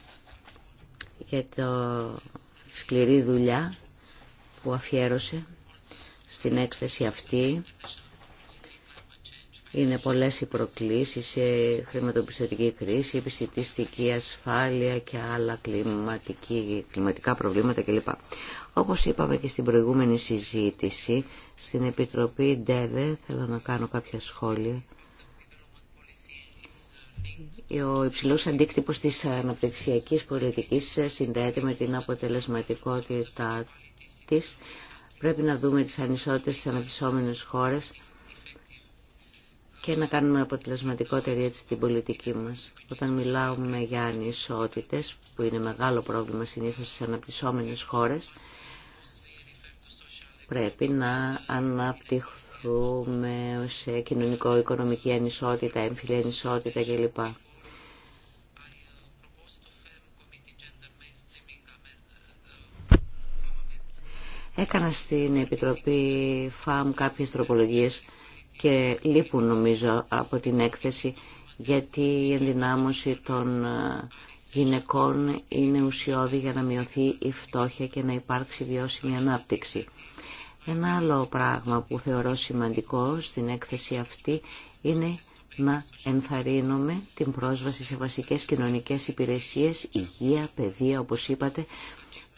για το σκληρή δουλειά που αφιέρωσε στην έκθεση αυτή είναι πολλές οι προκλήσεις, η χρηματοπιστωτική κρίση, η επιστημιστική ασφάλεια και άλλα κλιματικά προβλήματα κλπ. Όπως είπαμε και στην προηγούμενη συζήτηση, στην Επιτροπή ΝΤΕΒΕ θέλω να κάνω κάποια σχόλια. Ο υψηλός αντίκτυπος της αναπτυξιακής πολιτικής συνδέεται με την αποτελεσματικότητά της. Πρέπει να δούμε τις ανισότητες στις αναπτυσσόμενες χώρες και να κάνουμε αποτελεσματικότερη έτσι την πολιτική μας. Όταν μιλάμε για ανισότητες, που είναι μεγάλο πρόβλημα συνήθως στις αναπτυσσόμενες χώρες, πρέπει να αναπτυχθούμε σε κοινωνικό-οικονομική ανισότητα, εμφυλή ανισότητα κλπ. Έκανα στην Επιτροπή ΦΑΜ κάποιες τροπολογίες και λείπουν νομίζω από την έκθεση γιατί η ενδυνάμωση των ε, γυναικών είναι ουσιώδη για να μειωθεί η φτώχεια και να υπάρξει βιώσιμη ανάπτυξη. Ένα άλλο πράγμα που θεωρώ σημαντικό στην έκθεση αυτή είναι να ενθαρρύνουμε την πρόσβαση σε βασικές κοινωνικές υπηρεσίες, υγεία, παιδεία, όπως είπατε,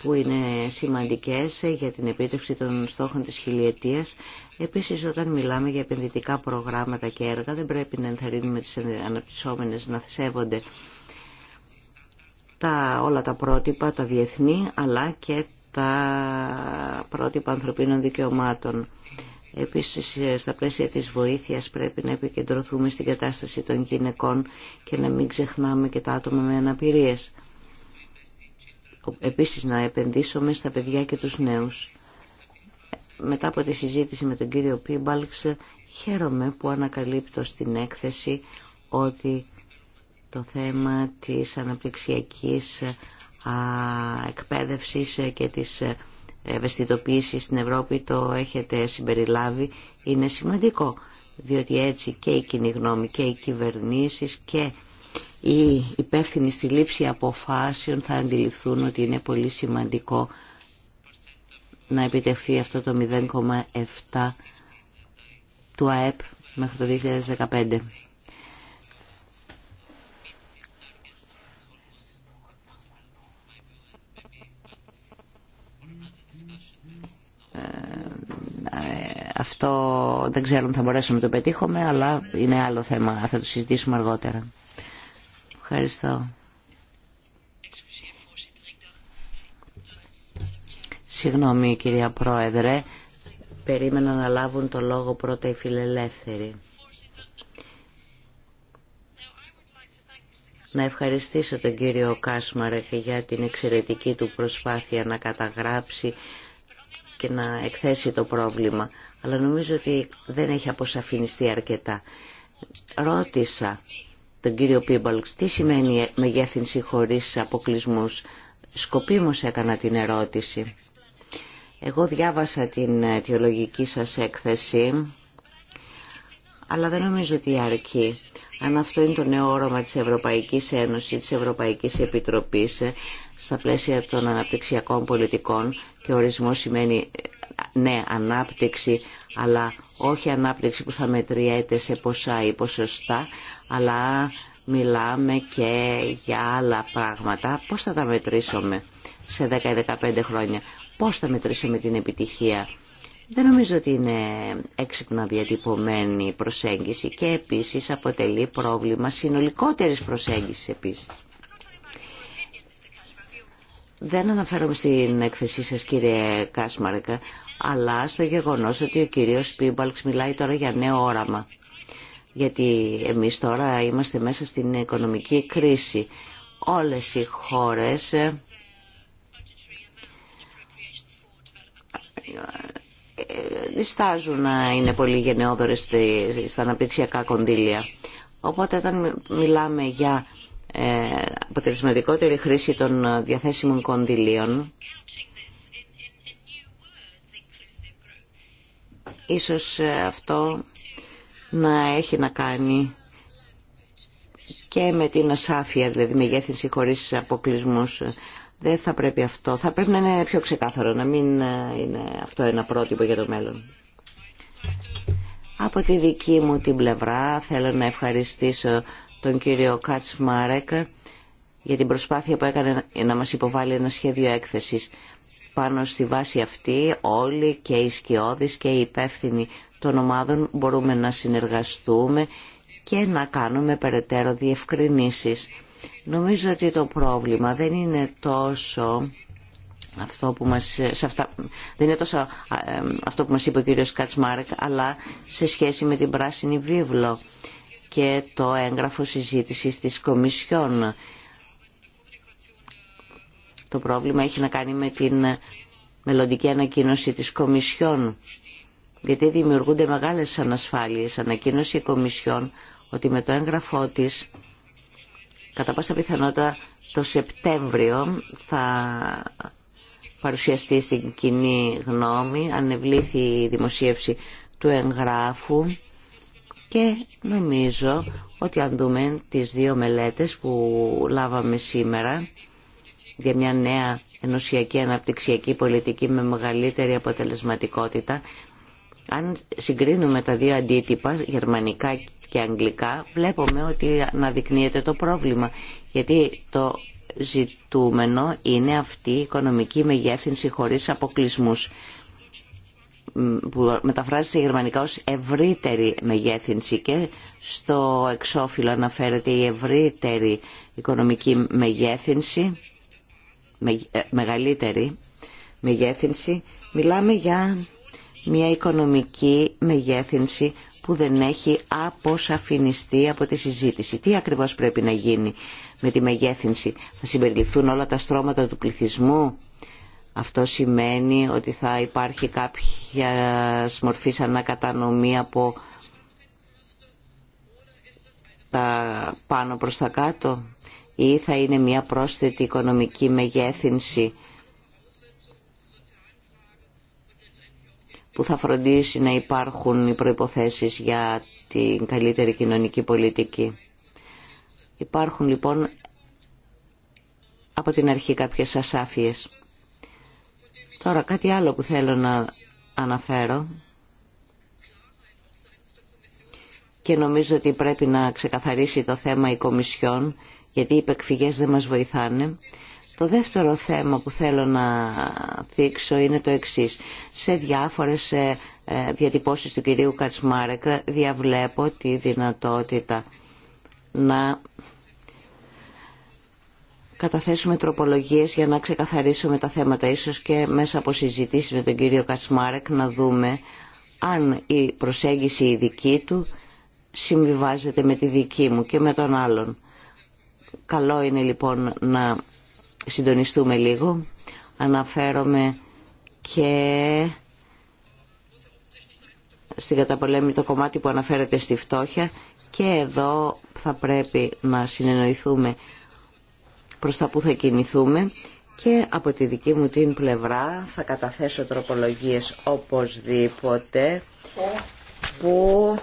που είναι σημαντικές για την επίτευξη των στόχων της χιλιετίας, Επίσης, όταν μιλάμε για επενδυτικά προγράμματα και έργα, δεν πρέπει να ενθαρρύνουμε τις αναπτυσσόμενες να θεσέβονται τα, όλα τα πρότυπα, τα διεθνή, αλλά και τα πρότυπα ανθρωπίνων δικαιωμάτων. Επίσης, στα πλαίσια της βοήθειας πρέπει να επικεντρωθούμε στην κατάσταση των γυναικών και να μην ξεχνάμε και τα άτομα με αναπηρίες. Επίσης, να επενδύσουμε στα παιδιά και τους νέους μετά από τη συζήτηση με τον κύριο Πίμπαλξ χαίρομαι που ανακαλύπτω στην έκθεση ότι το θέμα της αναπτυξιακής εκπαίδευσης και της ε, ευαισθητοποίησης στην Ευρώπη το έχετε συμπεριλάβει είναι σημαντικό διότι έτσι και η κοινή γνώμη και οι κυβερνήσεις και οι υπεύθυνοι στη λήψη αποφάσεων θα αντιληφθούν ότι είναι πολύ σημαντικό να επιτευχθεί αυτό το 0,7 του ΑΕΠ μέχρι το 2015. Ε, αυτό δεν ξέρω αν θα μπορέσουμε να το πετύχουμε, αλλά είναι άλλο θέμα. Θα το συζητήσουμε αργότερα. Ευχαριστώ. Συγγνώμη κυρία Πρόεδρε, περίμενα να λάβουν το λόγο πρώτα οι φιλελεύθεροι. Να ευχαριστήσω τον κύριο και για την εξαιρετική του προσπάθεια να καταγράψει και να εκθέσει το πρόβλημα. Αλλά νομίζω ότι δεν έχει αποσαφινιστεί αρκετά. Ρώτησα τον κύριο Πίμπαλξ τι σημαίνει μεγέθυνση χωρίς αποκλεισμούς. Σκοπίμως έκανα την ερώτηση. Εγώ διάβασα την αιτιολογική σας έκθεση, αλλά δεν νομίζω ότι αρκεί. Αν αυτό είναι το νέο όρομα της Ευρωπαϊκής Ένωσης, της Ευρωπαϊκής Επιτροπής, ε, στα πλαίσια των αναπτυξιακών πολιτικών και ορισμό σημαίνει ε, ναι ανάπτυξη, αλλά όχι ανάπτυξη που θα μετριέται σε ποσά ή ποσοστά, αλλά μιλάμε και για άλλα πράγματα. Πώς θα τα μετρήσουμε σε 10-15 χρόνια. Πώς θα μετρήσουμε την επιτυχία. Δεν νομίζω ότι είναι έξυπνα διατυπωμένη προσέγγιση και επίσης αποτελεί πρόβλημα συνολικότερης προσέγγισης επίσης. Δεν αναφέρομαι στην εκθεσή σας κύριε Κάσμαρκα, αλλά στο γεγονός ότι ο κύριος Πίμπαλξ μιλάει τώρα για νέο όραμα. Γιατί εμείς τώρα είμαστε μέσα στην οικονομική κρίση. Όλες οι χώρες διστάζουν να είναι πολύ γενναιόδορες στα αναπτυξιακά κονδύλια. Οπότε όταν μιλάμε για ε, αποτελεσματικότερη χρήση των διαθέσιμων κονδυλίων, ίσως ε, αυτό να έχει να κάνει και με την ασάφεια, δηλαδή μεγέθυνση χωρίς αποκλεισμούς. Δεν θα πρέπει αυτό. Θα πρέπει να είναι πιο ξεκάθαρο, να μην ε, είναι αυτό ένα πρότυπο για το μέλλον. Από τη δική μου την πλευρά θέλω να ευχαριστήσω τον κύριο Κάτς για την προσπάθεια που έκανε να μας υποβάλει ένα σχέδιο έκθεσης. Πάνω στη βάση αυτή όλοι και οι σκιώδεις και οι υπεύθυνοι των ομάδων μπορούμε να συνεργαστούμε και να κάνουμε περαιτέρω διευκρινήσεις. Νομίζω ότι το πρόβλημα δεν είναι τόσο αυτό που μας, σε αυτά, δεν είναι τόσο αυτό που μας είπε ο κύριος Κατσμάρκ, αλλά σε σχέση με την πράσινη βίβλο και το έγγραφο συζήτησης της Κομισιόν. Το πρόβλημα έχει να κάνει με την μελλοντική ανακοίνωση της Κομισιόν, γιατί δημιουργούνται μεγάλες ανασφάλειες. Ανακοίνωση η Κομισιόν ότι με το έγγραφό της Κατά πάσα πιθανότητα το Σεπτέμβριο θα παρουσιαστεί στην κοινή γνώμη, ανεβλήθη η δημοσίευση του εγγράφου και νομίζω ότι αν δούμε τις δύο μελέτες που λάβαμε σήμερα για μια νέα ενωσιακή αναπτυξιακή πολιτική με μεγαλύτερη αποτελεσματικότητα, αν συγκρίνουμε τα δύο αντίτυπα, γερμανικά και αγγλικά βλέπουμε ότι αναδεικνύεται το πρόβλημα γιατί το ζητούμενο είναι αυτή η οικονομική μεγέθυνση χωρίς αποκλεισμού που μεταφράζεται γερμανικά ως ευρύτερη μεγέθυνση και στο εξώφυλλο αναφέρεται η ευρύτερη οικονομική μεγέθυνση ε, μεγαλύτερη μεγέθυνση μιλάμε για μια οικονομική μεγέθυνση που δεν έχει αποσαφινιστεί από τη συζήτηση. Τι ακριβώς πρέπει να γίνει με τη μεγέθυνση. Θα συμπεριληφθούν όλα τα στρώματα του πληθυσμού. Αυτό σημαίνει ότι θα υπάρχει κάποια μορφή ανακατανομή από τα πάνω προς τα κάτω ή θα είναι μια πρόσθετη οικονομική μεγέθυνση που θα φροντίσει να υπάρχουν οι προϋποθέσεις για την καλύτερη κοινωνική πολιτική. Υπάρχουν λοιπόν από την αρχή κάποιες ασάφειες. Τώρα κάτι άλλο που θέλω να αναφέρω και νομίζω ότι πρέπει να ξεκαθαρίσει το θέμα η Κομισιόν γιατί οι υπεκφυγές δεν μας βοηθάνε το δεύτερο θέμα που θέλω να δείξω είναι το εξής. Σε διάφορες ε, ε, διατυπώσεις του κυρίου Κατσμάρεκ διαβλέπω τη δυνατότητα να καταθέσουμε τροπολογίες για να ξεκαθαρίσουμε τα θέματα. Ίσως και μέσα από συζητήσεις με τον κύριο Κατσμάρεκ να δούμε αν η προσέγγιση η δική του συμβιβάζεται με τη δική μου και με τον άλλον. Καλό είναι λοιπόν να συντονιστούμε λίγο. Αναφέρομαι και στην καταπολέμη το κομμάτι που αναφέρεται στη φτώχεια και εδώ θα πρέπει να συνεννοηθούμε προς τα που θα κινηθούμε και από τη δική μου την πλευρά θα καταθέσω τροπολογίες οπωσδήποτε που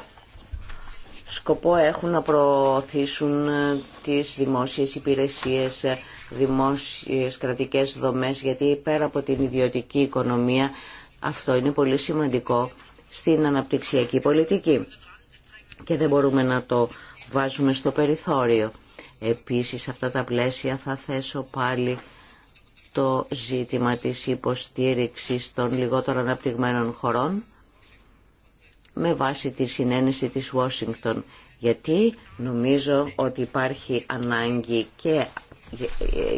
σκοπό έχουν να προωθήσουν ε, τις δημόσιες υπηρεσίες, ε, δημόσιες κρατικές δομές, γιατί πέρα από την ιδιωτική οικονομία αυτό είναι πολύ σημαντικό στην αναπτυξιακή πολιτική και δεν μπορούμε να το βάζουμε στο περιθώριο. Επίσης, σε αυτά τα πλαίσια θα θέσω πάλι το ζήτημα της υποστήριξης των λιγότερο αναπτυγμένων χωρών με βάση τη συνένεση της Ουάσιγκτον γιατί νομίζω ότι υπάρχει ανάγκη και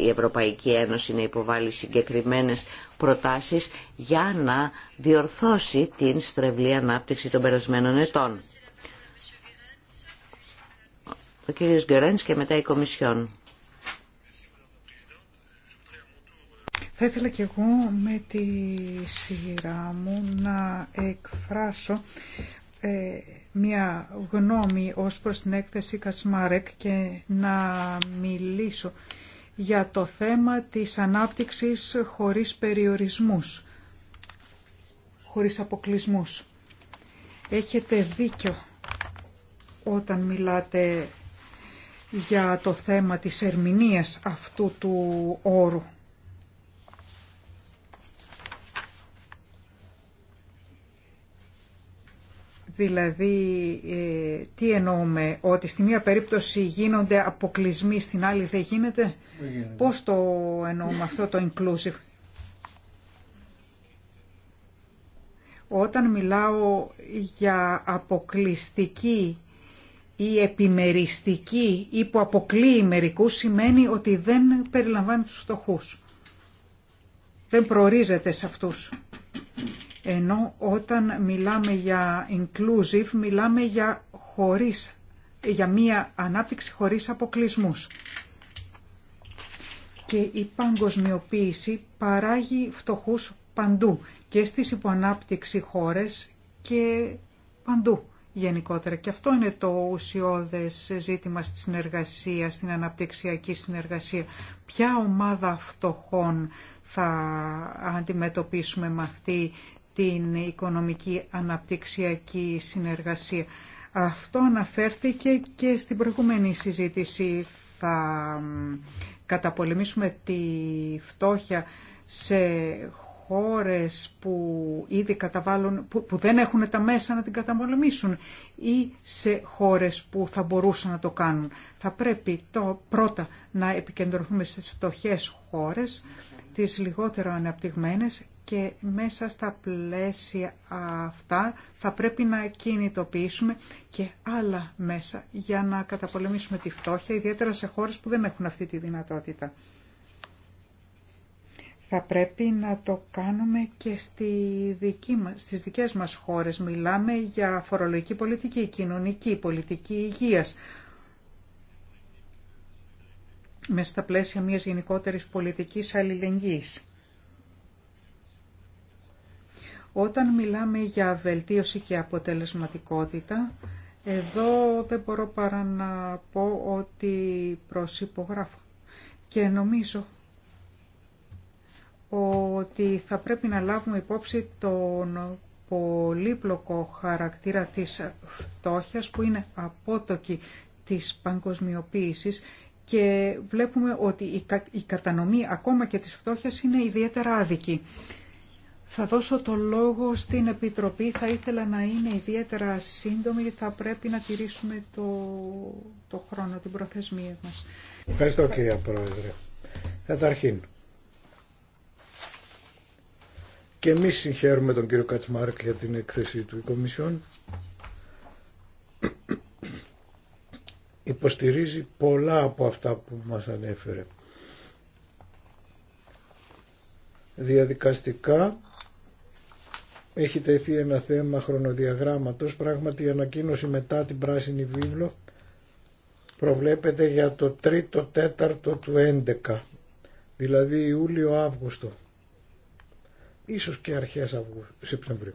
η Ευρωπαϊκή Ένωση να υποβάλει συγκεκριμένες προτάσεις για να διορθώσει την στρεβλή ανάπτυξη των περασμένων ετών. Ο Γκερέντς και μετά η Κομισιόν. Θα ήθελα και εγώ με τη σειρά μου να εκφράσω ε, μια γνώμη ως προς την έκθεση Κασμάρεκ και να μιλήσω για το θέμα της ανάπτυξης χωρίς περιορισμούς, χωρίς αποκλεισμούς. Έχετε δίκιο όταν μιλάτε για το θέμα της ερμηνείας αυτού του όρου. Δηλαδή, ε, τι εννοούμε, ότι στη μία περίπτωση γίνονται αποκλεισμοί, στην άλλη δεν γίνεται. Δεν Πώς το εννοούμε αυτό το inclusive. Όταν μιλάω για αποκλειστική ή επιμεριστική ή που αποκλείει μερικούς, σημαίνει ότι δεν περιλαμβάνει τους φτωχούς. Δεν προορίζεται σε αυτούς. Ενώ όταν μιλάμε για inclusive, μιλάμε για, χωρίς, για μία ανάπτυξη χωρίς αποκλεισμούς. Και η παγκοσμιοποίηση παράγει φτωχούς παντού και στις υποανάπτυξη χώρες και παντού γενικότερα. Και αυτό είναι το ουσιώδες ζήτημα στη συνεργασία, στην αναπτυξιακή συνεργασία. Ποια ομάδα φτωχών θα αντιμετωπίσουμε με αυτή την οικονομική αναπτυξιακή συνεργασία. Αυτό αναφέρθηκε και στην προηγούμενη συζήτηση. Θα καταπολεμήσουμε τη φτώχεια σε χώρες που ήδη καταβάλουν, που, δεν έχουν τα μέσα να την καταπολεμήσουν ή σε χώρες που θα μπορούσαν να το κάνουν. Θα πρέπει το, πρώτα να επικεντρωθούμε στις φτωχές χώρες, τις λιγότερο αναπτυγμένες και μέσα στα πλαίσια αυτά θα πρέπει να κινητοποιήσουμε και άλλα μέσα για να καταπολεμήσουμε τη φτώχεια, ιδιαίτερα σε χώρες που δεν έχουν αυτή τη δυνατότητα. Θα πρέπει να το κάνουμε και στη δική μας, στις δικές μας χώρες. Μιλάμε για φορολογική πολιτική, κοινωνική πολιτική υγείας. Μέσα στα πλαίσια μιας γενικότερης πολιτικής αλληλεγγύης. Όταν μιλάμε για βελτίωση και αποτελεσματικότητα, εδώ δεν μπορώ παρά να πω ότι προσυπογράφω. Και νομίζω ότι θα πρέπει να λάβουμε υπόψη τον πολύπλοκο χαρακτήρα της φτώχειας που είναι απότοκη της παγκοσμιοποίησης και βλέπουμε ότι η κατανομή ακόμα και της φτώχειας είναι ιδιαίτερα άδικη. Θα δώσω το λόγο στην Επιτροπή. Θα ήθελα να είναι ιδιαίτερα σύντομη θα πρέπει να τηρήσουμε το, το χρόνο, την προθεσμία μας. Ευχαριστώ κυρία Πρόεδρε. Καταρχήν, και εμείς συγχαίρουμε τον κύριο Κατσμάρκ για την έκθεση του Κομισιόν. Υποστηρίζει πολλά από αυτά που μας ανέφερε. Διαδικαστικά έχει τεθεί ένα θέμα χρονοδιαγράμματος. Πράγματι η ανακοίνωση μετά την πράσινη βίβλο προβλέπεται για το 3ο τέταρτο του 11, δηλαδή Ιούλιο-Αύγουστο, ίσως και αρχές Σεπτεμβρίου.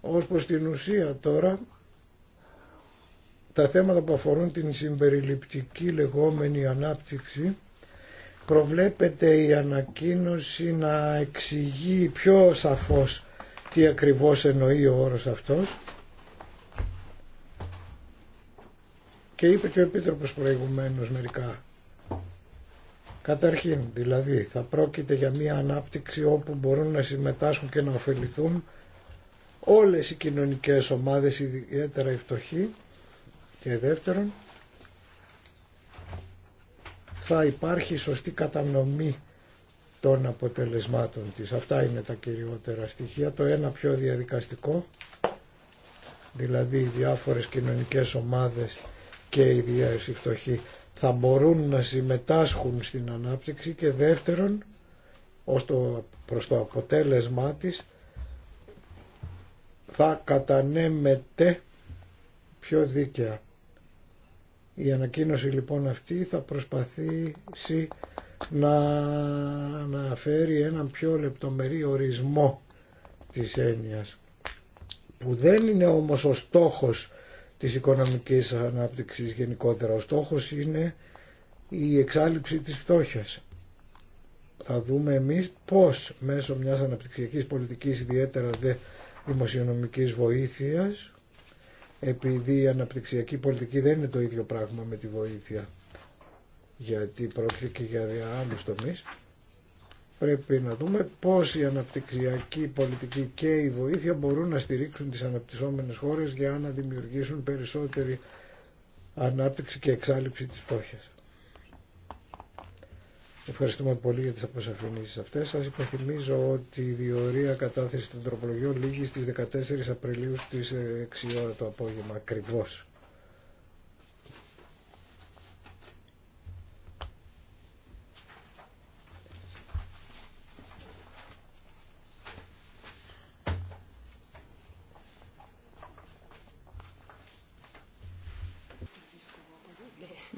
Ως προς την ουσία τώρα, τα θέματα που αφορούν την συμπεριληπτική λεγόμενη ανάπτυξη προβλέπεται η ανακοίνωση να εξηγεί πιο σαφώς τι ακριβώς εννοεί ο όρος αυτός και είπε και ο Επίτροπος προηγουμένως μερικά. Καταρχήν, δηλαδή, θα πρόκειται για μια ανάπτυξη όπου μπορούν να συμμετάσχουν και να ωφεληθούν όλες οι κοινωνικές ομάδες, ιδιαίτερα οι φτωχοί και δεύτερον, θα υπάρχει σωστή κατανομή των αποτελεσμάτων της. Αυτά είναι τα κυριότερα στοιχεία. Το ένα πιο διαδικαστικό, δηλαδή οι διάφορες κοινωνικές ομάδες και οι διάεση φτωχοί θα μπορούν να συμμετάσχουν στην ανάπτυξη και δεύτερον ως το, προς το αποτέλεσμά της θα κατανέμεται πιο δίκαια η ανακοίνωση λοιπόν αυτή θα προσπαθήσει να αναφέρει έναν πιο λεπτομερή ορισμό της έννοιας που δεν είναι όμως ο στόχος της οικονομικής ανάπτυξης γενικότερα. Ο στόχος είναι η εξάλληψη της φτώχειας. Θα δούμε εμείς πώς μέσω μιας αναπτυξιακής πολιτικής ιδιαίτερα δε δημοσιονομικής βοήθειας επειδή η αναπτυξιακή πολιτική δεν είναι το ίδιο πράγμα με τη βοήθεια γιατί πρόκειται και για άλλους τομείς πρέπει να δούμε πώς η αναπτυξιακή πολιτική και η βοήθεια μπορούν να στηρίξουν τις αναπτυσσόμενες χώρες για να δημιουργήσουν περισσότερη ανάπτυξη και εξάλληψη της φτώχειας. Ευχαριστούμε πολύ για τις αποσαφηνήσεις αυτές. Σας υποθυμίζω ότι η διορία κατάθεση των τροπολογιών λήγει στις 14 Απριλίου στις 6 ε, ώρα το απόγευμα ακριβώς.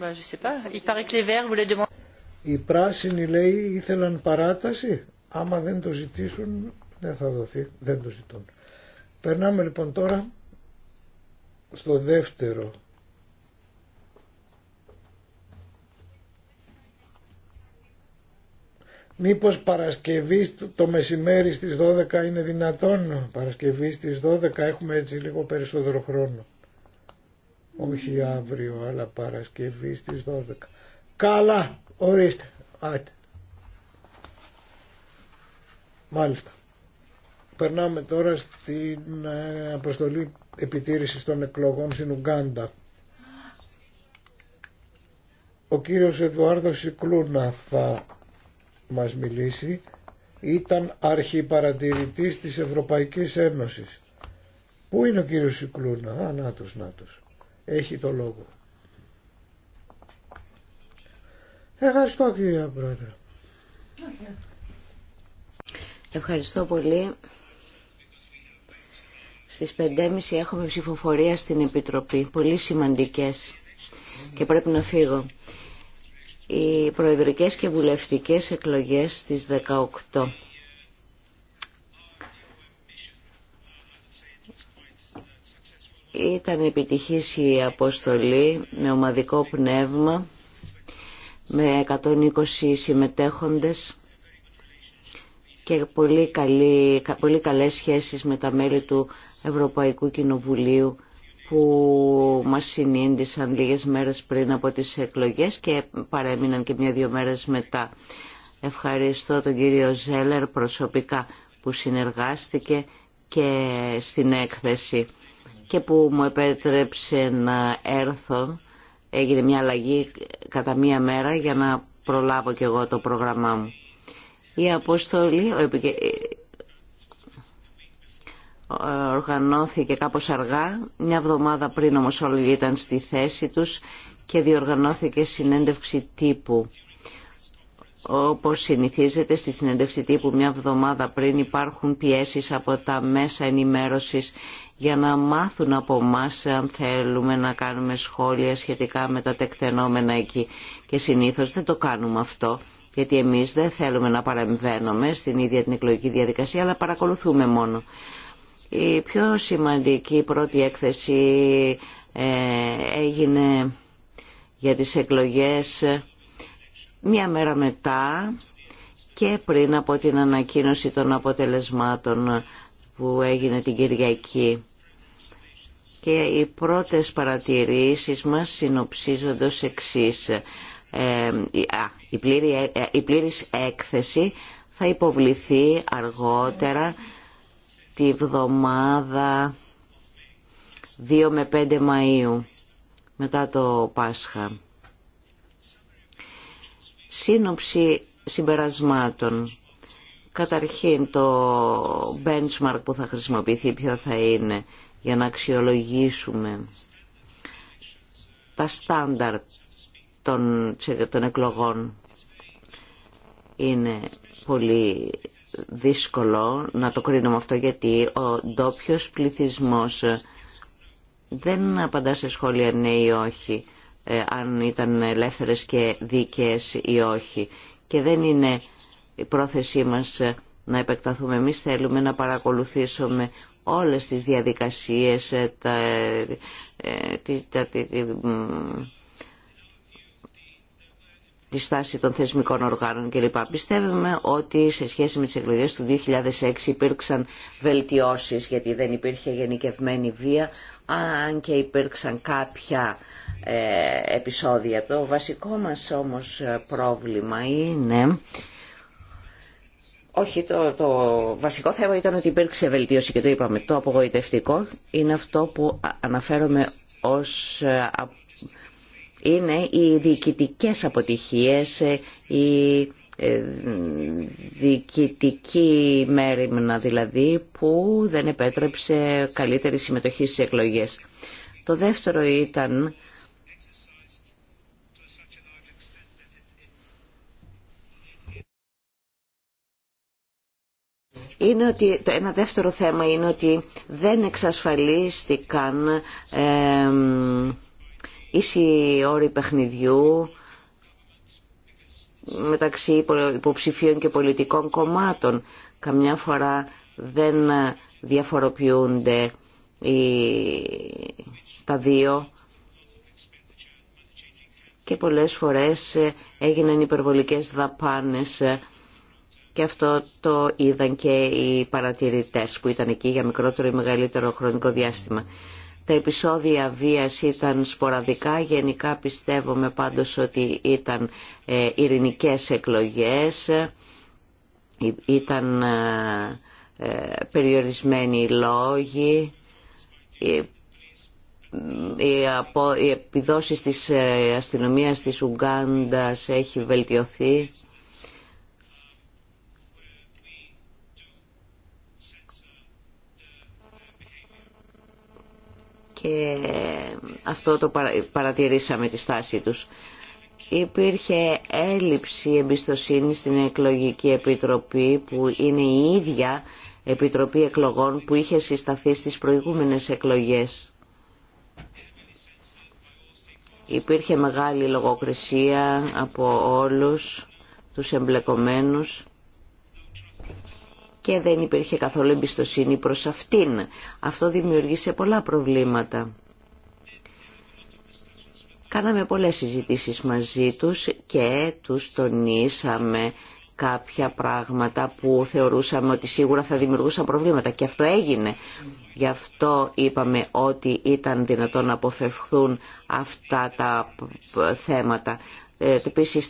Ben, je sais pas. Il paraît que les Verts demander. Οι πράσινοι λέει ήθελαν παράταση, άμα δεν το ζητήσουν δεν θα δοθεί, δεν το ζητούν. Περνάμε λοιπόν τώρα στο δεύτερο Μήπως Παρασκευή το μεσημέρι στις 12 είναι δυνατόν. Παρασκευή στις 12 έχουμε έτσι λίγο περισσότερο χρόνο. Όχι αύριο, αλλά Παρασκευή στις 12. Καλά! Ορίστε. Άτε. Μάλιστα. Περνάμε τώρα στην ε, αποστολή επιτήρησης των εκλογών στην Ουγγάντα. Ο κύριος Εδουάρδος Σικλούνα θα μας μιλήσει. Ήταν αρχιπαρατηρητής της Ευρωπαϊκής Ένωσης. Πού είναι ο κύριος Σικλούνα, α, νάτος, νάτος. Έχει το λόγο. Ευχαριστώ κύριε Πρόεδρε. Ευχαριστώ πολύ. Στις 5.30 έχουμε ψηφοφορία στην Επιτροπή, πολύ σημαντικές και πρέπει να φύγω. Οι προεδρικές και βουλευτικές εκλογές στις 18. Ήταν επιτυχής η αποστολή με ομαδικό πνεύμα με 120 συμμετέχοντες και πολύ, καλή, πολύ καλές σχέσεις με τα μέλη του Ευρωπαϊκού Κοινοβουλίου που μας συνήντησαν λίγες μέρες πριν από τις εκλογές και παρέμειναν και μια-δύο μέρες μετά. Ευχαριστώ τον κύριο Ζέλερ προσωπικά που συνεργάστηκε και στην έκθεση και που μου επέτρεψε να έρθω έγινε μια αλλαγή κατά μία μέρα για να προλάβω κι εγώ το πρόγραμμά μου. Η αποστολή οργανώθηκε κάπως αργά, μια εβδομάδα πριν όμως όλοι ήταν στη θέση τους και διοργανώθηκε συνέντευξη τύπου. Όπως συνηθίζεται στη συνέντευξη τύπου μια εβδομάδα πριν υπάρχουν πιέσεις από τα μέσα ενημέρωσης για να μάθουν από εμά αν θέλουμε να κάνουμε σχόλια σχετικά με τα τεκτενόμενα εκεί. Και συνήθως δεν το κάνουμε αυτό, γιατί εμείς δεν θέλουμε να παρεμβαίνουμε στην ίδια την εκλογική διαδικασία, αλλά παρακολουθούμε μόνο. Η πιο σημαντική πρώτη έκθεση ε, έγινε για τις εκλογές μία μέρα μετά και πριν από την ανακοίνωση των αποτελεσμάτων που έγινε την Κυριακή και οι πρώτες παρατηρήσεις μας ως εξής. Ε, η, πλήρη, ε, ε, η πλήρης έκθεση θα υποβληθεί αργότερα τη βδομάδα 2 με 5 Μαΐου μετά το Πάσχα. Σύνοψη συμπερασμάτων. Καταρχήν το benchmark που θα χρησιμοποιηθεί ποιο θα είναι για να αξιολογήσουμε τα στάνταρ των, των εκλογών. Είναι πολύ δύσκολο να το κρίνουμε αυτό γιατί ο ντόπιο πληθυσμός δεν απαντά σε σχόλια ναι ή όχι, ε, αν ήταν ελεύθερες και δίκαιες ή όχι. Και δεν είναι η πρόθεσή μας να επεκταθούμε. Εμεί θέλουμε να παρακολουθήσουμε όλες τις διαδικασίες, ε, τα, ε, τη, στάση των θεσμικών οργάνων κλπ. Πιστεύουμε ότι σε σχέση με τις εκλογές του 2006 υπήρξαν βελτιώσεις γιατί δεν υπήρχε γενικευμένη βία αν και υπήρξαν κάποια ε, επεισόδια. Το βασικό μας όμως πρόβλημα είναι όχι, το, το βασικό θέμα ήταν ότι υπήρξε βελτίωση και το είπαμε. Το απογοητευτικό είναι αυτό που αναφέρομαι ως ε, είναι οι διοικητικές αποτυχίες, η ε, ε, διοικητική μέρημνα δηλαδή που δεν επέτρεψε καλύτερη συμμετοχή στις εκλογές. Το δεύτερο ήταν είναι ότι το ένα δεύτερο θέμα είναι ότι δεν εξασφαλίστηκαν ε, ίσοι όροι παιχνιδιού μεταξύ υποψηφίων και πολιτικών κομμάτων. Καμιά φορά δεν διαφοροποιούνται τα δύο και πολλές φορές ε, έγιναν υπερβολικές δαπάνες ε, και αυτό το είδαν και οι παρατηρητές που ήταν εκεί για μικρότερο ή μεγαλύτερο χρονικό διάστημα. Τα επεισόδια βίας ήταν σποραδικά, γενικά πιστεύουμε πάντως ότι ήταν ε, ειρηνικές εκλογές, ε, ήταν ε, περιορισμένοι οι λόγοι, οι επιδόσεις της αστυνομίας της Ουγγάντας έχει βελτιωθεί και αυτό το παρατηρήσαμε τη στάση τους. Υπήρχε έλλειψη εμπιστοσύνη στην εκλογική επιτροπή που είναι η ίδια επιτροπή εκλογών που είχε συσταθεί στις προηγούμενες εκλογές. Υπήρχε μεγάλη λογοκρισία από όλους τους εμπλεκομένους και δεν υπήρχε καθόλου εμπιστοσύνη προς αυτήν. Αυτό δημιουργήσε πολλά προβλήματα. Κάναμε πολλές συζητήσεις μαζί τους και τους τονίσαμε κάποια πράγματα που θεωρούσαμε ότι σίγουρα θα δημιουργούσαν προβλήματα και αυτό έγινε. Γι' αυτό είπαμε ότι ήταν δυνατόν να αποφευχθούν αυτά τα θέματα. Ε,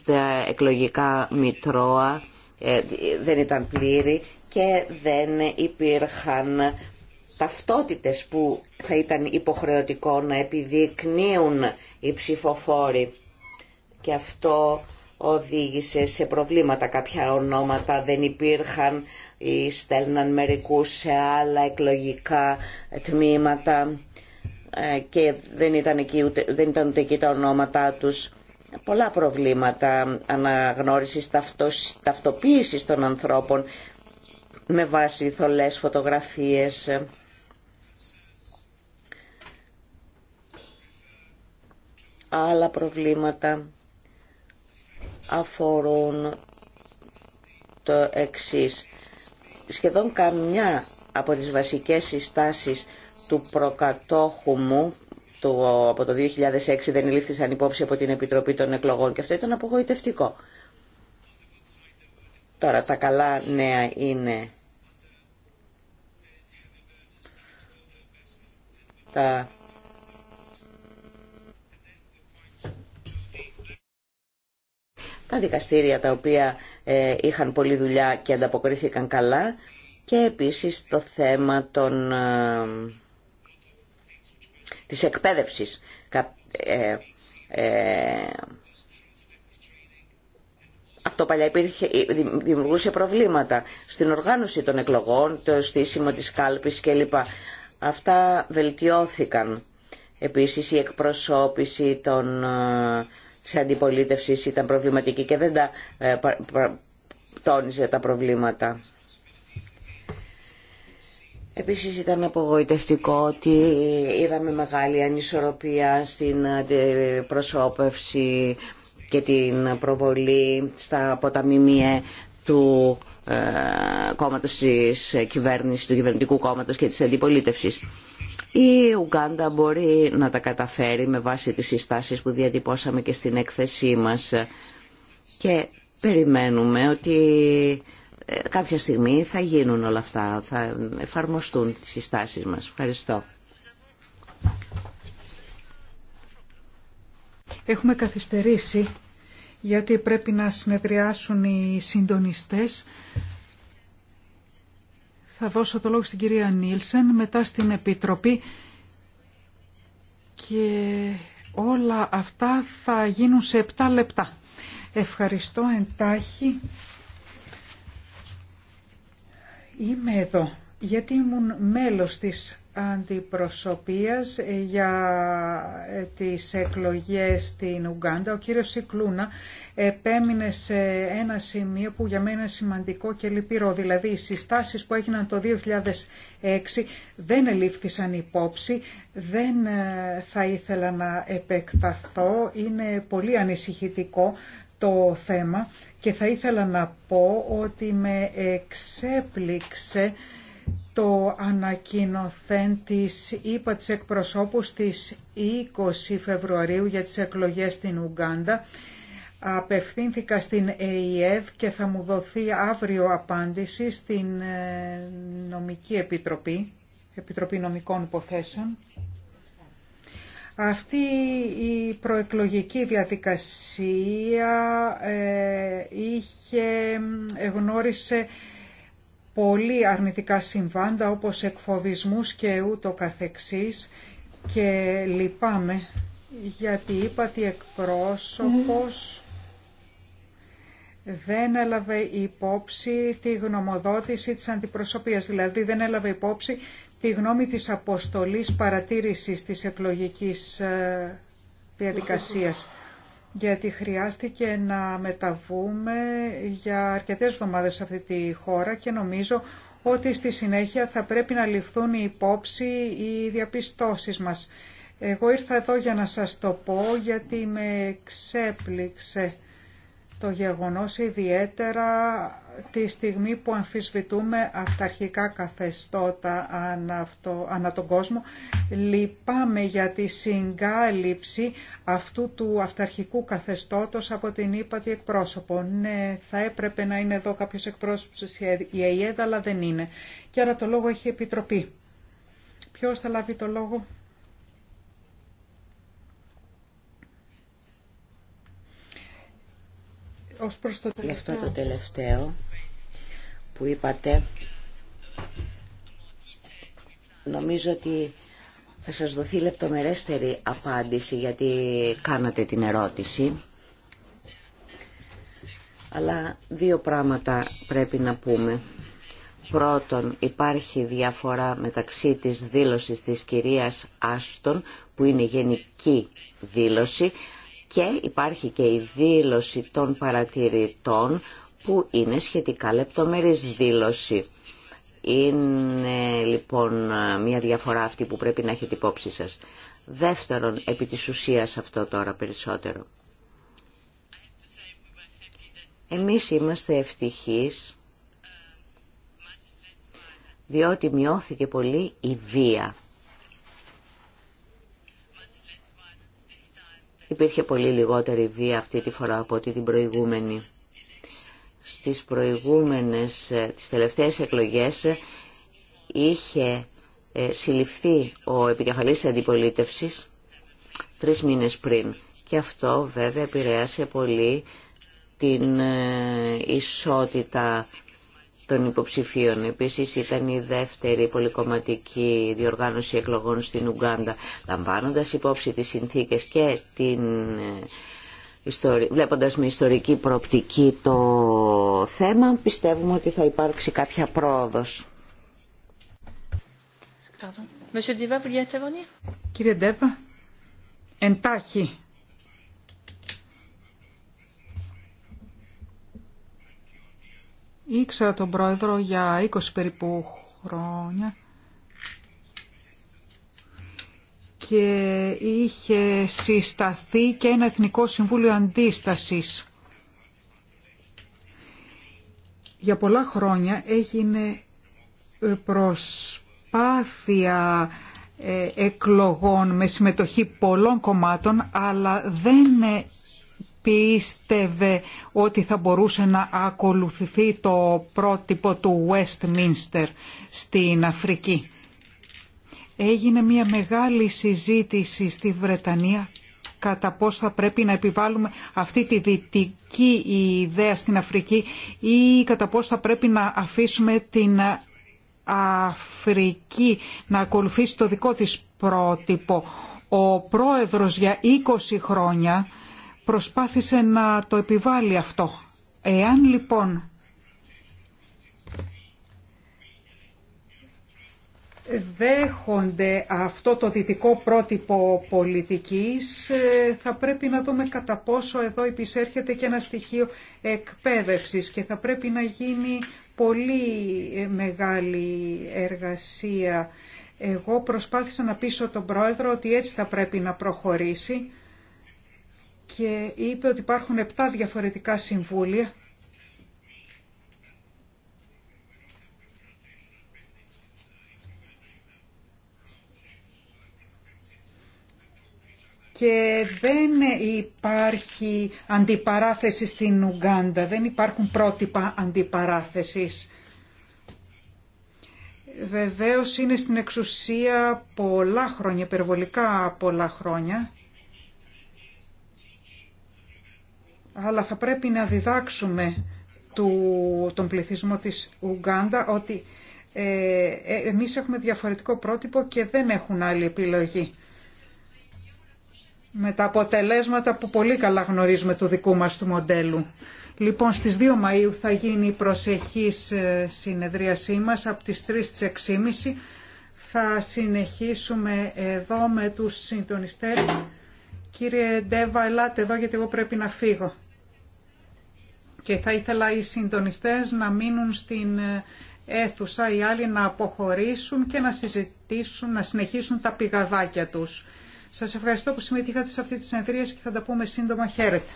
τα εκλογικά μητρώα ε, δεν ήταν πλήρη και δεν υπήρχαν ταυτότητες που θα ήταν υποχρεωτικό να επιδεικνύουν οι ψηφοφόροι. Και αυτό οδήγησε σε προβλήματα. Κάποια ονόματα δεν υπήρχαν ή στέλναν μερικούς σε άλλα εκλογικά τμήματα ε, και δεν ήταν, εκεί, ούτε, δεν ήταν ούτε εκεί τα ονόματά τους πολλά προβλήματα αναγνώρισης ταυτοποίησης των ανθρώπων με βάση θολές φωτογραφίες. Άλλα προβλήματα αφορούν το εξής. Σχεδόν καμιά από τις βασικές συστάσεις του προκατόχου μου το από το 2006 δεν λήφθησαν υπόψη από την Επιτροπή των Εκλογών και αυτό ήταν απογοητευτικό. Τώρα τα καλά νέα είναι τα τα δικαστήρια τα οποία ε, είχαν πολλή δουλειά και ανταποκρίθηκαν καλά και επίσης το θέμα των... Ε, της εκπαίδευσης ε, ε, αυτό παλιά υπήρχε, ε, δημιουργούσε προβλήματα στην οργάνωση των εκλογών, το στήσιμο της κάλπης κλπ. Αυτά βελτιώθηκαν. Επίσης η εκπροσώπηση των, της αντιπολίτευσης ήταν προβληματική και δεν τα τόνιζε τα προβλήματα. Επίσης ήταν απογοητευτικό ότι είδαμε μεγάλη ανισορροπία στην ε, προσώπευση και την προβολή στα αποταμιμίε του ε, κόμματος της κυβέρνησης, του κυβερνητικού κόμματος και της αντιπολίτευσης. Η Ουγγάντα μπορεί να τα καταφέρει με βάση τις συστάσεις που διατυπώσαμε και στην έκθεσή μας και περιμένουμε ότι κάποια στιγμή θα γίνουν όλα αυτά, θα εφαρμοστούν τις συστάσεις μας. Ευχαριστώ. Έχουμε καθυστερήσει γιατί πρέπει να συνεδριάσουν οι συντονιστές. Θα δώσω το λόγο στην κυρία Νίλσεν, μετά στην Επιτροπή και όλα αυτά θα γίνουν σε 7 λεπτά. Ευχαριστώ εντάχει. Είμαι εδώ γιατί ήμουν μέλος της αντιπροσωπείας ε, για ε, τις εκλογές στην Ουγγάντα. Ο κύριος Σικλούνα επέμεινε σε ένα σημείο που για μένα είναι σημαντικό και λυπηρό. Δηλαδή οι συστάσεις που έγιναν το 2006 δεν ελήφθησαν υπόψη, δεν ε, θα ήθελα να επεκταθώ, είναι πολύ ανησυχητικό το θέμα και θα ήθελα να πω ότι με εξέπληξε το ανακοινοθέν της ΥΠΑ της εκπροσώπου στις 20 Φεβρουαρίου για τις εκλογές στην Ουγκάντα. Απευθύνθηκα στην ΕΙΕΒ και θα μου δοθεί αύριο απάντηση στην ε, Νομική Επιτροπή, Επιτροπή Νομικών Υποθέσεων. Αυτή η προεκλογική διαδικασία ε, είχε, ε, γνώρισε πολύ αρνητικά συμβάντα όπως εκφοβισμούς και ούτω καθεξής και λυπάμαι γιατί είπα ότι εκπρόσωπος δεν έλαβε υπόψη τη γνωμοδότηση της αντιπροσωπείας, δηλαδή δεν έλαβε υπόψη τη γνώμη της αποστολής παρατήρησης της εκλογικής ε, διαδικασίας γιατί χρειάστηκε να μεταβούμε για αρκετές εβδομάδες σε αυτή τη χώρα και νομίζω ότι στη συνέχεια θα πρέπει να ληφθούν οι υπόψη οι διαπιστώσεις μας. Εγώ ήρθα εδώ για να σας το πω γιατί με ξέπληξε το γεγονός ιδιαίτερα τη στιγμή που αμφισβητούμε αυταρχικά καθεστώτα ανά, αυτό, ανά τον κόσμο. Λυπάμαι για τη συγκάλυψη αυτού του αυταρχικού καθεστώτος από την ύπατη εκπρόσωπο. Ναι, θα έπρεπε να είναι εδώ κάποιος εκπρόσωπος η ε.ε.δ. αλλά δεν είναι. Και άρα το λόγο έχει επιτροπή. Ποιος θα λάβει το λόγο. Ως προς το τελευταίο. Γι' αυτό το τελευταίο που είπατε, νομίζω ότι θα σας δοθεί λεπτομερέστερη απάντηση γιατί κάνατε την ερώτηση. Αλλά δύο πράγματα πρέπει να πούμε. Πρώτον, υπάρχει διαφορά μεταξύ της δήλωσης της κυρίας Άστον, που είναι γενική δήλωση, και υπάρχει και η δήλωση των παρατηρητών που είναι σχετικά λεπτομερής δήλωση. Είναι λοιπόν μια διαφορά αυτή που πρέπει να έχετε υπόψη σας. Δεύτερον, επί της ουσίας αυτό τώρα περισσότερο. Εμείς είμαστε ευτυχείς διότι μειώθηκε πολύ η βία. Υπήρχε πολύ λιγότερη βία αυτή τη φορά από ό,τι την προηγούμενη. Στις προηγούμενες, ε, τις τελευταίες εκλογές ε, είχε ε, συλληφθεί ο επικεφαλής αντιπολίτευσης τρεις μήνες πριν. Και αυτό βέβαια επηρέασε πολύ την ισότητα των υποψηφίων. Επίσης ήταν η δεύτερη πολυκομματική διοργάνωση εκλογών στην Ουγγάντα. λαμβάνοντας υπόψη τις συνθήκες και την ε, βλέποντας με ιστορική προοπτική το θέμα, πιστεύουμε ότι θα υπάρξει κάποια πρόοδος. Κύριε Ντέπα, εντάχει Ήξερα τον πρόεδρο για 20 περίπου χρόνια και είχε συσταθεί και ένα Εθνικό Συμβούλιο Αντίστασης. Για πολλά χρόνια έγινε προσπάθεια ε, εκλογών με συμμετοχή πολλών κομμάτων, αλλά δεν ε, πίστευε ότι θα μπορούσε να ακολουθηθεί το πρότυπο του Westminster στην Αφρική. Έγινε μια μεγάλη συζήτηση στη Βρετανία κατά πώς θα πρέπει να επιβάλλουμε αυτή τη δυτική ιδέα στην Αφρική ή κατά πώς θα πρέπει να αφήσουμε την Αφρική να ακολουθήσει το δικό της πρότυπο. Ο πρόεδρος για 20 χρόνια προσπάθησε να το επιβάλλει αυτό. Εάν λοιπόν δέχονται αυτό το δυτικό πρότυπο πολιτικής, ε, θα πρέπει να δούμε κατά πόσο εδώ επισέρχεται και ένα στοιχείο εκπαίδευσης και θα πρέπει να γίνει πολύ ε, μεγάλη εργασία. Εγώ προσπάθησα να πείσω τον Πρόεδρο ότι έτσι θα πρέπει να προχωρήσει και είπε ότι υπάρχουν επτά διαφορετικά συμβούλια και δεν υπάρχει αντιπαράθεση στην Ουγγάντα. δεν υπάρχουν πρότυπα αντιπαράθεσης. Βεβαίως είναι στην εξουσία πολλά χρόνια, υπερβολικά πολλά χρόνια αλλά θα πρέπει να διδάξουμε του, τον πληθυσμό της Ουγκάντα ότι ε, ε, εμείς έχουμε διαφορετικό πρότυπο και δεν έχουν άλλη επιλογή. Με τα αποτελέσματα που πολύ καλά γνωρίζουμε του δικού μας του μοντέλου. Λοιπόν, στις 2 Μαΐου θα γίνει η προσεχής ε, συνεδρίασή μας από τις 3 στις 6.30. Θα συνεχίσουμε εδώ με τους συντονιστές. Κύριε Ντέβα, ελάτε εδώ γιατί εγώ πρέπει να φύγω. Και θα ήθελα οι συντονιστές να μείνουν στην αίθουσα, οι άλλοι να αποχωρήσουν και να συζητήσουν, να συνεχίσουν τα πηγαδάκια τους. Σας ευχαριστώ που συμμετείχατε σε αυτή τη συνεδρία και θα τα πούμε σύντομα. Χαίρετε.